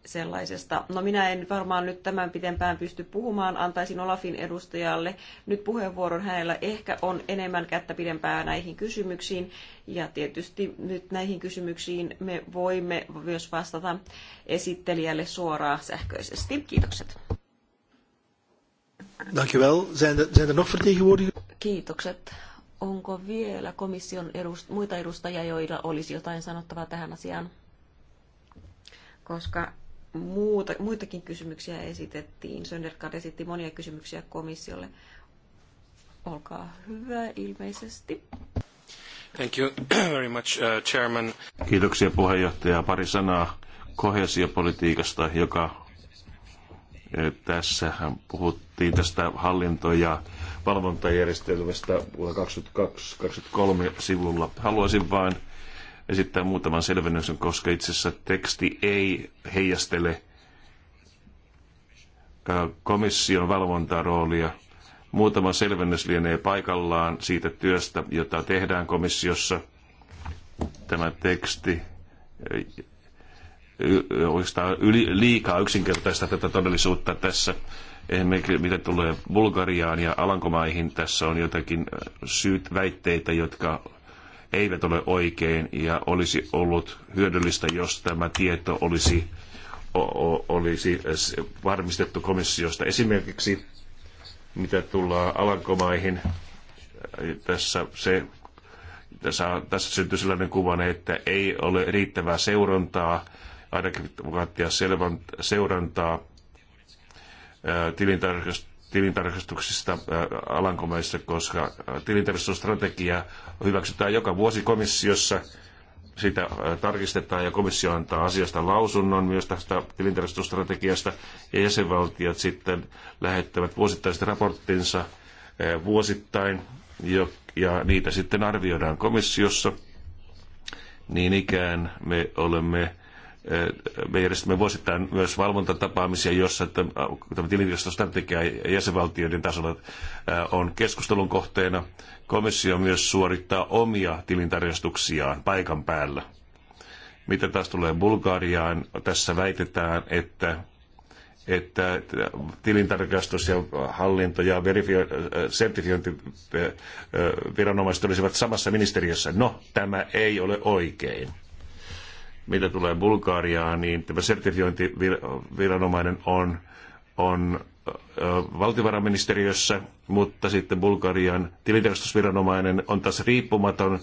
sellaisesta. No minä en varmaan nyt tämän pitempään pysty puhumaan, antaisin Olafin edustajalle nyt puheenvuoron. Hänellä ehkä on enemmän kättä pidempää näihin kysymyksiin ja tietysti nyt näihin kysymyksiin me voimme myös vastata esittelijälle suoraan sähköisesti. Kiitokset. Dankjewel. Zijn er, zijn er nog vertegenwoordigers? Kiitokset. Onko vielä komission edust, muita edustajia, joilla olisi jotain sanottavaa tähän asiaan? Koska muuta, muitakin kysymyksiä esitettiin. Söndergaard esitti monia kysymyksiä komissiolle. Olkaa hyvä ilmeisesti. Thank you (coughs) very much, uh, chairman. Kiitoksia puheenjohtaja. Pari sanaa kohesiopolitiikasta, joka tässä puhuttiin tästä hallinto- ja valvontajärjestelmästä vuonna 2022-2023 sivulla. Haluaisin vain esittää muutaman selvennyksen, koska itse asiassa teksti ei heijastele komission valvontaroolia. Muutama selvennys lienee paikallaan siitä työstä, jota tehdään komissiossa. Tämä teksti yli, liikaa yksinkertaista tätä todellisuutta tässä. Esimerkiksi mitä tulee Bulgariaan ja Alankomaihin, tässä on jotakin syyt väitteitä, jotka eivät ole oikein ja olisi ollut hyödyllistä, jos tämä tieto olisi, olisi varmistettu komissiosta. Esimerkiksi mitä tullaan Alankomaihin, tässä, se, tässä, tässä syntyy sellainen kuvan, että ei ole riittävää seurantaa ainakin vaatia selvän seurantaa tilintarkastuksista Alankomaissa, koska tilintarkastusstrategia hyväksytään joka vuosi komissiossa. Sitä tarkistetaan ja komissio antaa asiasta lausunnon myös tästä tilintarkastusstrategiasta ja jäsenvaltiot sitten lähettävät vuosittaiset raporttinsa vuosittain ja niitä sitten arvioidaan komissiossa. Niin ikään me olemme me järjestämme vuosittain myös valvontatapaamisia, jossa tämä tilinpidostrategia jäsenvaltioiden tasolla on keskustelun kohteena. Komissio myös suorittaa omia tilintarkastuksiaan paikan päällä. Mitä taas tulee Bulgariaan, tässä väitetään, että että tilintarkastus ja hallinto ja verifio- sertifiointiviranomaiset olisivat samassa ministeriössä. No, tämä ei ole oikein. Mitä tulee Bulgariaan, niin tämä sertifiointiviranomainen on, on valtiovarainministeriössä, mutta sitten Bulgarian tilintarkastusviranomainen on taas riippumaton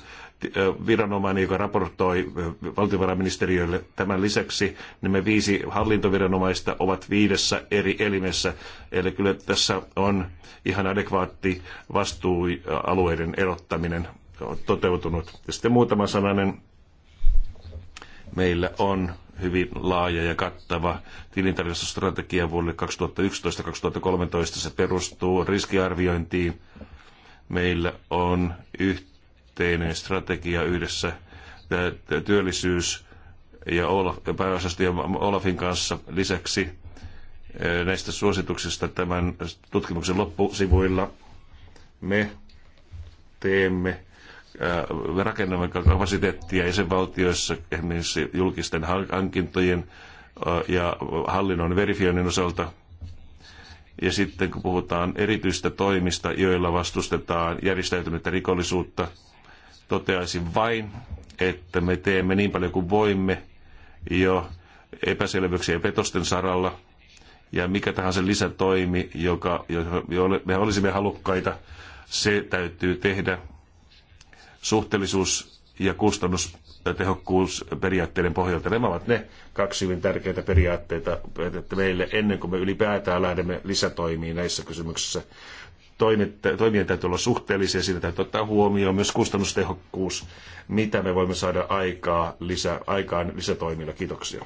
viranomainen, joka raportoi valtiovarainministeriölle. Tämän lisäksi nämä niin viisi hallintoviranomaista ovat viidessä eri elimessä, eli kyllä tässä on ihan adekvaatti vastuualueiden erottaminen toteutunut. Ja sitten muutama sananen meillä on hyvin laaja ja kattava tilintarkastusstrategia vuodelle 2011-2013. Se perustuu riskiarviointiin. Meillä on yhteinen strategia yhdessä työllisyys- ja Olaf, Olafin kanssa lisäksi näistä suosituksista tämän tutkimuksen loppusivuilla me teemme Äh, rakennamme kapasiteettia jäsenvaltioissa esimerkiksi julkisten hankintojen äh, ja hallinnon verifioinnin osalta. Ja sitten kun puhutaan erityistä toimista, joilla vastustetaan järjestäytymättä rikollisuutta, toteaisin vain, että me teemme niin paljon kuin voimme jo ja petosten saralla ja mikä tahansa lisätoimi, joka, jo, me olisimme halukkaita, se täytyy tehdä suhteellisuus- ja kustannustehokkuusperiaatteiden pohjalta. Nämä ovat ne kaksi hyvin tärkeitä periaatteita että meille ennen kuin me ylipäätään lähdemme lisätoimiin näissä kysymyksissä. Toimien täytyy olla suhteellisia, siinä täytyy ottaa huomioon myös kustannustehokkuus, mitä me voimme saada aikaa lisä, aikaan lisätoimilla. Kiitoksia.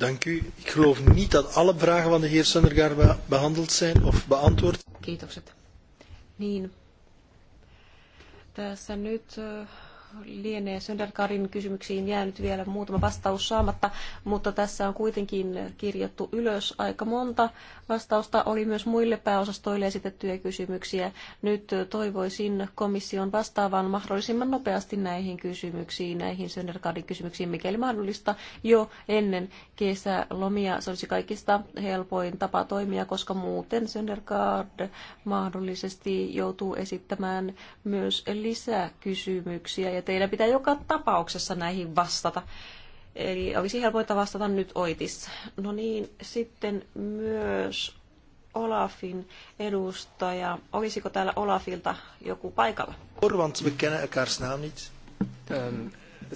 Dank u. Ik geloof niet dat alle vragen van de heer Sundergaard behandeld zijn of beantwoord. Kiitokset. Niin, tässä nyt lienee Söndergaardin kysymyksiin jäänyt vielä muutama vastaus saamatta, mutta tässä on kuitenkin kirjattu ylös aika monta vastausta. Oli myös muille pääosastoille esitettyjä kysymyksiä. Nyt toivoisin komission vastaavan mahdollisimman nopeasti näihin kysymyksiin, näihin Söndergaardin kysymyksiin, mikäli mahdollista, jo ennen kesälomia. Se olisi kaikista helpoin tapa toimia, koska muuten Söndergaard mahdollisesti joutuu esittämään myös lisäkysymyksiä ja teidän pitää joka tapauksessa näihin vastata. Eli olisi helpointa vastata nyt oitissa. No niin, sitten myös Olafin edustaja. Olisiko täällä Olafilta joku paikalla? kennen um,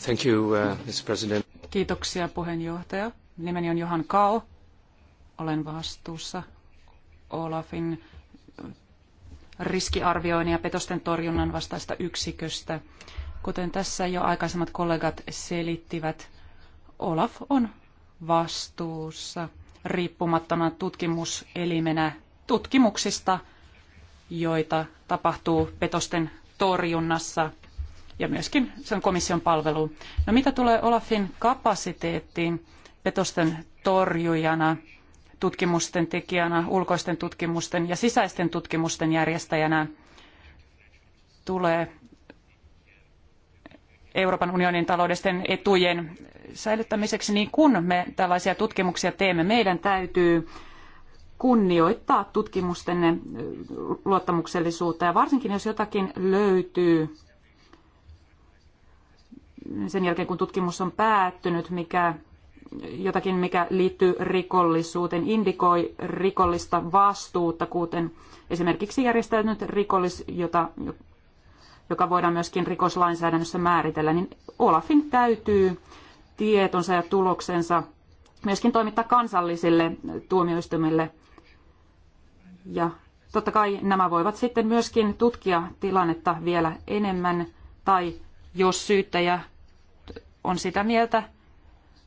thank you, uh, Mr. President. Kiitoksia puheenjohtaja. Nimeni on Johan Kao. Olen vastuussa Olafin uh, riskiarvioinnin ja petosten torjunnan vastaista yksiköstä. Kuten tässä jo aikaisemmat kollegat selittivät, Olaf on vastuussa riippumattomana tutkimuselimenä tutkimuksista, joita tapahtuu petosten torjunnassa ja myöskin sen komission palveluun. No mitä tulee Olafin kapasiteettiin petosten torjujana, tutkimusten tekijänä, ulkoisten tutkimusten ja sisäisten tutkimusten järjestäjänä, tulee Euroopan unionin taloudellisten etujen säilyttämiseksi, niin kun me tällaisia tutkimuksia teemme, meidän täytyy kunnioittaa tutkimusten luottamuksellisuutta. Ja varsinkin jos jotakin löytyy sen jälkeen, kun tutkimus on päättynyt, mikä jotakin, mikä liittyy rikollisuuteen, indikoi rikollista vastuutta, kuten esimerkiksi järjestäytynyt rikollis, jota, joka voidaan myöskin rikoslainsäädännössä määritellä, niin Olafin täytyy tietonsa ja tuloksensa myöskin toimittaa kansallisille tuomioistuimille. Ja totta kai nämä voivat sitten myöskin tutkia tilannetta vielä enemmän, tai jos syyttäjä on sitä mieltä,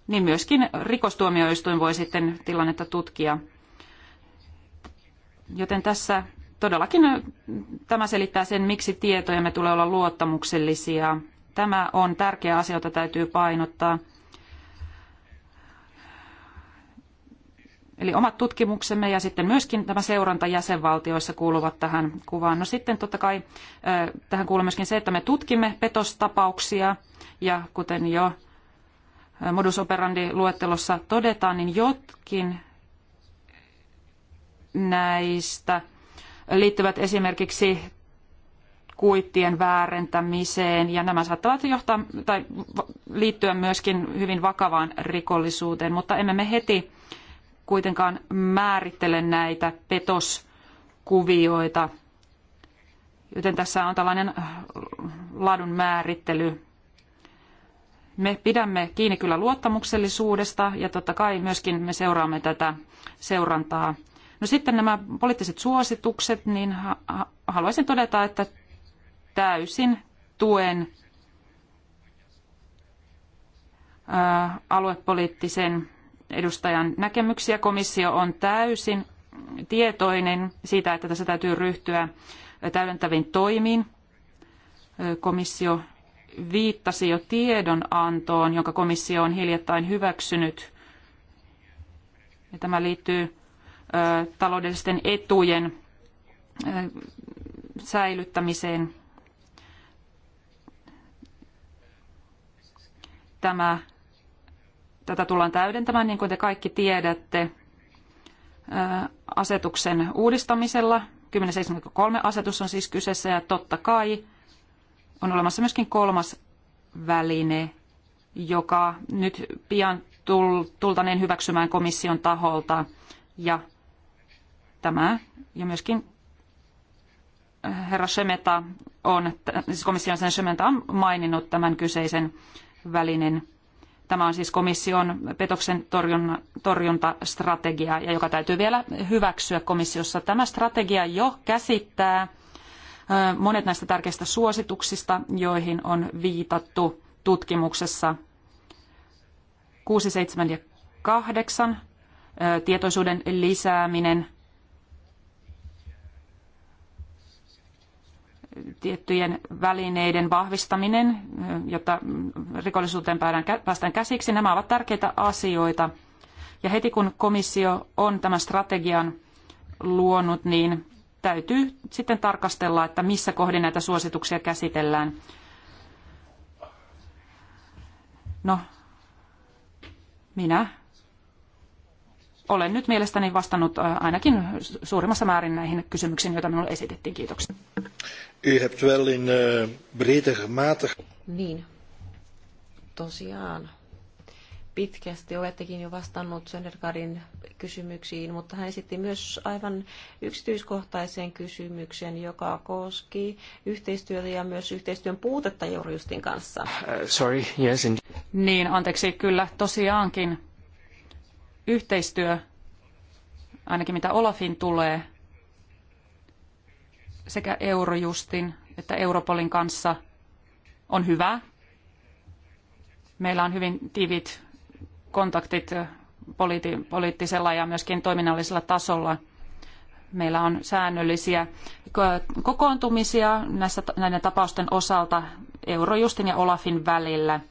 niin myöskin rikostuomioistuin voi sitten tilannetta tutkia. Joten tässä todellakin tämä selittää sen, miksi tietojemme tulee olla luottamuksellisia. Tämä on tärkeä asia, jota täytyy painottaa. Eli omat tutkimuksemme ja sitten myöskin tämä seuranta jäsenvaltioissa kuuluvat tähän kuvaan. No sitten totta kai tähän kuuluu myöskin se, että me tutkimme petostapauksia ja kuten jo modus operandi luettelossa todetaan, niin jotkin näistä – liittyvät esimerkiksi kuittien väärentämiseen ja nämä saattavat johtaa tai liittyä myöskin hyvin vakavaan rikollisuuteen, mutta emme me heti kuitenkaan määrittele näitä petoskuvioita, joten tässä on tällainen laadun määrittely. Me pidämme kiinni kyllä luottamuksellisuudesta ja totta kai myöskin me seuraamme tätä seurantaa No sitten nämä poliittiset suositukset, niin haluaisin todeta, että täysin tuen aluepoliittisen edustajan näkemyksiä. Komissio on täysin tietoinen siitä, että tässä täytyy ryhtyä täydentäviin toimiin. Komissio viittasi jo tiedonantoon, jonka komissio on hiljattain hyväksynyt. Ja tämä liittyy taloudellisten etujen säilyttämiseen. Tämä, tätä tullaan täydentämään, niin kuin te kaikki tiedätte, asetuksen uudistamisella. 1073 asetus on siis kyseessä ja totta kai on olemassa myöskin kolmas väline, joka nyt pian tultaneen hyväksymään komission taholta. Ja Tämä ja myöskin äh, herra Shemeta on, siis komission sen Shemeta on maininnut tämän kyseisen välinen. Tämä on siis komission petoksen torjunta, torjuntastrategia, ja joka täytyy vielä hyväksyä komissiossa. Tämä strategia jo käsittää äh, monet näistä tärkeistä suosituksista, joihin on viitattu tutkimuksessa 6, 7 ja 8, äh, tietoisuuden lisääminen – tiettyjen välineiden vahvistaminen, jotta rikollisuuteen päästään käsiksi. Nämä ovat tärkeitä asioita. Ja heti kun komissio on tämän strategian luonut, niin täytyy sitten tarkastella, että missä kohdin näitä suosituksia käsitellään. No, minä olen nyt mielestäni vastannut ainakin suurimmassa määrin näihin kysymyksiin, joita minulle esitettiin. Kiitoksia. U hebt wel in breder mate... Niin, tosiaan. Pitkästi olettekin jo vastannut Söndergaardin kysymyksiin, mutta hän esitti myös aivan yksityiskohtaisen kysymyksen, joka koski yhteistyötä ja myös yhteistyön puutetta Eurojustin kanssa. Uh, sorry, yes. In... Niin, anteeksi, kyllä, tosiaankin yhteistyö, ainakin mitä Olafin tulee, sekä Eurojustin että Europolin kanssa on hyvä. Meillä on hyvin tiivit kontaktit poliittisella ja myöskin toiminnallisella tasolla. Meillä on säännöllisiä kokoontumisia näissä, näiden tapausten osalta Eurojustin ja Olafin välillä –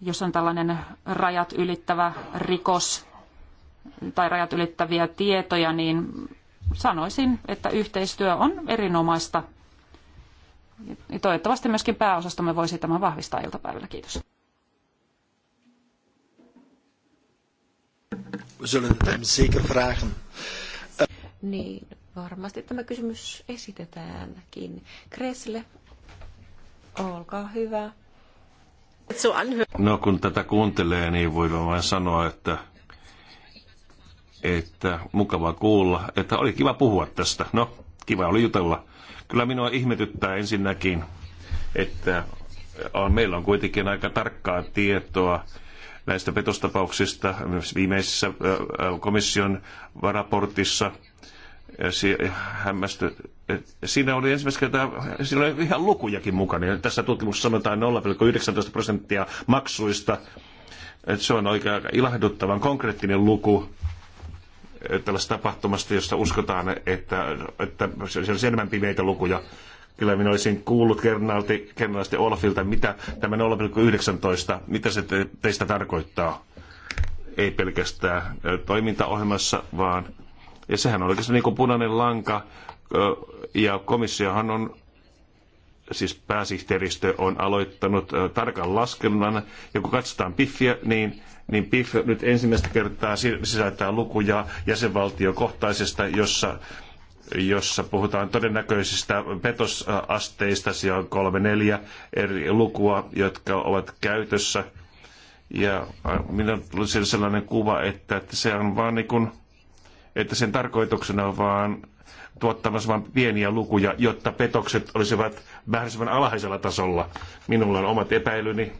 jos on tällainen rajat ylittävä rikos tai rajat ylittäviä tietoja, niin sanoisin, että yhteistyö on erinomaista. Ja toivottavasti myöskin pääosastomme voisi tämän vahvistaa iltapäivällä. Kiitos. Niin, varmasti tämä kysymys esitetäänkin. Kresle, olkaa hyvä. No kun tätä kuuntelee, niin voi vain sanoa, että, että mukava kuulla, että oli kiva puhua tästä. No, kiva oli jutella. Kyllä minua ihmetyttää ensinnäkin, että on, meillä on kuitenkin aika tarkkaa tietoa näistä petostapauksista. Viimeisessä komission raportissa hämmästy. Siinä oli ensimmäistä kertaa, siinä oli ihan lukujakin mukana. Ja tässä tutkimuksessa sanotaan 0,19 prosenttia maksuista. Et se on oikein aika ilahduttavan konkreettinen luku eh, tällaista tapahtumasta, jossa uskotaan, että, että se olisi enemmän pimeitä lukuja. Kyllä minä olisin kuullut Kernalti, Kernalti Olfilta, mitä tämä 0,19, mitä se teistä tarkoittaa. Ei pelkästään eh, toimintaohjelmassa, vaan ja sehän on oikeastaan niin kuin punainen lanka, ja komissiohan on siis pääsihteeristö on aloittanut tarkan laskennan, ja kun katsotaan PIFiä, niin, niin PIF nyt ensimmäistä kertaa sisältää lukuja jäsenvaltiokohtaisesta, jossa, jossa puhutaan todennäköisistä petosasteista, siellä on kolme neljä eri lukua, jotka ovat käytössä, ja minä tuli sellainen kuva, että, että se on vaan niin kuin että sen tarkoituksena on vaan tuottamassa vain pieniä lukuja, jotta petokset olisivat mahdollisimman alhaisella tasolla. Minulla on omat epäilyni,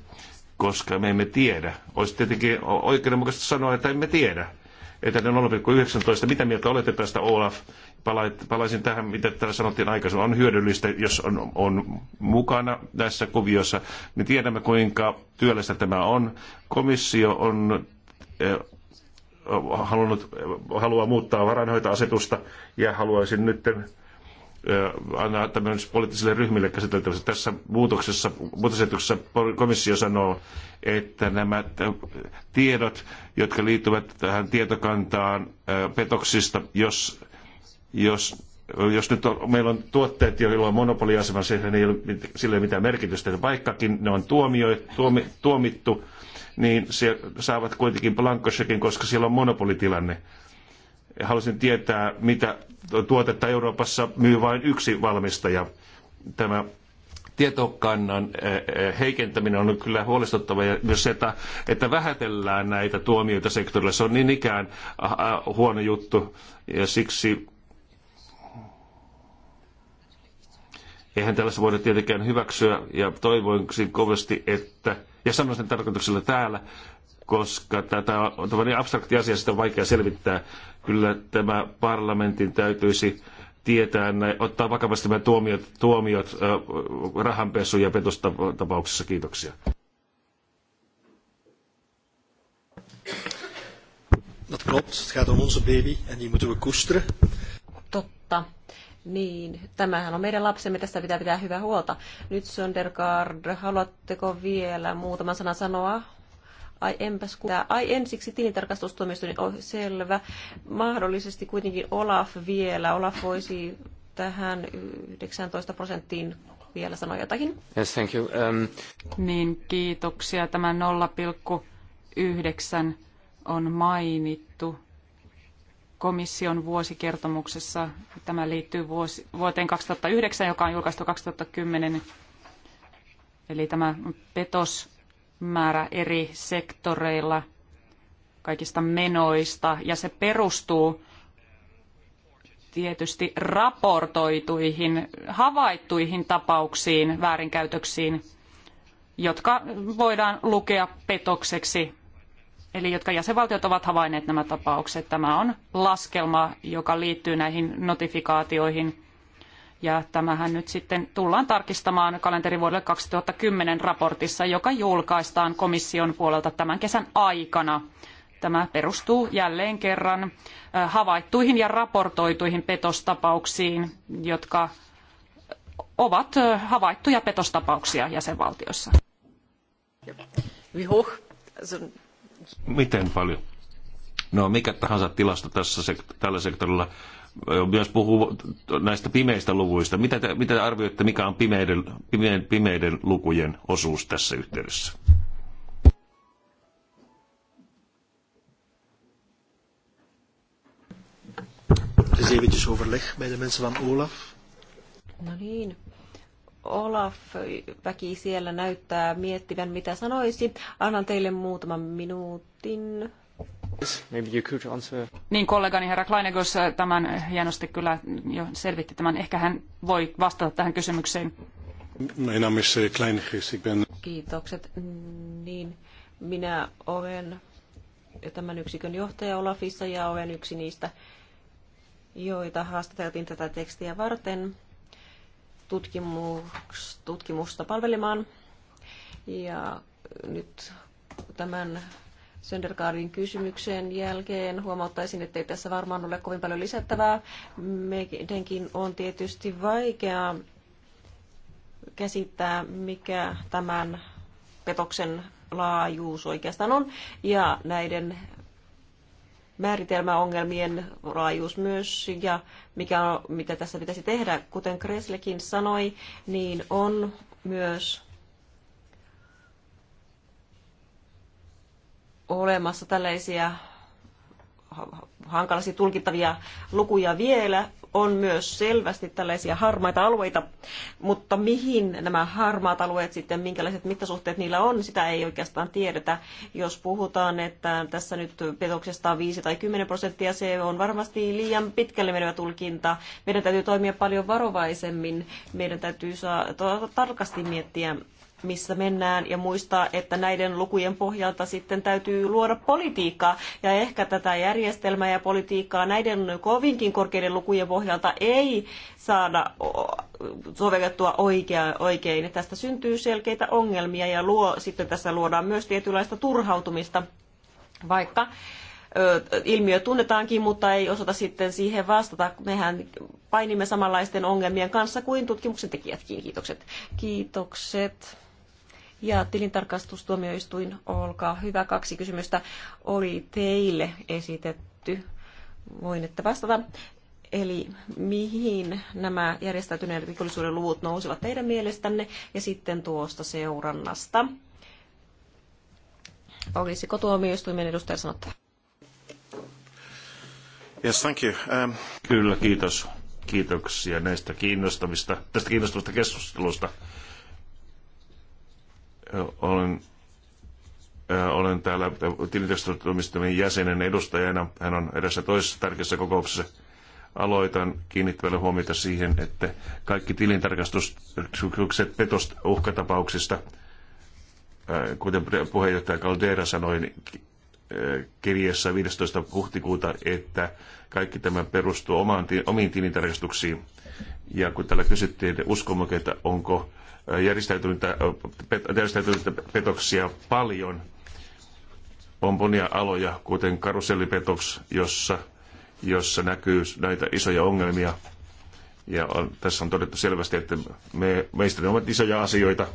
koska me emme tiedä. Olisi tietenkin oikeudenmukaista sanoa, että emme tiedä. Että ne 0,19, mitä mieltä olette tästä Olaf? Palaisin tähän, mitä täällä sanottiin aikaisemmin. On hyödyllistä, jos on, on mukana tässä kuviossa. Me tiedämme, kuinka työllistä tämä on. Komissio on eh, halunnut, haluaa muuttaa varainhoitoasetusta ja haluaisin nyt antaa tämmöiselle poliittisille ryhmille käsiteltäväksi. Tässä muutoksessa, muutosetuksessa komissio sanoo, että nämä tiedot, jotka liittyvät tähän tietokantaan petoksista, jos, jos jos nyt on, meillä on tuotteet, joilla on monopoliasema, sillä ei ole, sillä ei ole mitään merkitystä, vaikkakin ne on tuomio, tuomi, tuomittu, niin se saavat kuitenkin blankkosekin, koska siellä on monopolitilanne. Haluaisin tietää, mitä tuotetta Euroopassa myy vain yksi valmistaja. Tämä tietokannan eh, eh, heikentäminen on kyllä huolestuttava ja myös se, että, että vähätellään näitä tuomioita sektorilla. Se on niin ikään ah, ah, huono juttu ja siksi eihän tällaista voida tietenkään hyväksyä ja toivoisin kovasti, että ja sanon sen tarkoituksella täällä, koska tätä on niin abstrakti asia, sitä on vaikea selvittää. Kyllä tämä parlamentin täytyisi tietää, ottaa vakavasti nämä tuomiot, tuomiot rahanpesu- ja petostapauksessa. Kiitoksia. Dat klopt. Het gaat om onze baby en die moeten we koesteren. Niin, tämähän on meidän lapsemme, tästä pitää pitää hyvää huolta. Nyt Söndergaard, haluatteko vielä muutaman sanan sanoa? Ai enpäs kuulla. Ai ensiksi tilintarkastustuomioistuin on oh, selvä. Mahdollisesti kuitenkin Olaf vielä. Olaf voisi tähän 19 prosenttiin vielä sanoa jotakin. Yes, thank you. Um... Niin, kiitoksia. Tämä 0,9 on mainittu komission vuosikertomuksessa. Tämä liittyy vuosi, vuoteen 2009, joka on julkaistu 2010. Eli tämä petosmäärä eri sektoreilla kaikista menoista ja se perustuu tietysti raportoituihin, havaittuihin tapauksiin, väärinkäytöksiin, jotka voidaan lukea petokseksi eli jotka jäsenvaltiot ovat havainneet nämä tapaukset. Tämä on laskelma, joka liittyy näihin notifikaatioihin. Ja tämähän nyt sitten tullaan tarkistamaan kalenterivuodelle 2010 raportissa, joka julkaistaan komission puolelta tämän kesän aikana. Tämä perustuu jälleen kerran havaittuihin ja raportoituihin petostapauksiin, jotka ovat havaittuja petostapauksia jäsenvaltioissa. Wie hoch, Miten paljon? No mikä tahansa tilasto tässä sekt- tällä sektorilla myös puhuu näistä pimeistä luvuista. Mitä te, mitä te arvioitte, mikä on pimeiden, pimeiden, pimeiden lukujen osuus tässä yhteydessä? Dus eventjes overleg bij de mensen van Olaf. No niin, Olaf väki siellä näyttää miettivän, mitä sanoisi. Annan teille muutaman minuutin. Maybe you could answer. Niin kollegani herra Kleinegos äh, tämän hienosti kyllä jo selvitti tämän. Ehkä hän voi vastata tähän kysymykseen. Äh, Kiitokset. Niin, minä olen tämän yksikön johtaja Olafissa ja olen yksi niistä, joita haastateltiin tätä tekstiä varten tutkimus, tutkimusta palvelemaan. Ja nyt tämän Söndergaardin kysymyksen jälkeen huomauttaisin, että ei tässä varmaan ole kovin paljon lisättävää. Meidänkin on tietysti vaikea käsittää, mikä tämän petoksen laajuus oikeastaan on, ja näiden määritelmäongelmien raajuus myös ja mikä on, mitä tässä pitäisi tehdä. Kuten Kreslekin sanoi, niin on myös olemassa tällaisia hankalasti tulkittavia lukuja vielä, on myös selvästi tällaisia harmaita alueita, mutta mihin nämä harmaat alueet sitten, minkälaiset mittasuhteet niillä on, sitä ei oikeastaan tiedetä. Jos puhutaan, että tässä nyt petoksesta on 5 tai 10 prosenttia, se on varmasti liian pitkälle menevä tulkinta. Meidän täytyy toimia paljon varovaisemmin. Meidän täytyy saa, tarkasti miettiä missä mennään ja muistaa, että näiden lukujen pohjalta sitten täytyy luoda politiikkaa ja ehkä tätä järjestelmää ja politiikkaa näiden kovinkin korkeiden lukujen pohjalta ei saada sovellettua oikea, oikein. Tästä syntyy selkeitä ongelmia ja luo, sitten tässä luodaan myös tietynlaista turhautumista, vaikka ilmiö tunnetaankin, mutta ei osata sitten siihen vastata. Mehän painimme samanlaisten ongelmien kanssa kuin tutkimuksen tekijätkin. Kiitokset. Kiitokset. Ja tilintarkastustuomioistuin, olkaa hyvä. Kaksi kysymystä oli teille esitetty. Voinette vastata. Eli mihin nämä järjestäytyneen rikollisuuden luvut nousivat teidän mielestänne ja sitten tuosta seurannasta? Olisiko tuomioistuimen edustaja sanottava? Yes, thank you. Um... Kyllä, kiitos. Kiitoksia näistä kiinnostavista, tästä kiinnostavasta keskustelusta olen, olen täällä tilintekstotoimistamien jäsenen edustajana. Hän on edessä toisessa tärkeässä kokouksessa. Aloitan kiinnittävällä huomiota siihen, että kaikki tilintarkastukset petost uhkatapauksista, kuten puheenjohtaja Caldera sanoi kirjeessä 15. huhtikuuta, että kaikki tämä perustuu omaan, omiin tilintarkastuksiin. Ja kun täällä kysyttiin, että että onko järjestäytyneitä, petoksia paljon. On monia aloja, kuten karusellipetoks, jossa, jossa näkyy näitä isoja ongelmia. Ja on, tässä on todettu selvästi, että me, meistä ne ovat isoja asioita,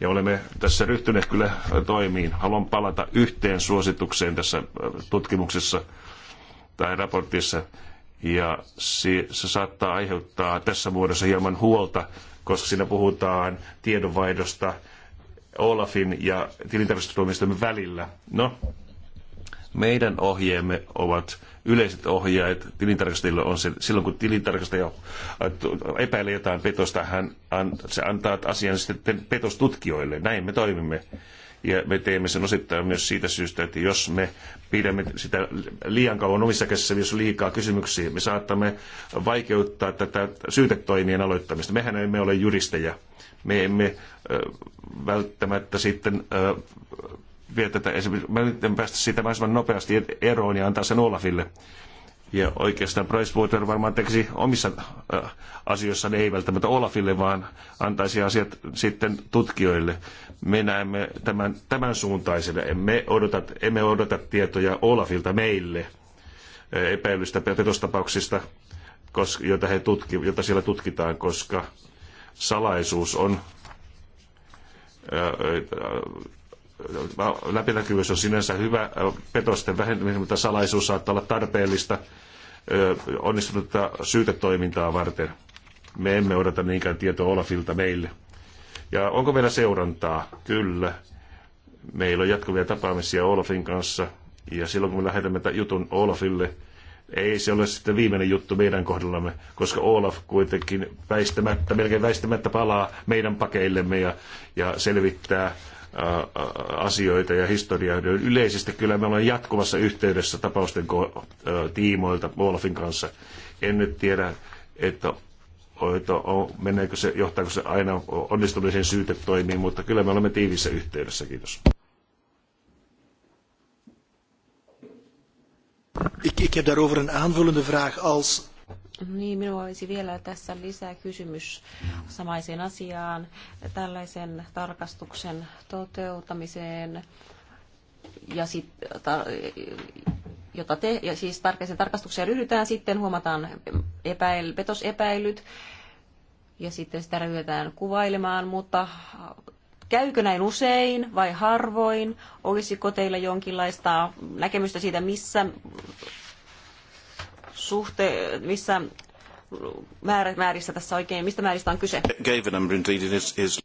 ja olemme tässä ryhtyneet kyllä toimiin. Haluan palata yhteen suositukseen tässä äh, tutkimuksessa tai raportissa ja se, se saattaa aiheuttaa tässä muodossa hieman huolta, koska siinä puhutaan tiedonvaihdosta Olafin ja tilintarkastustuomioistuimen välillä. No, meidän ohjeemme ovat yleiset ohjeet tilintarkastajille on se, silloin kun tilintarkastaja äh, epäilee jotain petosta, hän, se antaa asian sitten petostutkijoille. Näin me toimimme. Ja me teemme sen osittain myös siitä syystä, että jos me pidämme sitä liian kauan omissa käsissä, jos liikaa kysymyksiä, me saattamme vaikeuttaa tätä syytetoimien aloittamista. Mehän emme ole juristeja. Me emme välttämättä sitten vie tätä esimerkiksi, päästä siitä mahdollisimman nopeasti eroon ja antaa sen Olafille. Ja oikeastaan Pricewater varmaan tekisi omissa äh, asioissaan, ei välttämättä Olafille, vaan antaisi asiat sitten tutkijoille. Me näemme tämän, tämän suuntaisena. Emme odota, emme odota tietoja Olafilta meille äh, epäilystä petostapauksista, koska, joita, he tutki, joita siellä tutkitaan, koska salaisuus on äh, läpinäkyvyys on sinänsä hyvä petosten vähentäminen, mutta salaisuus saattaa olla tarpeellista onnistunutta syytetoimintaa varten. Me emme odota niinkään tietoa Olafilta meille. Ja onko meillä seurantaa? Kyllä. Meillä on jatkuvia tapaamisia Olafin kanssa. Ja silloin kun me lähetämme jutun Olafille, ei se ole sitten viimeinen juttu meidän kohdallamme, koska Olaf kuitenkin väistämättä, melkein väistämättä palaa meidän pakeillemme ja, ja selvittää asioita ja historiaa. Yleisesti kyllä me ollaan jatkuvassa yhteydessä tapausten tiimoilta Wolfin kanssa. En nyt tiedä, että meneekö se, johtaako se aina onnistuneeseen toimii, mutta kyllä me olemme tiivissä yhteydessä. Kiitos. Ik, ik heb daarover een aanvullende vraag. Als niin, minulla olisi vielä tässä lisää kysymys samaiseen asiaan, tällaisen tarkastuksen toteuttamiseen ja sit, ta, jota te, ja siis tarkastuksen tarkastukseen ryhdytään, sitten huomataan epäil, petosepäilyt ja sitten sitä ryhdytään kuvailemaan, mutta käykö näin usein vai harvoin? Olisiko teillä jonkinlaista näkemystä siitä, missä suhte, missä määrissä tässä oikein, mistä määristä on kyse?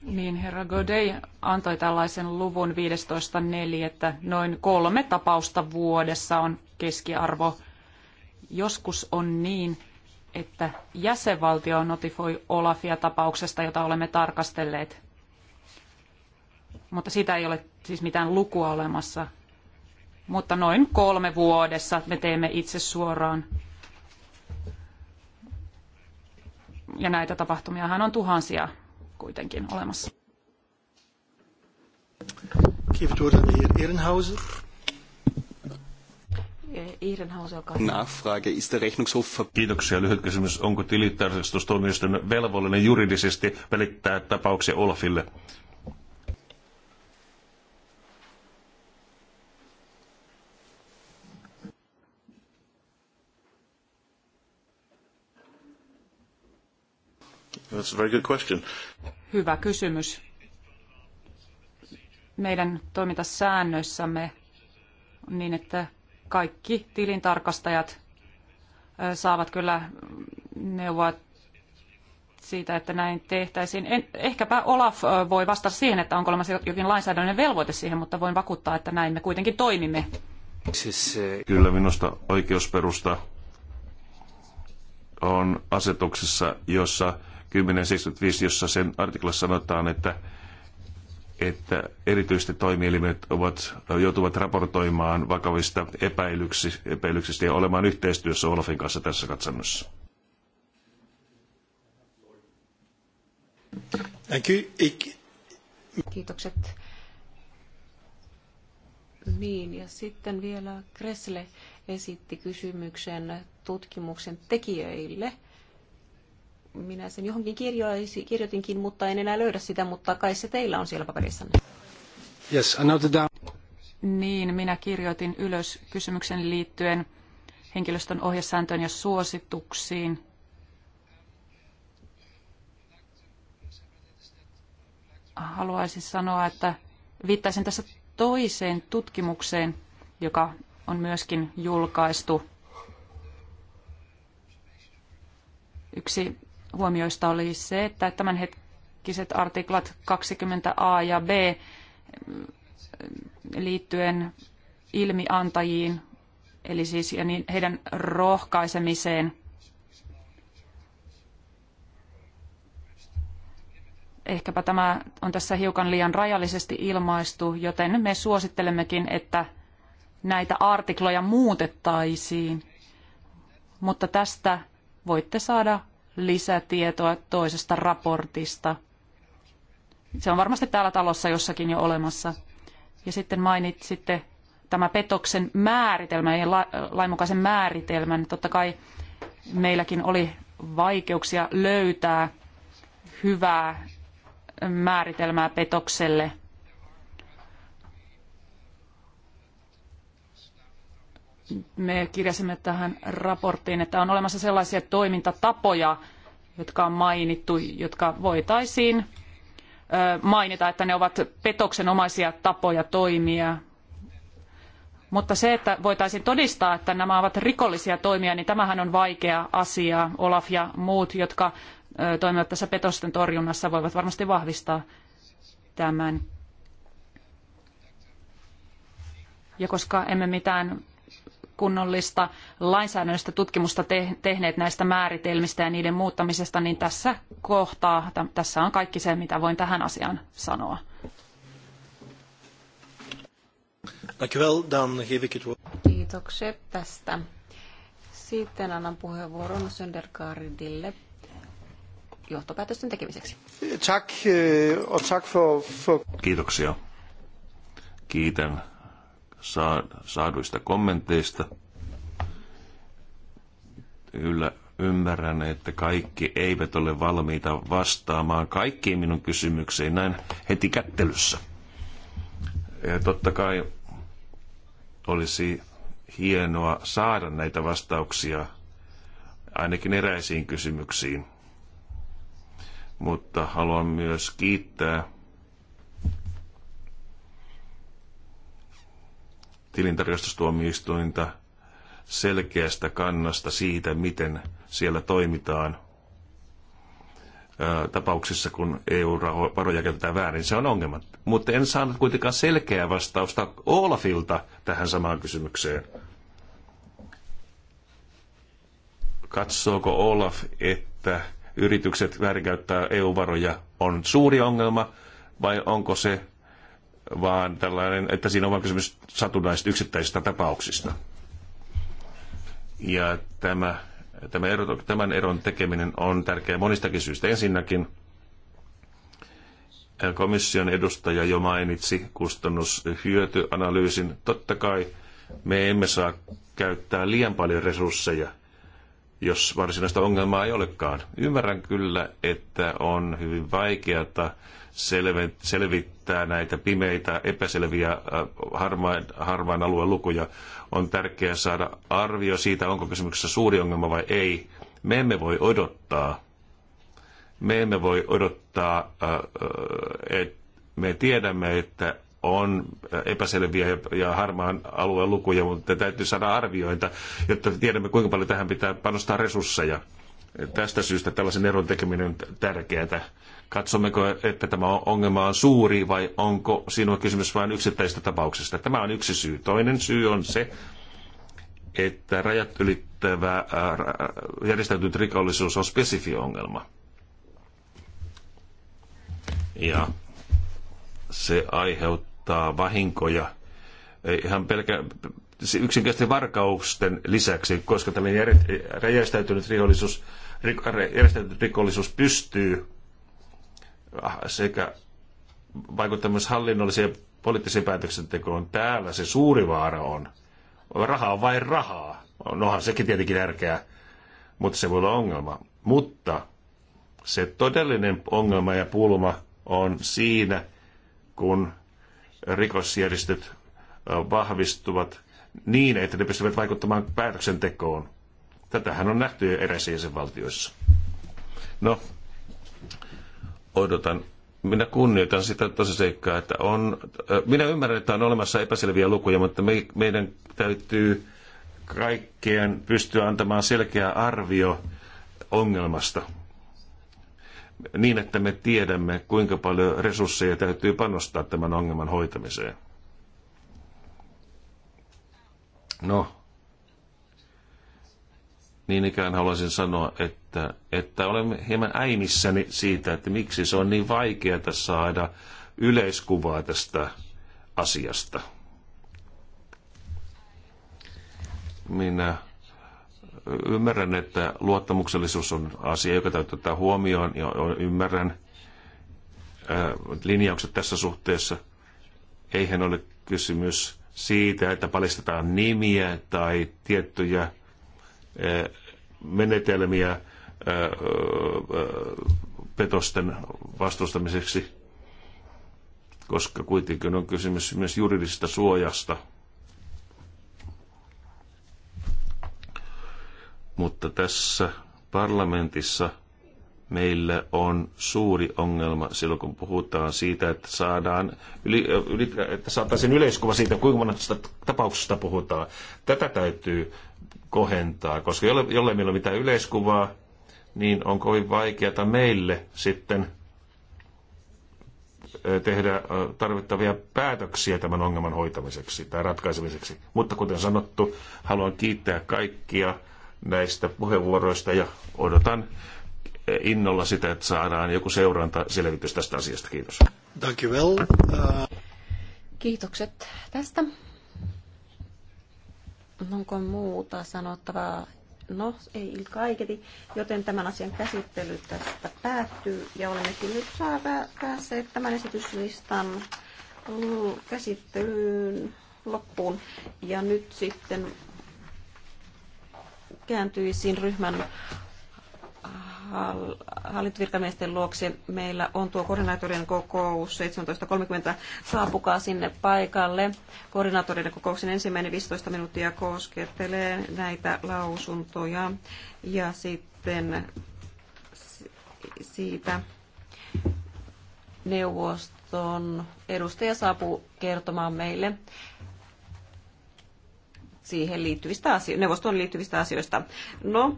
Niin, herra Godey antoi tällaisen luvun 15.4, että noin kolme tapausta vuodessa on keskiarvo. Joskus on niin, että jäsenvaltio notifoi Olafia tapauksesta, jota olemme tarkastelleet. Mutta sitä ei ole siis mitään lukua olemassa. Mutta noin kolme vuodessa me teemme itse suoraan ja näitä tapahtumiahan on tuhansia kuitenkin olemassa. Geef het woord aan de heer Ehrenhauser. Eh, Ehrenhauser, Nachfrage. Ist der Rechnungshof Kiitoksia. Lyhyt kysymys. Onko tilitarkastustuomioistuin velvollinen juridisesti välittää tapauksia Olafille? That's a very good question. Hyvä kysymys. Meidän toimintasäännöissämme on niin, että kaikki tilintarkastajat saavat kyllä neuvoa siitä, että näin tehtäisiin. En, ehkäpä Olaf voi vastata siihen, että onko olemassa jokin lainsäädännön velvoite siihen, mutta voin vakuuttaa, että näin me kuitenkin toimimme. Siis, kyllä minusta oikeusperusta on asetuksessa, jossa 1075, jossa sen artiklassa sanotaan, että, että erityisesti toimielimet ovat, joutuvat raportoimaan vakavista epäilyksistä ja olemaan yhteistyössä Olafin kanssa tässä katsannossa. Kiitokset. Niin, ja sitten vielä Kressle esitti kysymyksen tutkimuksen tekijöille – minä sen johonkin kirjoitinkin, mutta en enää löydä sitä, mutta kai se teillä on siellä paperissanne. Yes, another down. Niin, minä kirjoitin ylös kysymyksen liittyen henkilöstön ohjesääntöön ja suosituksiin. Haluaisin sanoa, että viittaisin tässä toiseen tutkimukseen, joka on myöskin julkaistu. Yksi huomioista oli se, että tämänhetkiset artiklat 20a ja b mm, liittyen ilmiantajiin, eli siis ja niin heidän rohkaisemiseen, ehkäpä tämä on tässä hiukan liian rajallisesti ilmaistu, joten me suosittelemmekin, että näitä artikloja muutettaisiin. Mutta tästä voitte saada lisätietoa toisesta raportista. Se on varmasti täällä talossa jossakin jo olemassa. Ja sitten mainitsitte tämä petoksen määritelmä ja lainmukaisen määritelmän. Totta kai meilläkin oli vaikeuksia löytää hyvää määritelmää petokselle – me kirjasimme tähän raporttiin, että on olemassa sellaisia toimintatapoja, jotka on mainittu, jotka voitaisiin mainita, että ne ovat petoksenomaisia tapoja toimia. Mutta se, että voitaisiin todistaa, että nämä ovat rikollisia toimia, niin tämähän on vaikea asia. Olaf ja muut, jotka toimivat tässä petosten torjunnassa, voivat varmasti vahvistaa tämän. Ja koska emme mitään kunnollista lainsäädännöllistä tutkimusta tehneet näistä määritelmistä ja niiden muuttamisesta, niin tässä kohtaa, tässä on kaikki se, mitä voin tähän asiaan sanoa. Kiitokset tästä. Sitten annan puheenvuoron Söndergaardille johtopäätösten tekemiseksi. Tack, eh, och tack Kiitoksia. Kiitän saaduista kommenteista. Kyllä ymmärrän, että kaikki eivät ole valmiita vastaamaan kaikkiin minun kysymyksiin näin heti kättelyssä. Ja totta kai olisi hienoa saada näitä vastauksia ainakin eräisiin kysymyksiin. Mutta haluan myös kiittää tilintarkastustuomioistuinta selkeästä kannasta siitä, miten siellä toimitaan tapauksissa, kun EU-varoja käytetään väärin. Se on ongelma. Mutta en saanut kuitenkaan selkeää vastausta Olafilta tähän samaan kysymykseen. Katsooko Olaf, että yritykset väärinkäyttää EU-varoja on suuri ongelma vai onko se vaan tällainen, että siinä on vain kysymys satunnaisista yksittäisistä tapauksista. Ja tämä, tämä ero, tämän eron tekeminen on tärkeä monistakin syistä. Ensinnäkin komission edustaja jo mainitsi kustannushyötyanalyysin. Totta kai me emme saa käyttää liian paljon resursseja, jos varsinaista ongelmaa ei olekaan. Ymmärrän kyllä, että on hyvin vaikeata selvittää näitä pimeitä, epäselviä, harmaan, äh, harmaan alueen lukuja. On tärkeää saada arvio siitä, onko kysymyksessä suuri ongelma vai ei. Me emme voi odottaa, me emme voi odottaa, äh, äh, että me tiedämme, että on epäselviä ja harmaan alueen lukuja, mutta täytyy saada arviointa, jotta tiedämme, kuinka paljon tähän pitää panostaa resursseja. Tästä syystä tällaisen eron tekeminen on tärkeää Katsommeko, että tämä ongelma on suuri vai onko siinä kysymys vain yksittäisestä tapauksesta. Tämä on yksi syy. Toinen syy on se, että rajat ylittävä äh, järjestäytynyt rikollisuus on spesifi ongelma. Ja se aiheuttaa vahinkoja ihan pelkä, yksinkertaisesti varkausten lisäksi, koska tällainen järjestäytynyt rikollisuus, järjestäytynyt rikollisuus pystyy Ah, sekä vaikuttaa myös hallinnolliseen poliittiseen päätöksentekoon. Täällä se suuri vaara on. Raha on vain rahaa. Nohan sekin tietenkin tärkeää, mutta se voi olla ongelma. Mutta se todellinen ongelma ja pulma on siinä, kun rikosjärjestöt vahvistuvat niin, että ne pystyvät vaikuttamaan päätöksentekoon. Tätähän on nähty jo eräissä jäsenvaltioissa. No, odotan minä kunnioitan sitä tosiseikkaa, että on, äh, minä ymmärrän, että on olemassa epäselviä lukuja, mutta me, meidän täytyy kaikkeen pystyä antamaan selkeä arvio ongelmasta niin, että me tiedämme, kuinka paljon resursseja täytyy panostaa tämän ongelman hoitamiseen. No, niin ikään haluaisin sanoa, että, että olen hieman äimissäni siitä, että miksi se on niin vaikeaa saada yleiskuvaa tästä asiasta. Minä ymmärrän, että luottamuksellisuus on asia, joka täytyy ottaa huomioon, ja ymmärrän äh, linjaukset tässä suhteessa. Eihän ole kysymys siitä, että paljastetaan nimiä tai tiettyjä menetelmiä petosten vastustamiseksi, koska kuitenkin on kysymys myös juridisesta suojasta. Mutta tässä parlamentissa meillä on suuri ongelma silloin, kun puhutaan siitä, että saadaan yli, yli, että saataisiin yleiskuva siitä, kuinka monesta tapauksesta puhutaan. Tätä täytyy kohentaa, koska jolle meillä on mitään yleiskuvaa, niin on kovin vaikeata meille sitten tehdä tarvittavia päätöksiä tämän ongelman hoitamiseksi tai ratkaisemiseksi. Mutta kuten sanottu, haluan kiittää kaikkia näistä puheenvuoroista ja odotan innolla sitä, että saadaan joku seuranta selvitys tästä asiasta. Kiitos. Eh, Kiitokset tästä. Onko muuta sanottavaa? No, ei kaiketi, joten tämän asian käsittely tästä päättyy ja olemmekin nyt päässeet tämän esityslistan käsittelyyn loppuun. Ja nyt sitten kääntyisin ryhmän hallintovirkamiesten luokse. Meillä on tuo koordinaattorien kokous 17.30. Saapukaa sinne paikalle. Koordinaattorien kokouksen ensimmäinen 15 minuuttia koskettelee näitä lausuntoja ja sitten siitä neuvoston edustaja saapuu kertomaan meille siihen liittyvistä asioista, neuvostoon liittyvistä asioista. No,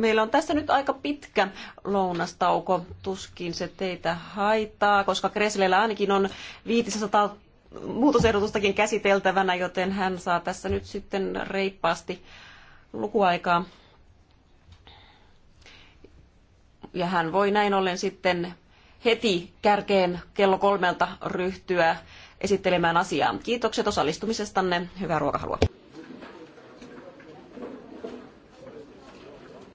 Meillä on tässä nyt aika pitkä lounastauko, tuskin se teitä haittaa, koska Kresleillä ainakin on 500 muutosehdotustakin käsiteltävänä, joten hän saa tässä nyt sitten reippaasti lukuaikaa. Ja hän voi näin ollen sitten heti kärkeen kello kolmelta ryhtyä esittelemään asiaa. Kiitokset osallistumisestanne. Hyvää ruokahalua.